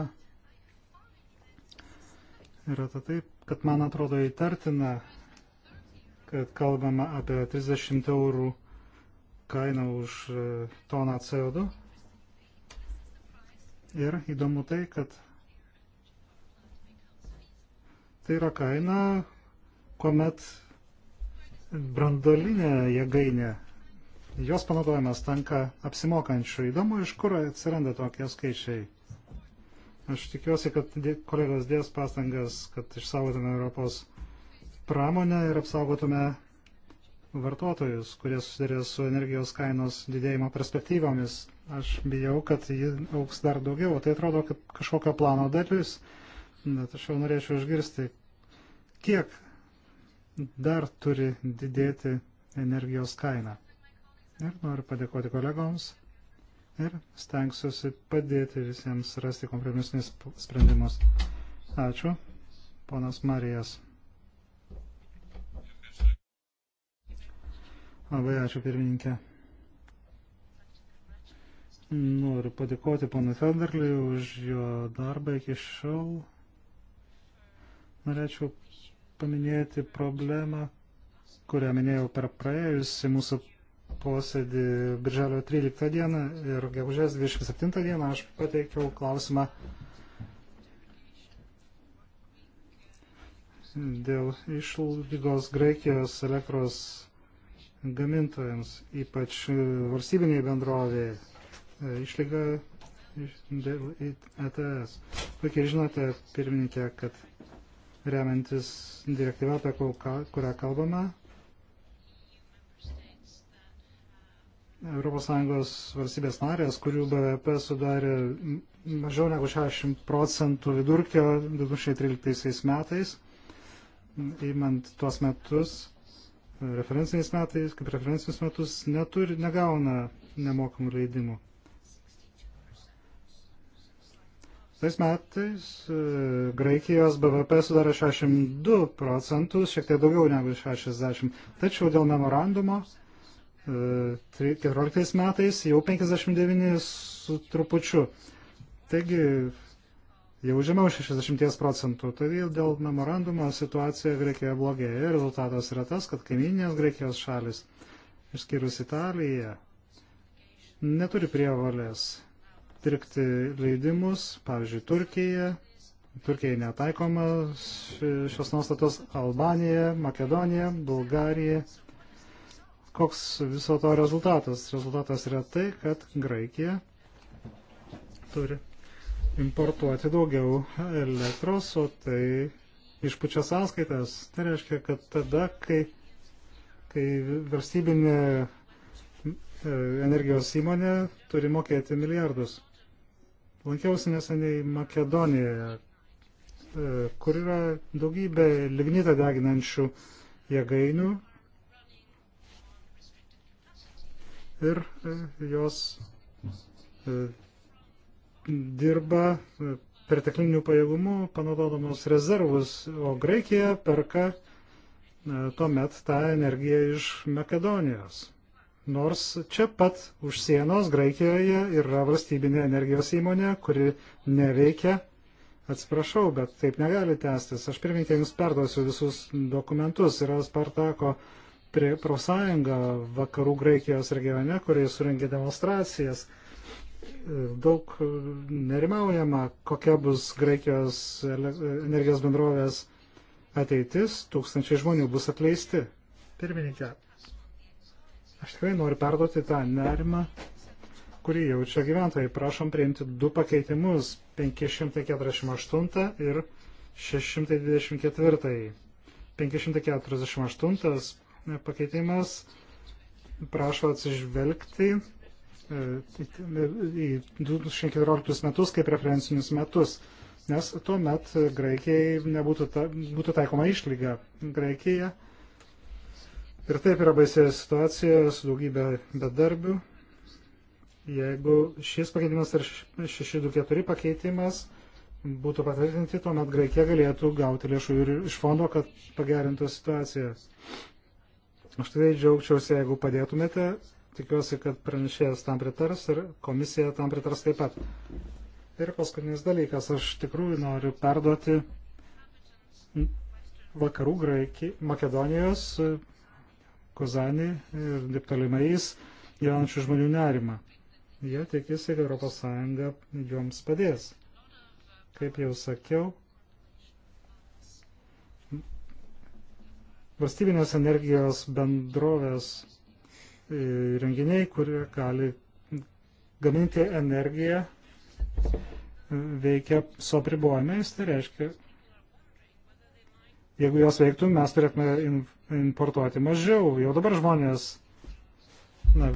Speaker 2: yra ta taip, kad man atrodo įtartina, kad kalbama apie 30 eurų kainą už e, toną CO2 Ir įdomu tai, kad tai yra kaina, kuomet brandolinė jėgainė, jos panaudojimas tenka apsimokančių. Įdomu, iš kur atsiranda tokie skaičiai. Aš tikiuosi, kad kolegos dės pastangas, kad išsaugotume Europos pramonę ir apsaugotume vartotojus, kurie susidarė su energijos kainos didėjimo perspektyvomis. Aš bijau, kad ji auks dar daugiau, tai atrodo kaip kažkokio plano dalis. Bet aš jau norėčiau išgirsti, kiek dar turi didėti energijos kaina. Ir noriu padėkoti kolegoms ir stengsiuosi padėti visiems rasti kompromisinius sprendimus. Ačiū, ponas Marijas. Labai ačiū pirmininkė. Noriu padėkoti ponui Federliui už jo darbą iki šiol. Norėčiau paminėti problemą, kurią minėjau per praėjusį mūsų posėdį birželio 13 dieną ir gegužės 27 dieną aš pateikiau klausimą dėl išlygos Graikijos elektros gamintojams, ypač e, valstybiniai bendroviai, e, išlyga dėl ETS. Puikiai žinote, pirmininkė, kad remiantis direktyvą, apie kurią kalbame, ES valstybės narės, kurių BVP sudarė mažiau negu 60 procentų vidurkio 2013 metais, įmant tuos metus, referenciniais metais, kaip referencinius metus, neturi, negauna nemokamų leidimų. Tais metais e, Graikijos BVP sudarė 62 procentus, šiek tiek daugiau negu 60. Tačiau dėl memorandumo 14 e, metais jau 59 su trupučiu. Taigi jau žemiau 60 procentų. Todėl dėl memorandumo situacija Greikijoje blogėja. Rezultatas yra tas, kad kaiminės Greikijos šalis, išskyrus Italiją, neturi prievalės pirkti leidimus, pavyzdžiui, Turkija. Turkijai netaikoma šios nuostatos Albanija, Makedonija, Bulgarija. Koks viso to rezultatas? Rezultatas yra tai, kad Graikija turi importuoti daugiau elektros, o tai išpučia sąskaitas. Tai reiškia, kad tada, kai, kai valstybinė e, energijos įmonė turi mokėti milijardus. Lankiausi neseniai Makedonijoje, e, kur yra daugybė lignitą deginančių jėgainių ir e, jos dirba perteklinių pajėgumų, panaudodamos rezervus, o Graikija perka e, tuomet tą energiją iš Makedonijos. Nors čia pat už sienos Graikijoje yra valstybinė energijos įmonė, kuri neveikia. Atsiprašau, bet taip negali tęstis. Aš pirmininkė jums perduosiu visus dokumentus. Yra Spartako profsąjunga vakarų Graikijos regione, kurie surengė demonstracijas daug nerimaujama, kokia bus Graikijos energijos bendrovės ateitis, tūkstančiai žmonių bus atleisti. Pirmininkė, aš tikrai noriu perduoti tą nerimą, kurį jaučia gyventojai. Prašom priimti du pakeitimus - 548 ir 624. 548 pakeitimas prašo atsižvelgti į 2014 metus kaip referencinius metus, nes tuomet Graikijai nebūtų ta, būtų taikoma išlyga. Graikija ir taip yra baisėja situacija su daugybė bedarbių. Jeigu šis pakeitimas ir 624 pakeitimas būtų patvirtinti, tuomet Graikija galėtų gauti lėšų ir iš fondo, kad pagerintų situaciją. Aš tikrai džiaugčiausi, jeigu padėtumėte tikiuosi, kad pranešėjas tam pritars ir komisija tam pritars taip pat. Ir paskutinis dalykas, aš tikrųjų noriu perduoti vakarų Graikį, Makedonijos, Kozanį ir Diptolimais gyvenančių žmonių nerimą. Jie tikisi, kad ES joms padės. Kaip jau sakiau, valstybinės energijos bendrovės E, renginiai, kurie gali gaminti energiją, e, veikia su apribojimais, tai reiškia, jeigu jos veiktų, mes turėtume importuoti mažiau. Jau dabar žmonės na,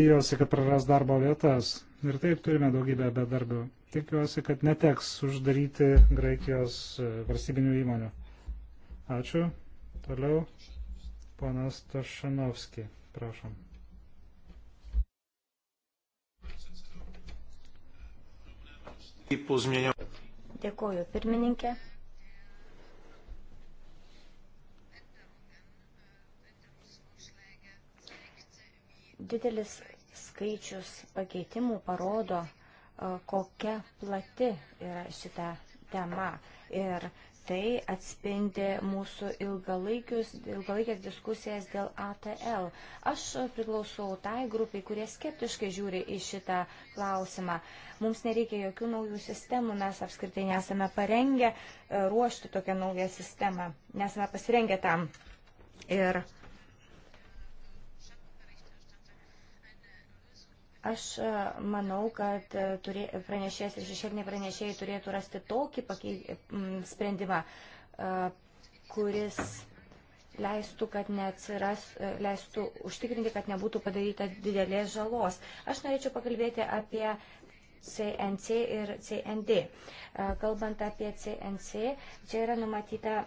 Speaker 2: bijosi, kad praras darbo vietas ir taip turime daugybę bedarbių. Tikiuosi, kad neteks uždaryti Graikijos e, valstybinių įmonių. Ačiū. Toliau ponas Tošanovski, prašom.
Speaker 3: Dėkuoju, pirmininkė. Didelis skaičius pakeitimų parodo, kokia plati yra šita tema. Ir tai atspindi mūsų ilgalaikės diskusijas dėl ATL. Aš priklausau tai grupiai, kurie skeptiškai žiūri į šitą klausimą. Mums nereikia jokių naujų sistemų, mes apskritai nesame parengę e, ruošti tokią naują sistemą, nesame pasirengę tam. Ir uh, Aš e, manau, kad e, turė, pranešėjas ir šešėliniai pranešėjai turėtų rasti tokį pakei, sprendimą, e, kuris leistų, kad neatsiras, leistų užtikrinti, kad nebūtų padaryta didelės žalos. Aš norėčiau pakalbėti apie CNC ir CND. Kalbant apie CNC, čia yra numatyta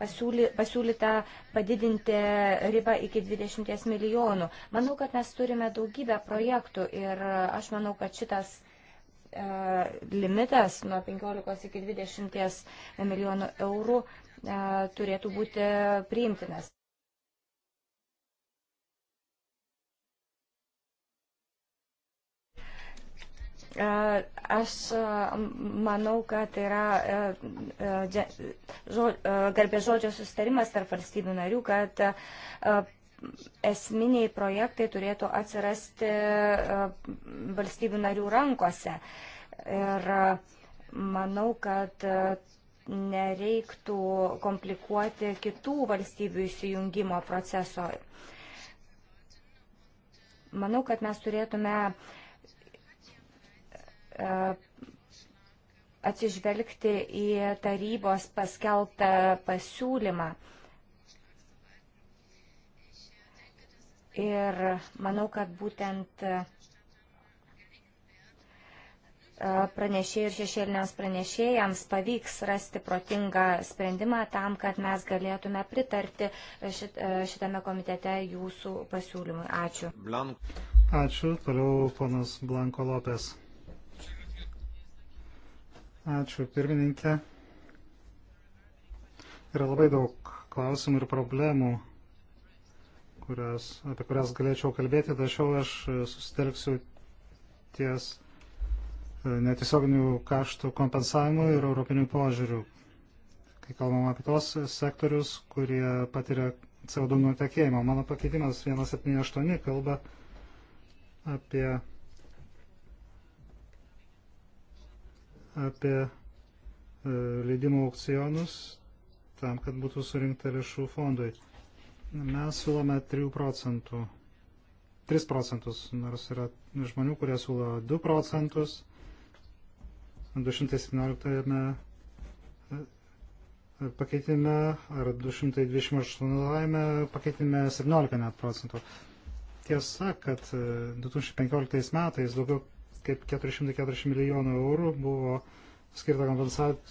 Speaker 3: pasiūly, pasiūlyta padidinti ribą iki 20 milijonų. Manau, kad mes turime daugybę projektų ir aš manau, kad šitas e, limitas nuo 15 iki 20 milijonų eurų e, turėtų būti priimtinas. Aš manau, kad yra e, e, e, garbės žodžio sustarimas tarp valstybių narių, kad esminiai projektai turėtų atsirasti valstybių narių rankose. Ir manau, kad nereiktų komplikuoti kitų valstybių įsijungimo proceso. Manau, kad mes turėtume uh, E, atsižvelgti į tarybos paskelbtą pasiūlymą. Ir manau, kad būtent e, pranešėjų ir šešėliniams pranešėjams pavyks rasti protingą sprendimą tam, kad mes galėtume pritarti šit, e, šitame komitete jūsų pasiūlymui. Ačiū. Blank.
Speaker 2: Ačiū. Toliau ponas Blanko Lopes. Ačiū, pirmininkė. Yra labai daug klausimų ir problemų, kurias, apie kurias galėčiau kalbėti, tačiau aš e, susitelksiu ties e, netiesioginių kaštų kompensavimu ir europinių požiūrių. Kai kalbam apie tos sektorius, kurie patiria CO2 nutekėjimą. Mano pakeitimas 178 kalba apie apie e, leidimų aukcionus tam, kad būtų surinkta lėšų fondui. Mes siūlome 3 procentų. 3 procentus, nors yra žmonių, kurie siūlo 2 procentus. 217 e, pakeitime ar 228 pakeitime 17 net procentų. Tiesa, kad 2015 e, metais daugiau kaip 440 milijonų eurų buvo skirta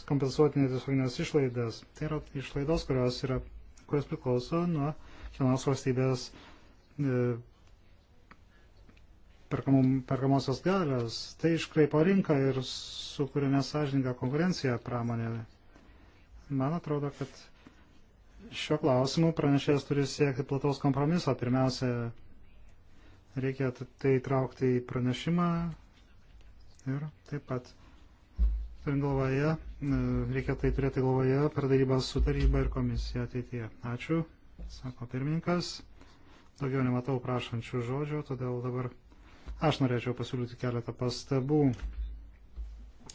Speaker 2: kompensuoti netiesioginės išlaidas. Tai yra išlaidos, kurios, yra, kurios priklauso nuo kiekvienos valstybės e, perkamum, perkamosios galios. Tai iškreipo rinką ir sukuria nesažininką konkurenciją pramonėje. Man atrodo, kad šiuo klausimu pranešėjas turi siekti plataus kompromiso. Pirmiausia, reikia tai traukti į pranešimą, Ir taip pat turint galvoje, e, reikia tai turėti galvoje per darybą su taryba ir komisija ateityje. Ačiū, sako pirmininkas. Daugiau nematau prašančių žodžių, todėl dabar aš norėčiau pasiūlyti keletą pastabų.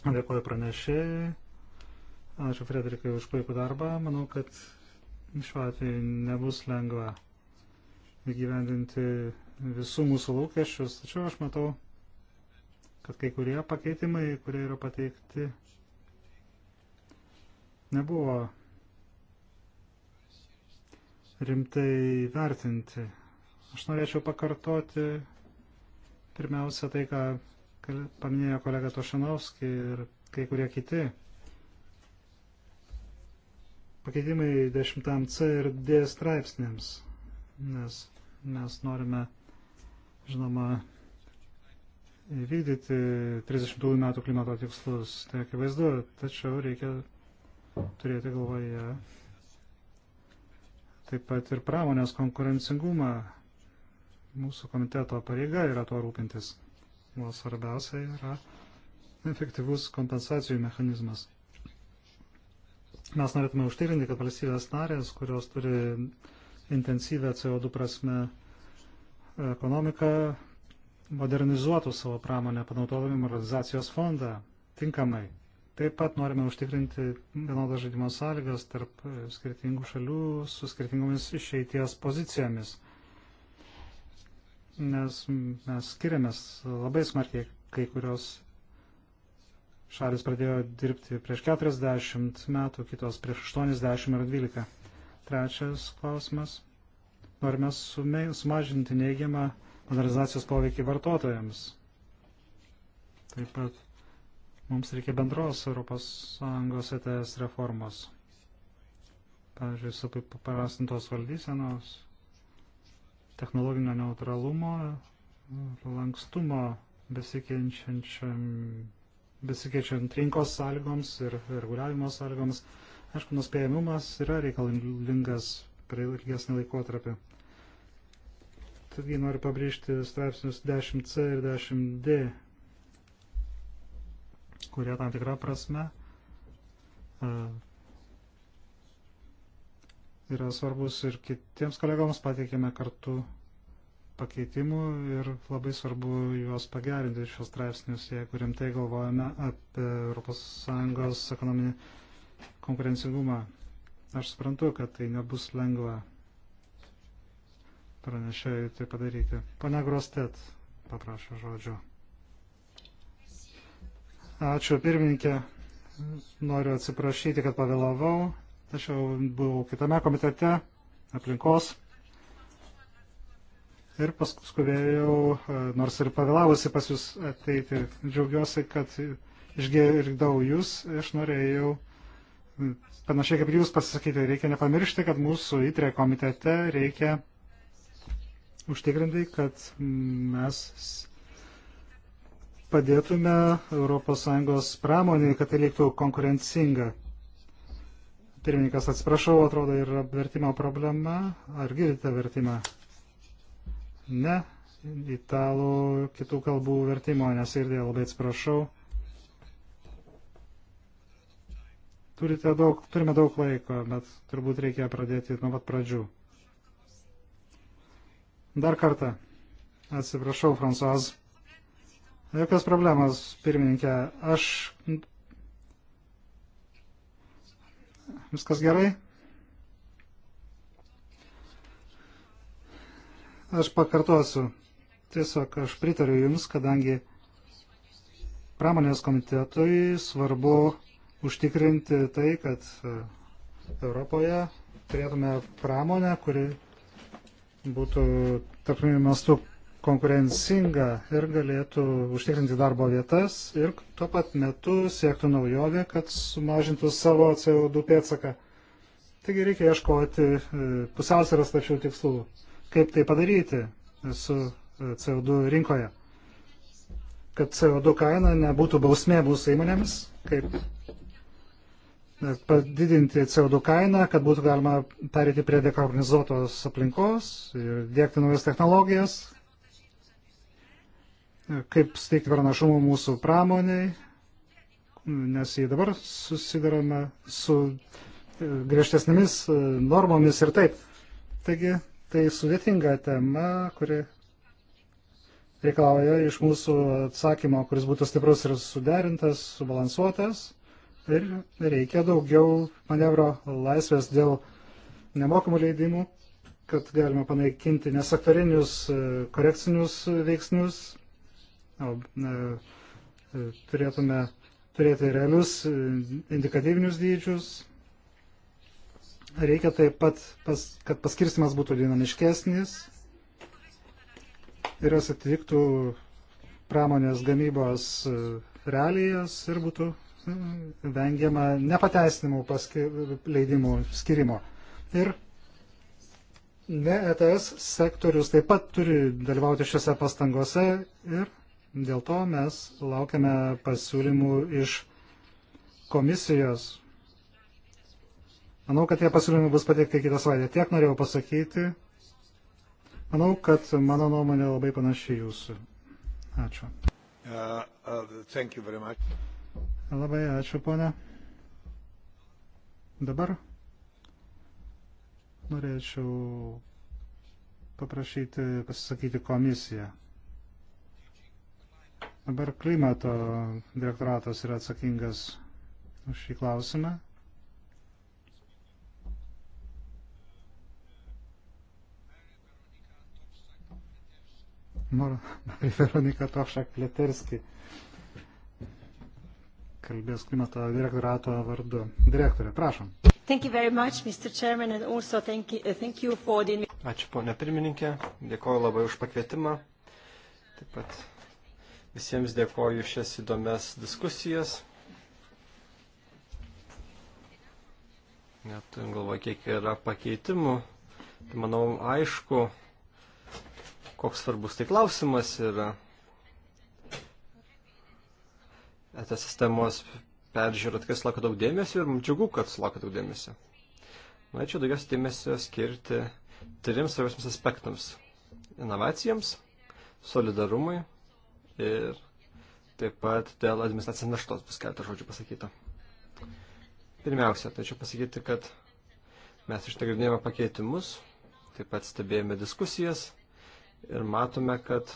Speaker 2: Dėkuoju pranešėjai. Ačiū Frederikai už puikų darbą. Manau, kad šiuo atveju nebus lengva įgyvendinti visų mūsų lūkesčius, tačiau aš matau kad kai kurie pakeitimai, kurie yra pateikti, nebuvo rimtai vertinti. Aš norėčiau pakartoti pirmiausia tai, ką paminėjo kolega Tošanovski ir kai kurie kiti. Pakeitimai 10c ir d straipsnėms, nes mes norime, žinoma, įvykdyti 30 metų klimato tikslus. Tai akivaizdu, tačiau reikia turėti galvoje taip pat ir pramonės konkurencingumą. Mūsų komiteto pareiga yra tuo rūpintis. O svarbiausia yra efektyvus kompensacijų mechanizmas. Mes norėtume užtikrinti, kad valstybės narės, kurios turi intensyvę CO2 prasme ekonomiką, modernizuotų savo pramonę, panaudodami modernizacijos fondą tinkamai. Taip pat norime užtikrinti vienodas žaidimo sąlygas tarp skirtingų šalių su skirtingomis išeities pozicijomis. Nes mes skiriamės labai smarkiai, kai kurios šalis pradėjo dirbti prieš 40 metų, kitos prieš 80 ar 12. Trečias klausimas. Norime sumažinti neigiamą modernizacijos poveikį vartotojams. Taip pat mums reikia bendros ES ETS reformos. Pavyzdžiui, su paprastintos valdysenos, technologinio neutralumo, lankstumo besikeičiant rinkos sąlygoms ir reguliavimo sąlygoms. Aišku, nuspėjamumas yra reikalingas per ilgesnį laikotarpį. Taigi noriu pabrėžti straipsnius 10c ir 10d, kurie tam tikrą prasme e, yra svarbus ir kitiems kolegoms pateikėme kartu pakeitimų ir labai svarbu juos pagerinti šios straipsnius, jeigu rimtai galvojame apie ES ekonominį konkurencingumą. Aš suprantu, kad tai nebus lengva pranešėjai tai padaryti. Pane Grostet paprašė žodžio. Ačiū pirmininkė. Noriu atsiprašyti, kad pavėlavau, tačiau buvau kitame komitete aplinkos ir paskubėjau, nors ir pavėlavusi pas jūs ateiti. Džiaugiuosi, kad išgirdau jūs, aš norėjau panašiai kaip jūs pasisakyti. Reikia nepamiršti, kad mūsų įtrė komitete reikia užtikrinti, kad mes padėtume ES pramoniai, kad tai liktų konkurencinga. Pirmininkas, atsiprašau, atrodo, yra vertimo problema. Ar girdite vertimą? Ne, italų kitų kalbų vertimo nesirdė, labai atsiprašau. Turite daug, turime daug laiko, bet turbūt reikia pradėti nuo pat pradžių. Dar kartą. Atsiprašau, Fransuaz. Jokios problemos, pirmininkė. Aš. Viskas gerai? Aš pakartosiu. Tiesiog aš pritariu Jums, kadangi pramonės komitetui svarbu užtikrinti tai, kad e, Europoje turėtume pramonę, kuri būtų tarptautiniu mastu konkurencinga ir galėtų užtikrinti darbo vietas ir tuo pat metu siektų naujovė, kad sumažintų savo CO2 pėtsaką. Taigi reikia ieškoti e, pusiausvėros tačių tikslų. Kaip tai padaryti su e, CO2 rinkoje? Kad CO2 kaina nebūtų bausmė mūsų įmonėms, kaip padidinti CO2 kainą, kad būtų galima perėti prie dekarbonizuotos aplinkos ir dėkti naujas technologijas, kaip steigti pranašumą mūsų pramoniai, nes jį dabar susidarome su e, griežtesnėmis e, normomis ir taip. Taigi tai sudėtinga tema, kuri reikalauja iš mūsų atsakymo, kuris būtų stiprus ir suderintas, subalansuotas ir reikia daugiau manevro laisvės dėl nemokamų leidimų, kad galima panaikinti nesektorinius e, korekcinius veiksnius. O, e, e turėtume turėti realius e, indikatyvinius dydžius. Reikia taip pat, pas, kad paskirstimas būtų dinamiškesnis ir atitiktų pramonės gamybos realijas ir būtų vengiama nepateisinimų leidimų skirimo. Ir ne ETS sektorius taip pat turi dalyvauti šiuose pastangose ir dėl to mes laukiame pasiūlymų iš komisijos. Manau, kad tie pasiūlymai bus pateikti kitą savaitę. Tiek norėjau pasakyti. Manau, kad mano nuomonė labai panaši jūsų. Ačiū.
Speaker 3: Uh, uh,
Speaker 2: Labai ačiū, ponė. Dabar norėčiau paprašyti pasisakyti komisiją. Dabar klimato direktoratas yra atsakingas už šį klausimą. *laughs* Veronika Tovšak-Pleterski kalbės klimato direktorato vardu. Direktorė,
Speaker 1: prašom.
Speaker 3: Much, Chairman, thank you, thank you the...
Speaker 1: Ačiū ponia pirmininkė, dėkoju labai už pakvietimą. Taip pat visiems dėkoju šias įdomias diskusijas. Net galvoju, kiek yra pakeitimų. Tai manau, aišku, koks svarbus tai klausimas yra. tas sistemos peržiūrą tikrai sulaukia daug dėmesio ir džiugu, kad sulaukia daug dėmesio. Norėčiau daugiausiai dėmesio skirti trims svarbiausiams aspektams - inovacijams, solidarumui ir taip pat dėl administracinės naštos bus keletą žodžių pasakyta. Pirmiausia, tačiau pasakyti, kad mes išnagrinėjome pakeitimus, taip pat stebėjome diskusijas ir matome, kad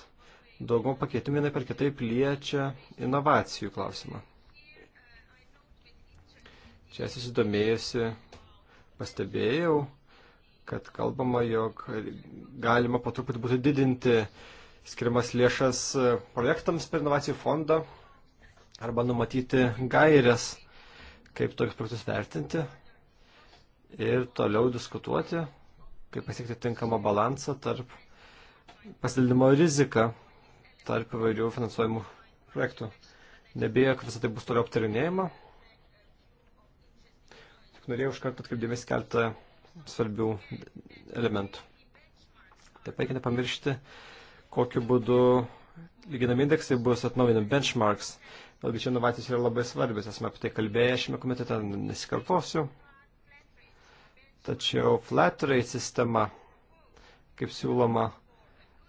Speaker 1: daugumą pakeitimų vienai per kitaip liečia inovacijų klausimą. Čia susidomėjusi pastebėjau, kad kalbama, jog galima po truputį būtų didinti skirimas lėšas projektams per inovacijų fondą arba numatyti gairias, kaip tokius projektus vertinti ir toliau diskutuoti, kaip pasiekti tinkamą balansą tarp pasidalimo riziką tarp įvairių finansuojimų projektų. Nebėjo, kad visą tai bus toliau aptarinėjama. Tik norėjau iš karto atkreipdėmės keltą svarbių elementų. Taip pat reikia nepamiršti, kokiu būdu lyginami indeksai bus atnaujinami benchmarks. Vėlgi čia inovacijos yra labai svarbios, esame apie tai kalbėję šiame komitete, nesikartosiu. Tačiau flat rate sistema, kaip siūloma,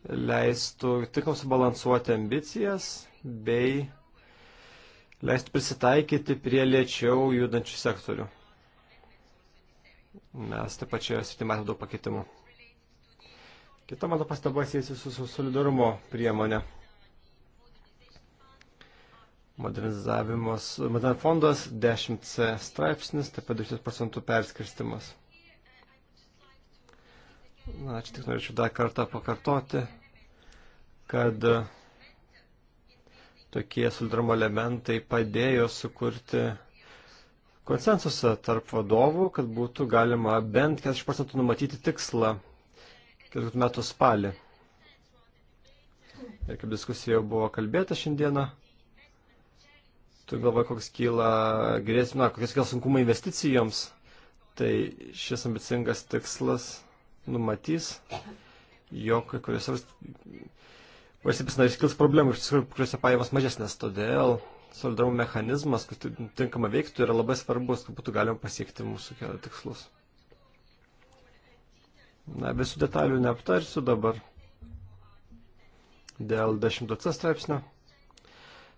Speaker 1: leistų tinkamai subalansuoti ambicijas bei leistų prisitaikyti prie lėčiau judančių sektorių. Mes taip pat šioje srityje matome daug pakeitimų. Kita mano pastaba siejasi su solidarumo priemonė. Modernizavimas, modern fondas, 10C straipsnis, taip pat 10 procentų perskirstimas. Na, aš tik norėčiau dar kartą pakartoti, kad tokie solidarumo elementai padėjo sukurti konsensusą tarp vadovų, kad būtų galima bent 40 procentų numatyti tikslą 4 metų spalį. Ir kaip diskusijoje buvo kalbėta šiandieną, tu galvoji, koks kyla grėsmė, kokias kyla sunkumai investicijoms, tai šis ambicingas tikslas numatys, jog kai kuriuose valstybės narys kils problemų, iš tikrųjų, kuriuose pajamos mažesnės. Todėl solidarumo mechanizmas, kad tinkamą veiktų, yra labai svarbus, kad būtų galima pasiekti mūsų tikslus. Na, visų detalių neaptarsiu dabar dėl 10c straipsnio.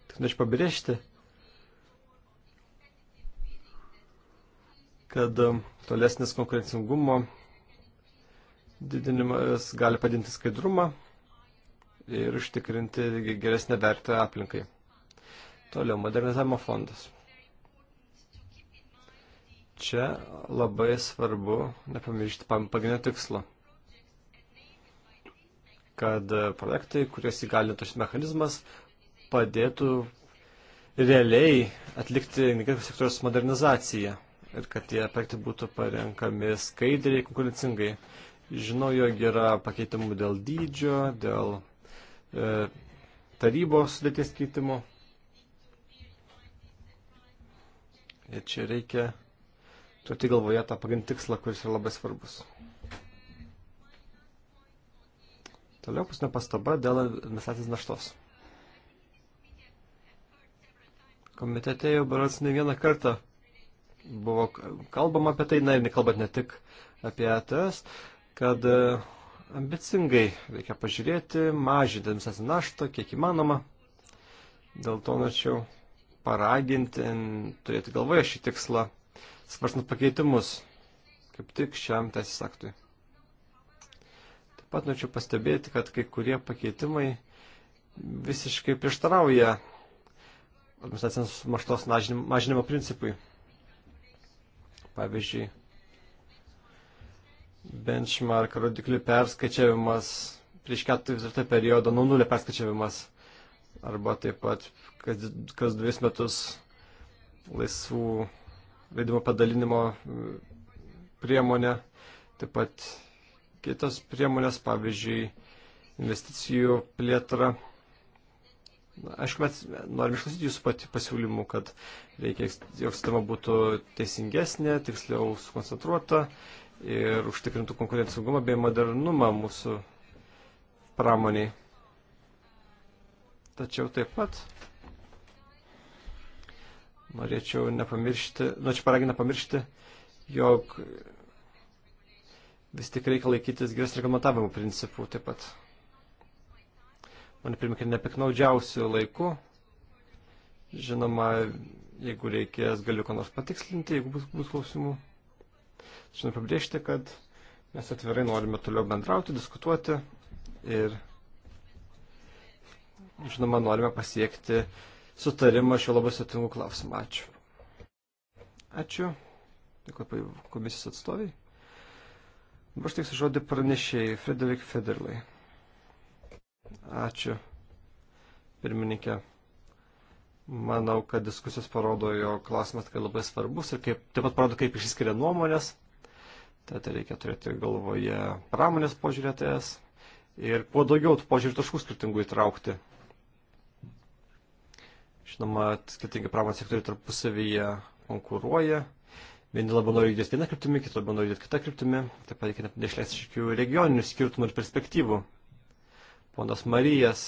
Speaker 1: Tik norėčiau pabrėžti, kad um, tolesnis konkurencingumo Didinimas gali padinti skaidrumą ir užtikrinti geresnę vertę aplinkai. Toliau, modernizavimo fondas. Čia labai svarbu nepamiršti pagrindinio tikslo, kad projektai, kurias įgalintų šis mechanizmas, padėtų realiai atlikti energetikos sektoriaus modernizaciją ir kad tie projektai būtų parenkami skaidriai, konkurencingai. Žinau, jog yra pakeitimų dėl dydžio, dėl e, tarybos sudėties keitimo. Ir čia reikia turėti galvoje tą pagrindinį tikslą, kuris yra labai svarbus. Toliau pusinė pastaba dėl administracinės naštos. Komitete jau berats ne vieną kartą buvo kalbama apie tai, na ir nekalbant ne tik apie ETS, kad e, ambicingai reikia pažiūrėti, mažinti administracinę naštą, kiek įmanoma. Dėl to norėčiau paraginti, turėti galvoje šį tikslą, svarstant pakeitimus, kaip tik šiam teisės aktui. Taip pat norėčiau pastebėti, kad kai kurie pakeitimai visiškai prieštarauja administracinės maštos mažinimo principui. Pavyzdžiui, benchmark rodiklių perskaičiavimas prieš ketvirtą periodą, nuo nulio perskaičiavimas, arba taip pat kas, kas dviejus metus laisvų leidimo padalinimo mm, priemonė, taip pat kitos priemonės, pavyzdžiui, investicijų plėtra. Na, aišku, mes norime išklausyti jūsų pasiūlymų, kad reikia, jog sistema būtų teisingesnė, tiksliau sukoncentruota, ir užtikrintų konkurencingumą bei modernumą mūsų pramoniai. Tačiau taip pat norėčiau nepamiršti, norėčiau nu, paraginti nepamiršti, jog vis tik reikia laikytis geres reglamentavimo principų taip pat. Mane pirmie, kad nepiknaudžiausių laikų. Žinoma, jeigu reikės, galiu ką nors patikslinti, jeigu bus, bus klausimų. Žinau pabrėžti, kad mes atvirai norime toliau bendrauti, diskutuoti ir, žinoma, norime pasiekti sutarimą šio labai sutingų klausimą. Ačiū. Ačiū. Dėkui komisijos atstoviai. Dabar aš tik su žodį pranešėjai, Frederik Federlai. Ačiū, pirmininkė. Manau, kad diskusijos parodo, jo klausimas tikrai labai svarbus ir kaip, taip pat parodo, kaip išsiskiria nuomonės. Tad reikia turėti galvoje pramonės požiūrėtojas ir kuo daugiau tų požiūrį taškų skirtingų įtraukti. Žinoma, skirtingi pramonės sektoriai tarpusavyje konkuruoja. Vieni labiau nori judėti vieną kryptimį, kiti labiau nori judėti kitą kryptimį. Taip pat reikia neišleisti iš jokių regioninių skirtumų ir perspektyvų. Ponas Marijas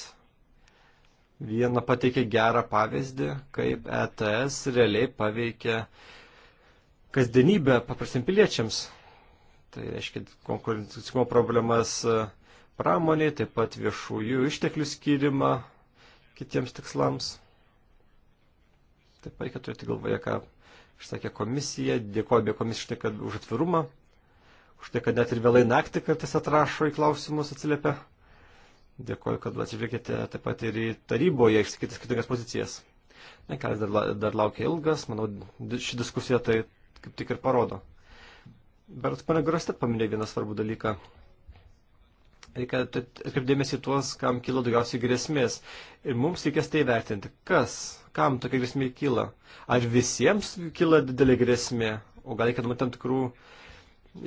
Speaker 1: vieną pateikė gerą pavyzdį, kaip ETS realiai paveikia kasdienybę paprastiem piliečiams. Tai reiškia konkurencingumo problemas e, pramoniai, taip pat viešųjų išteklių skirimą kitiems tikslams. Taip pat reikia turėti galvoje, ką išsakė komisija, dėkojame komisijai už tai, kad už atvirumą, už tai, kad net ir vėlai naktį kartais atrašo į klausimus atsiliepia. Dėkoju, kad atsižvelgėte taip pat ir į taryboje išsakytas skirtingas pozicijas. Ne, kelias dar, dar laukia ilgas, manau, ši diskusija tai kaip tik ir parodo. Bet pana Grostet paminėjo vieną svarbų dalyką. Reikia atkreipdėmėsi tuos, kam kilo daugiausiai grėsmės. Ir mums reikės tai vertinti. Kas, kam tokia grėsmė kyla? Ar visiems kyla didelė grėsmė? O gal reikia numatyti tam tikrų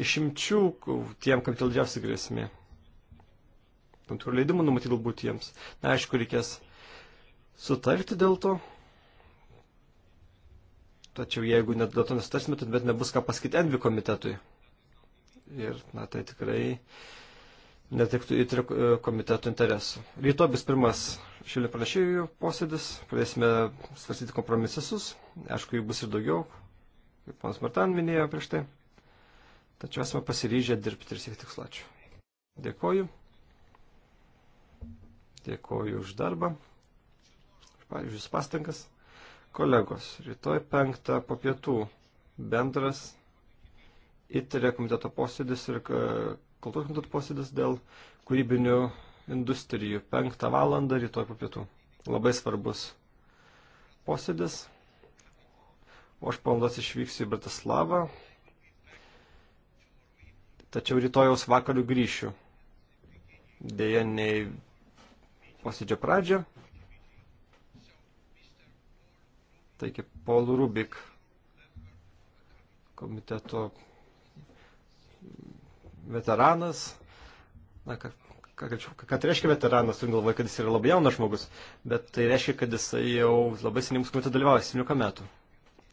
Speaker 1: išimčių tiem, kam kyla didžiausia grėsmė? Tam tikrų leidimų numatyti galbūt jiems. Na, aišku, reikės sutarti dėl to. Tačiau jeigu net dėl to nesutarsime, tuomet nebus ką pasakyti Envi komitetui ir na, tai tikrai netiktų įtri e, komitetų interesų. Rytoj bus pirmas šilinių pranešėjų posėdis, pradėsime svarstyti kompromisus, aišku, jų bus ir daugiau, kaip panas Martan minėjo prieš tai, tačiau esame pasiryžę dirbti ir siekti tikslų. Ačiū. Dėkoju. Dėkoju už darbą, už jūsų pastangas. Kolegos, rytoj penktą po pietų bendras įtarė komiteto posėdis ir e, kultūros komiteto posėdis dėl kūrybinių industrijų 5 valandą rytoj po pietų. Labai svarbus posėdis. O aš palandos išvyksiu į Bratislavą. Tačiau rytojaus vakarių grįšiu. Deja, nei posėdžio pradžio. Taigi, Paul Rubik komiteto veteranas, na, ką, ką, ką tai reiškia veteranas, turint galvoje, kad jis yra labai jaunas žmogus, bet tai reiškia, kad jis jau labai seniai mūsų komitete dalyvauja, 17 metų.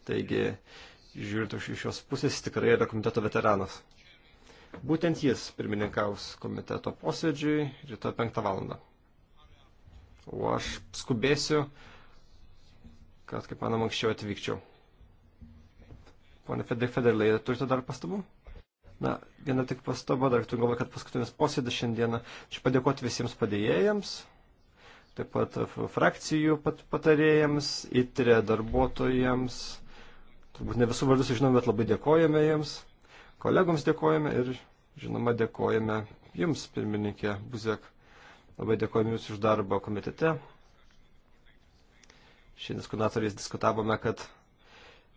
Speaker 1: Taigi, žiūrint iš šios pusės, jis tikrai yra komiteto veteranas. Būtent jis pirmininkaus komiteto posėdžiui rytoj 5 valandą. O aš skubėsiu, kad kaip manom anksčiau atvykčiau. Pone Federlai, turite dar pastabų? Na, viena tik pastaba, dar tu galvoji, kad paskutinis posėdis šiandieną. Čia padėkoti visiems padėjėjams, taip pat frakcijų pat, patarėjams, įtrė darbuotojams. Turbūt ne visų vardus žinome, bet labai dėkojame jiems. Kolegoms dėkojame ir, žinoma, dėkojame jums, pirmininkė Buzek. Labai dėkojame jūs už darbą komitete. Šiandien diskutatoriais diskutavome, kad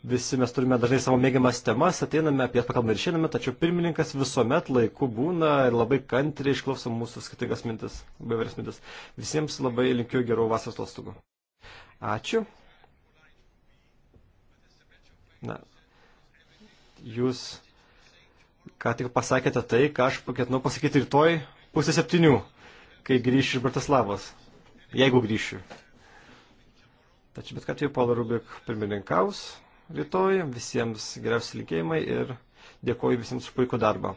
Speaker 1: Visi mes turime dažnai savo mėgiamas temas, ateiname apie jas pakalbame ir išeiname, tačiau pirmininkas visuomet laiku būna ir labai kantriai išklauso mūsų skirtingas mintis, labai vairias mintis. Visiems labai linkiu gerų vasaros atostogų. Ačiū. Na, jūs ką tik pasakėte tai, ką aš ketinau pasakyti rytoj pusę septynių, kai grįšiu iš Bratislavos. Jeigu grįšiu. Tačiau bet ką atveju Paula Rubik pirmininkaus rytoj. Visiems geriausi linkėjimai ir dėkoju visiems už puikų darbą.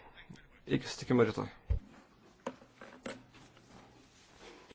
Speaker 1: Iki sutikimo rytoj.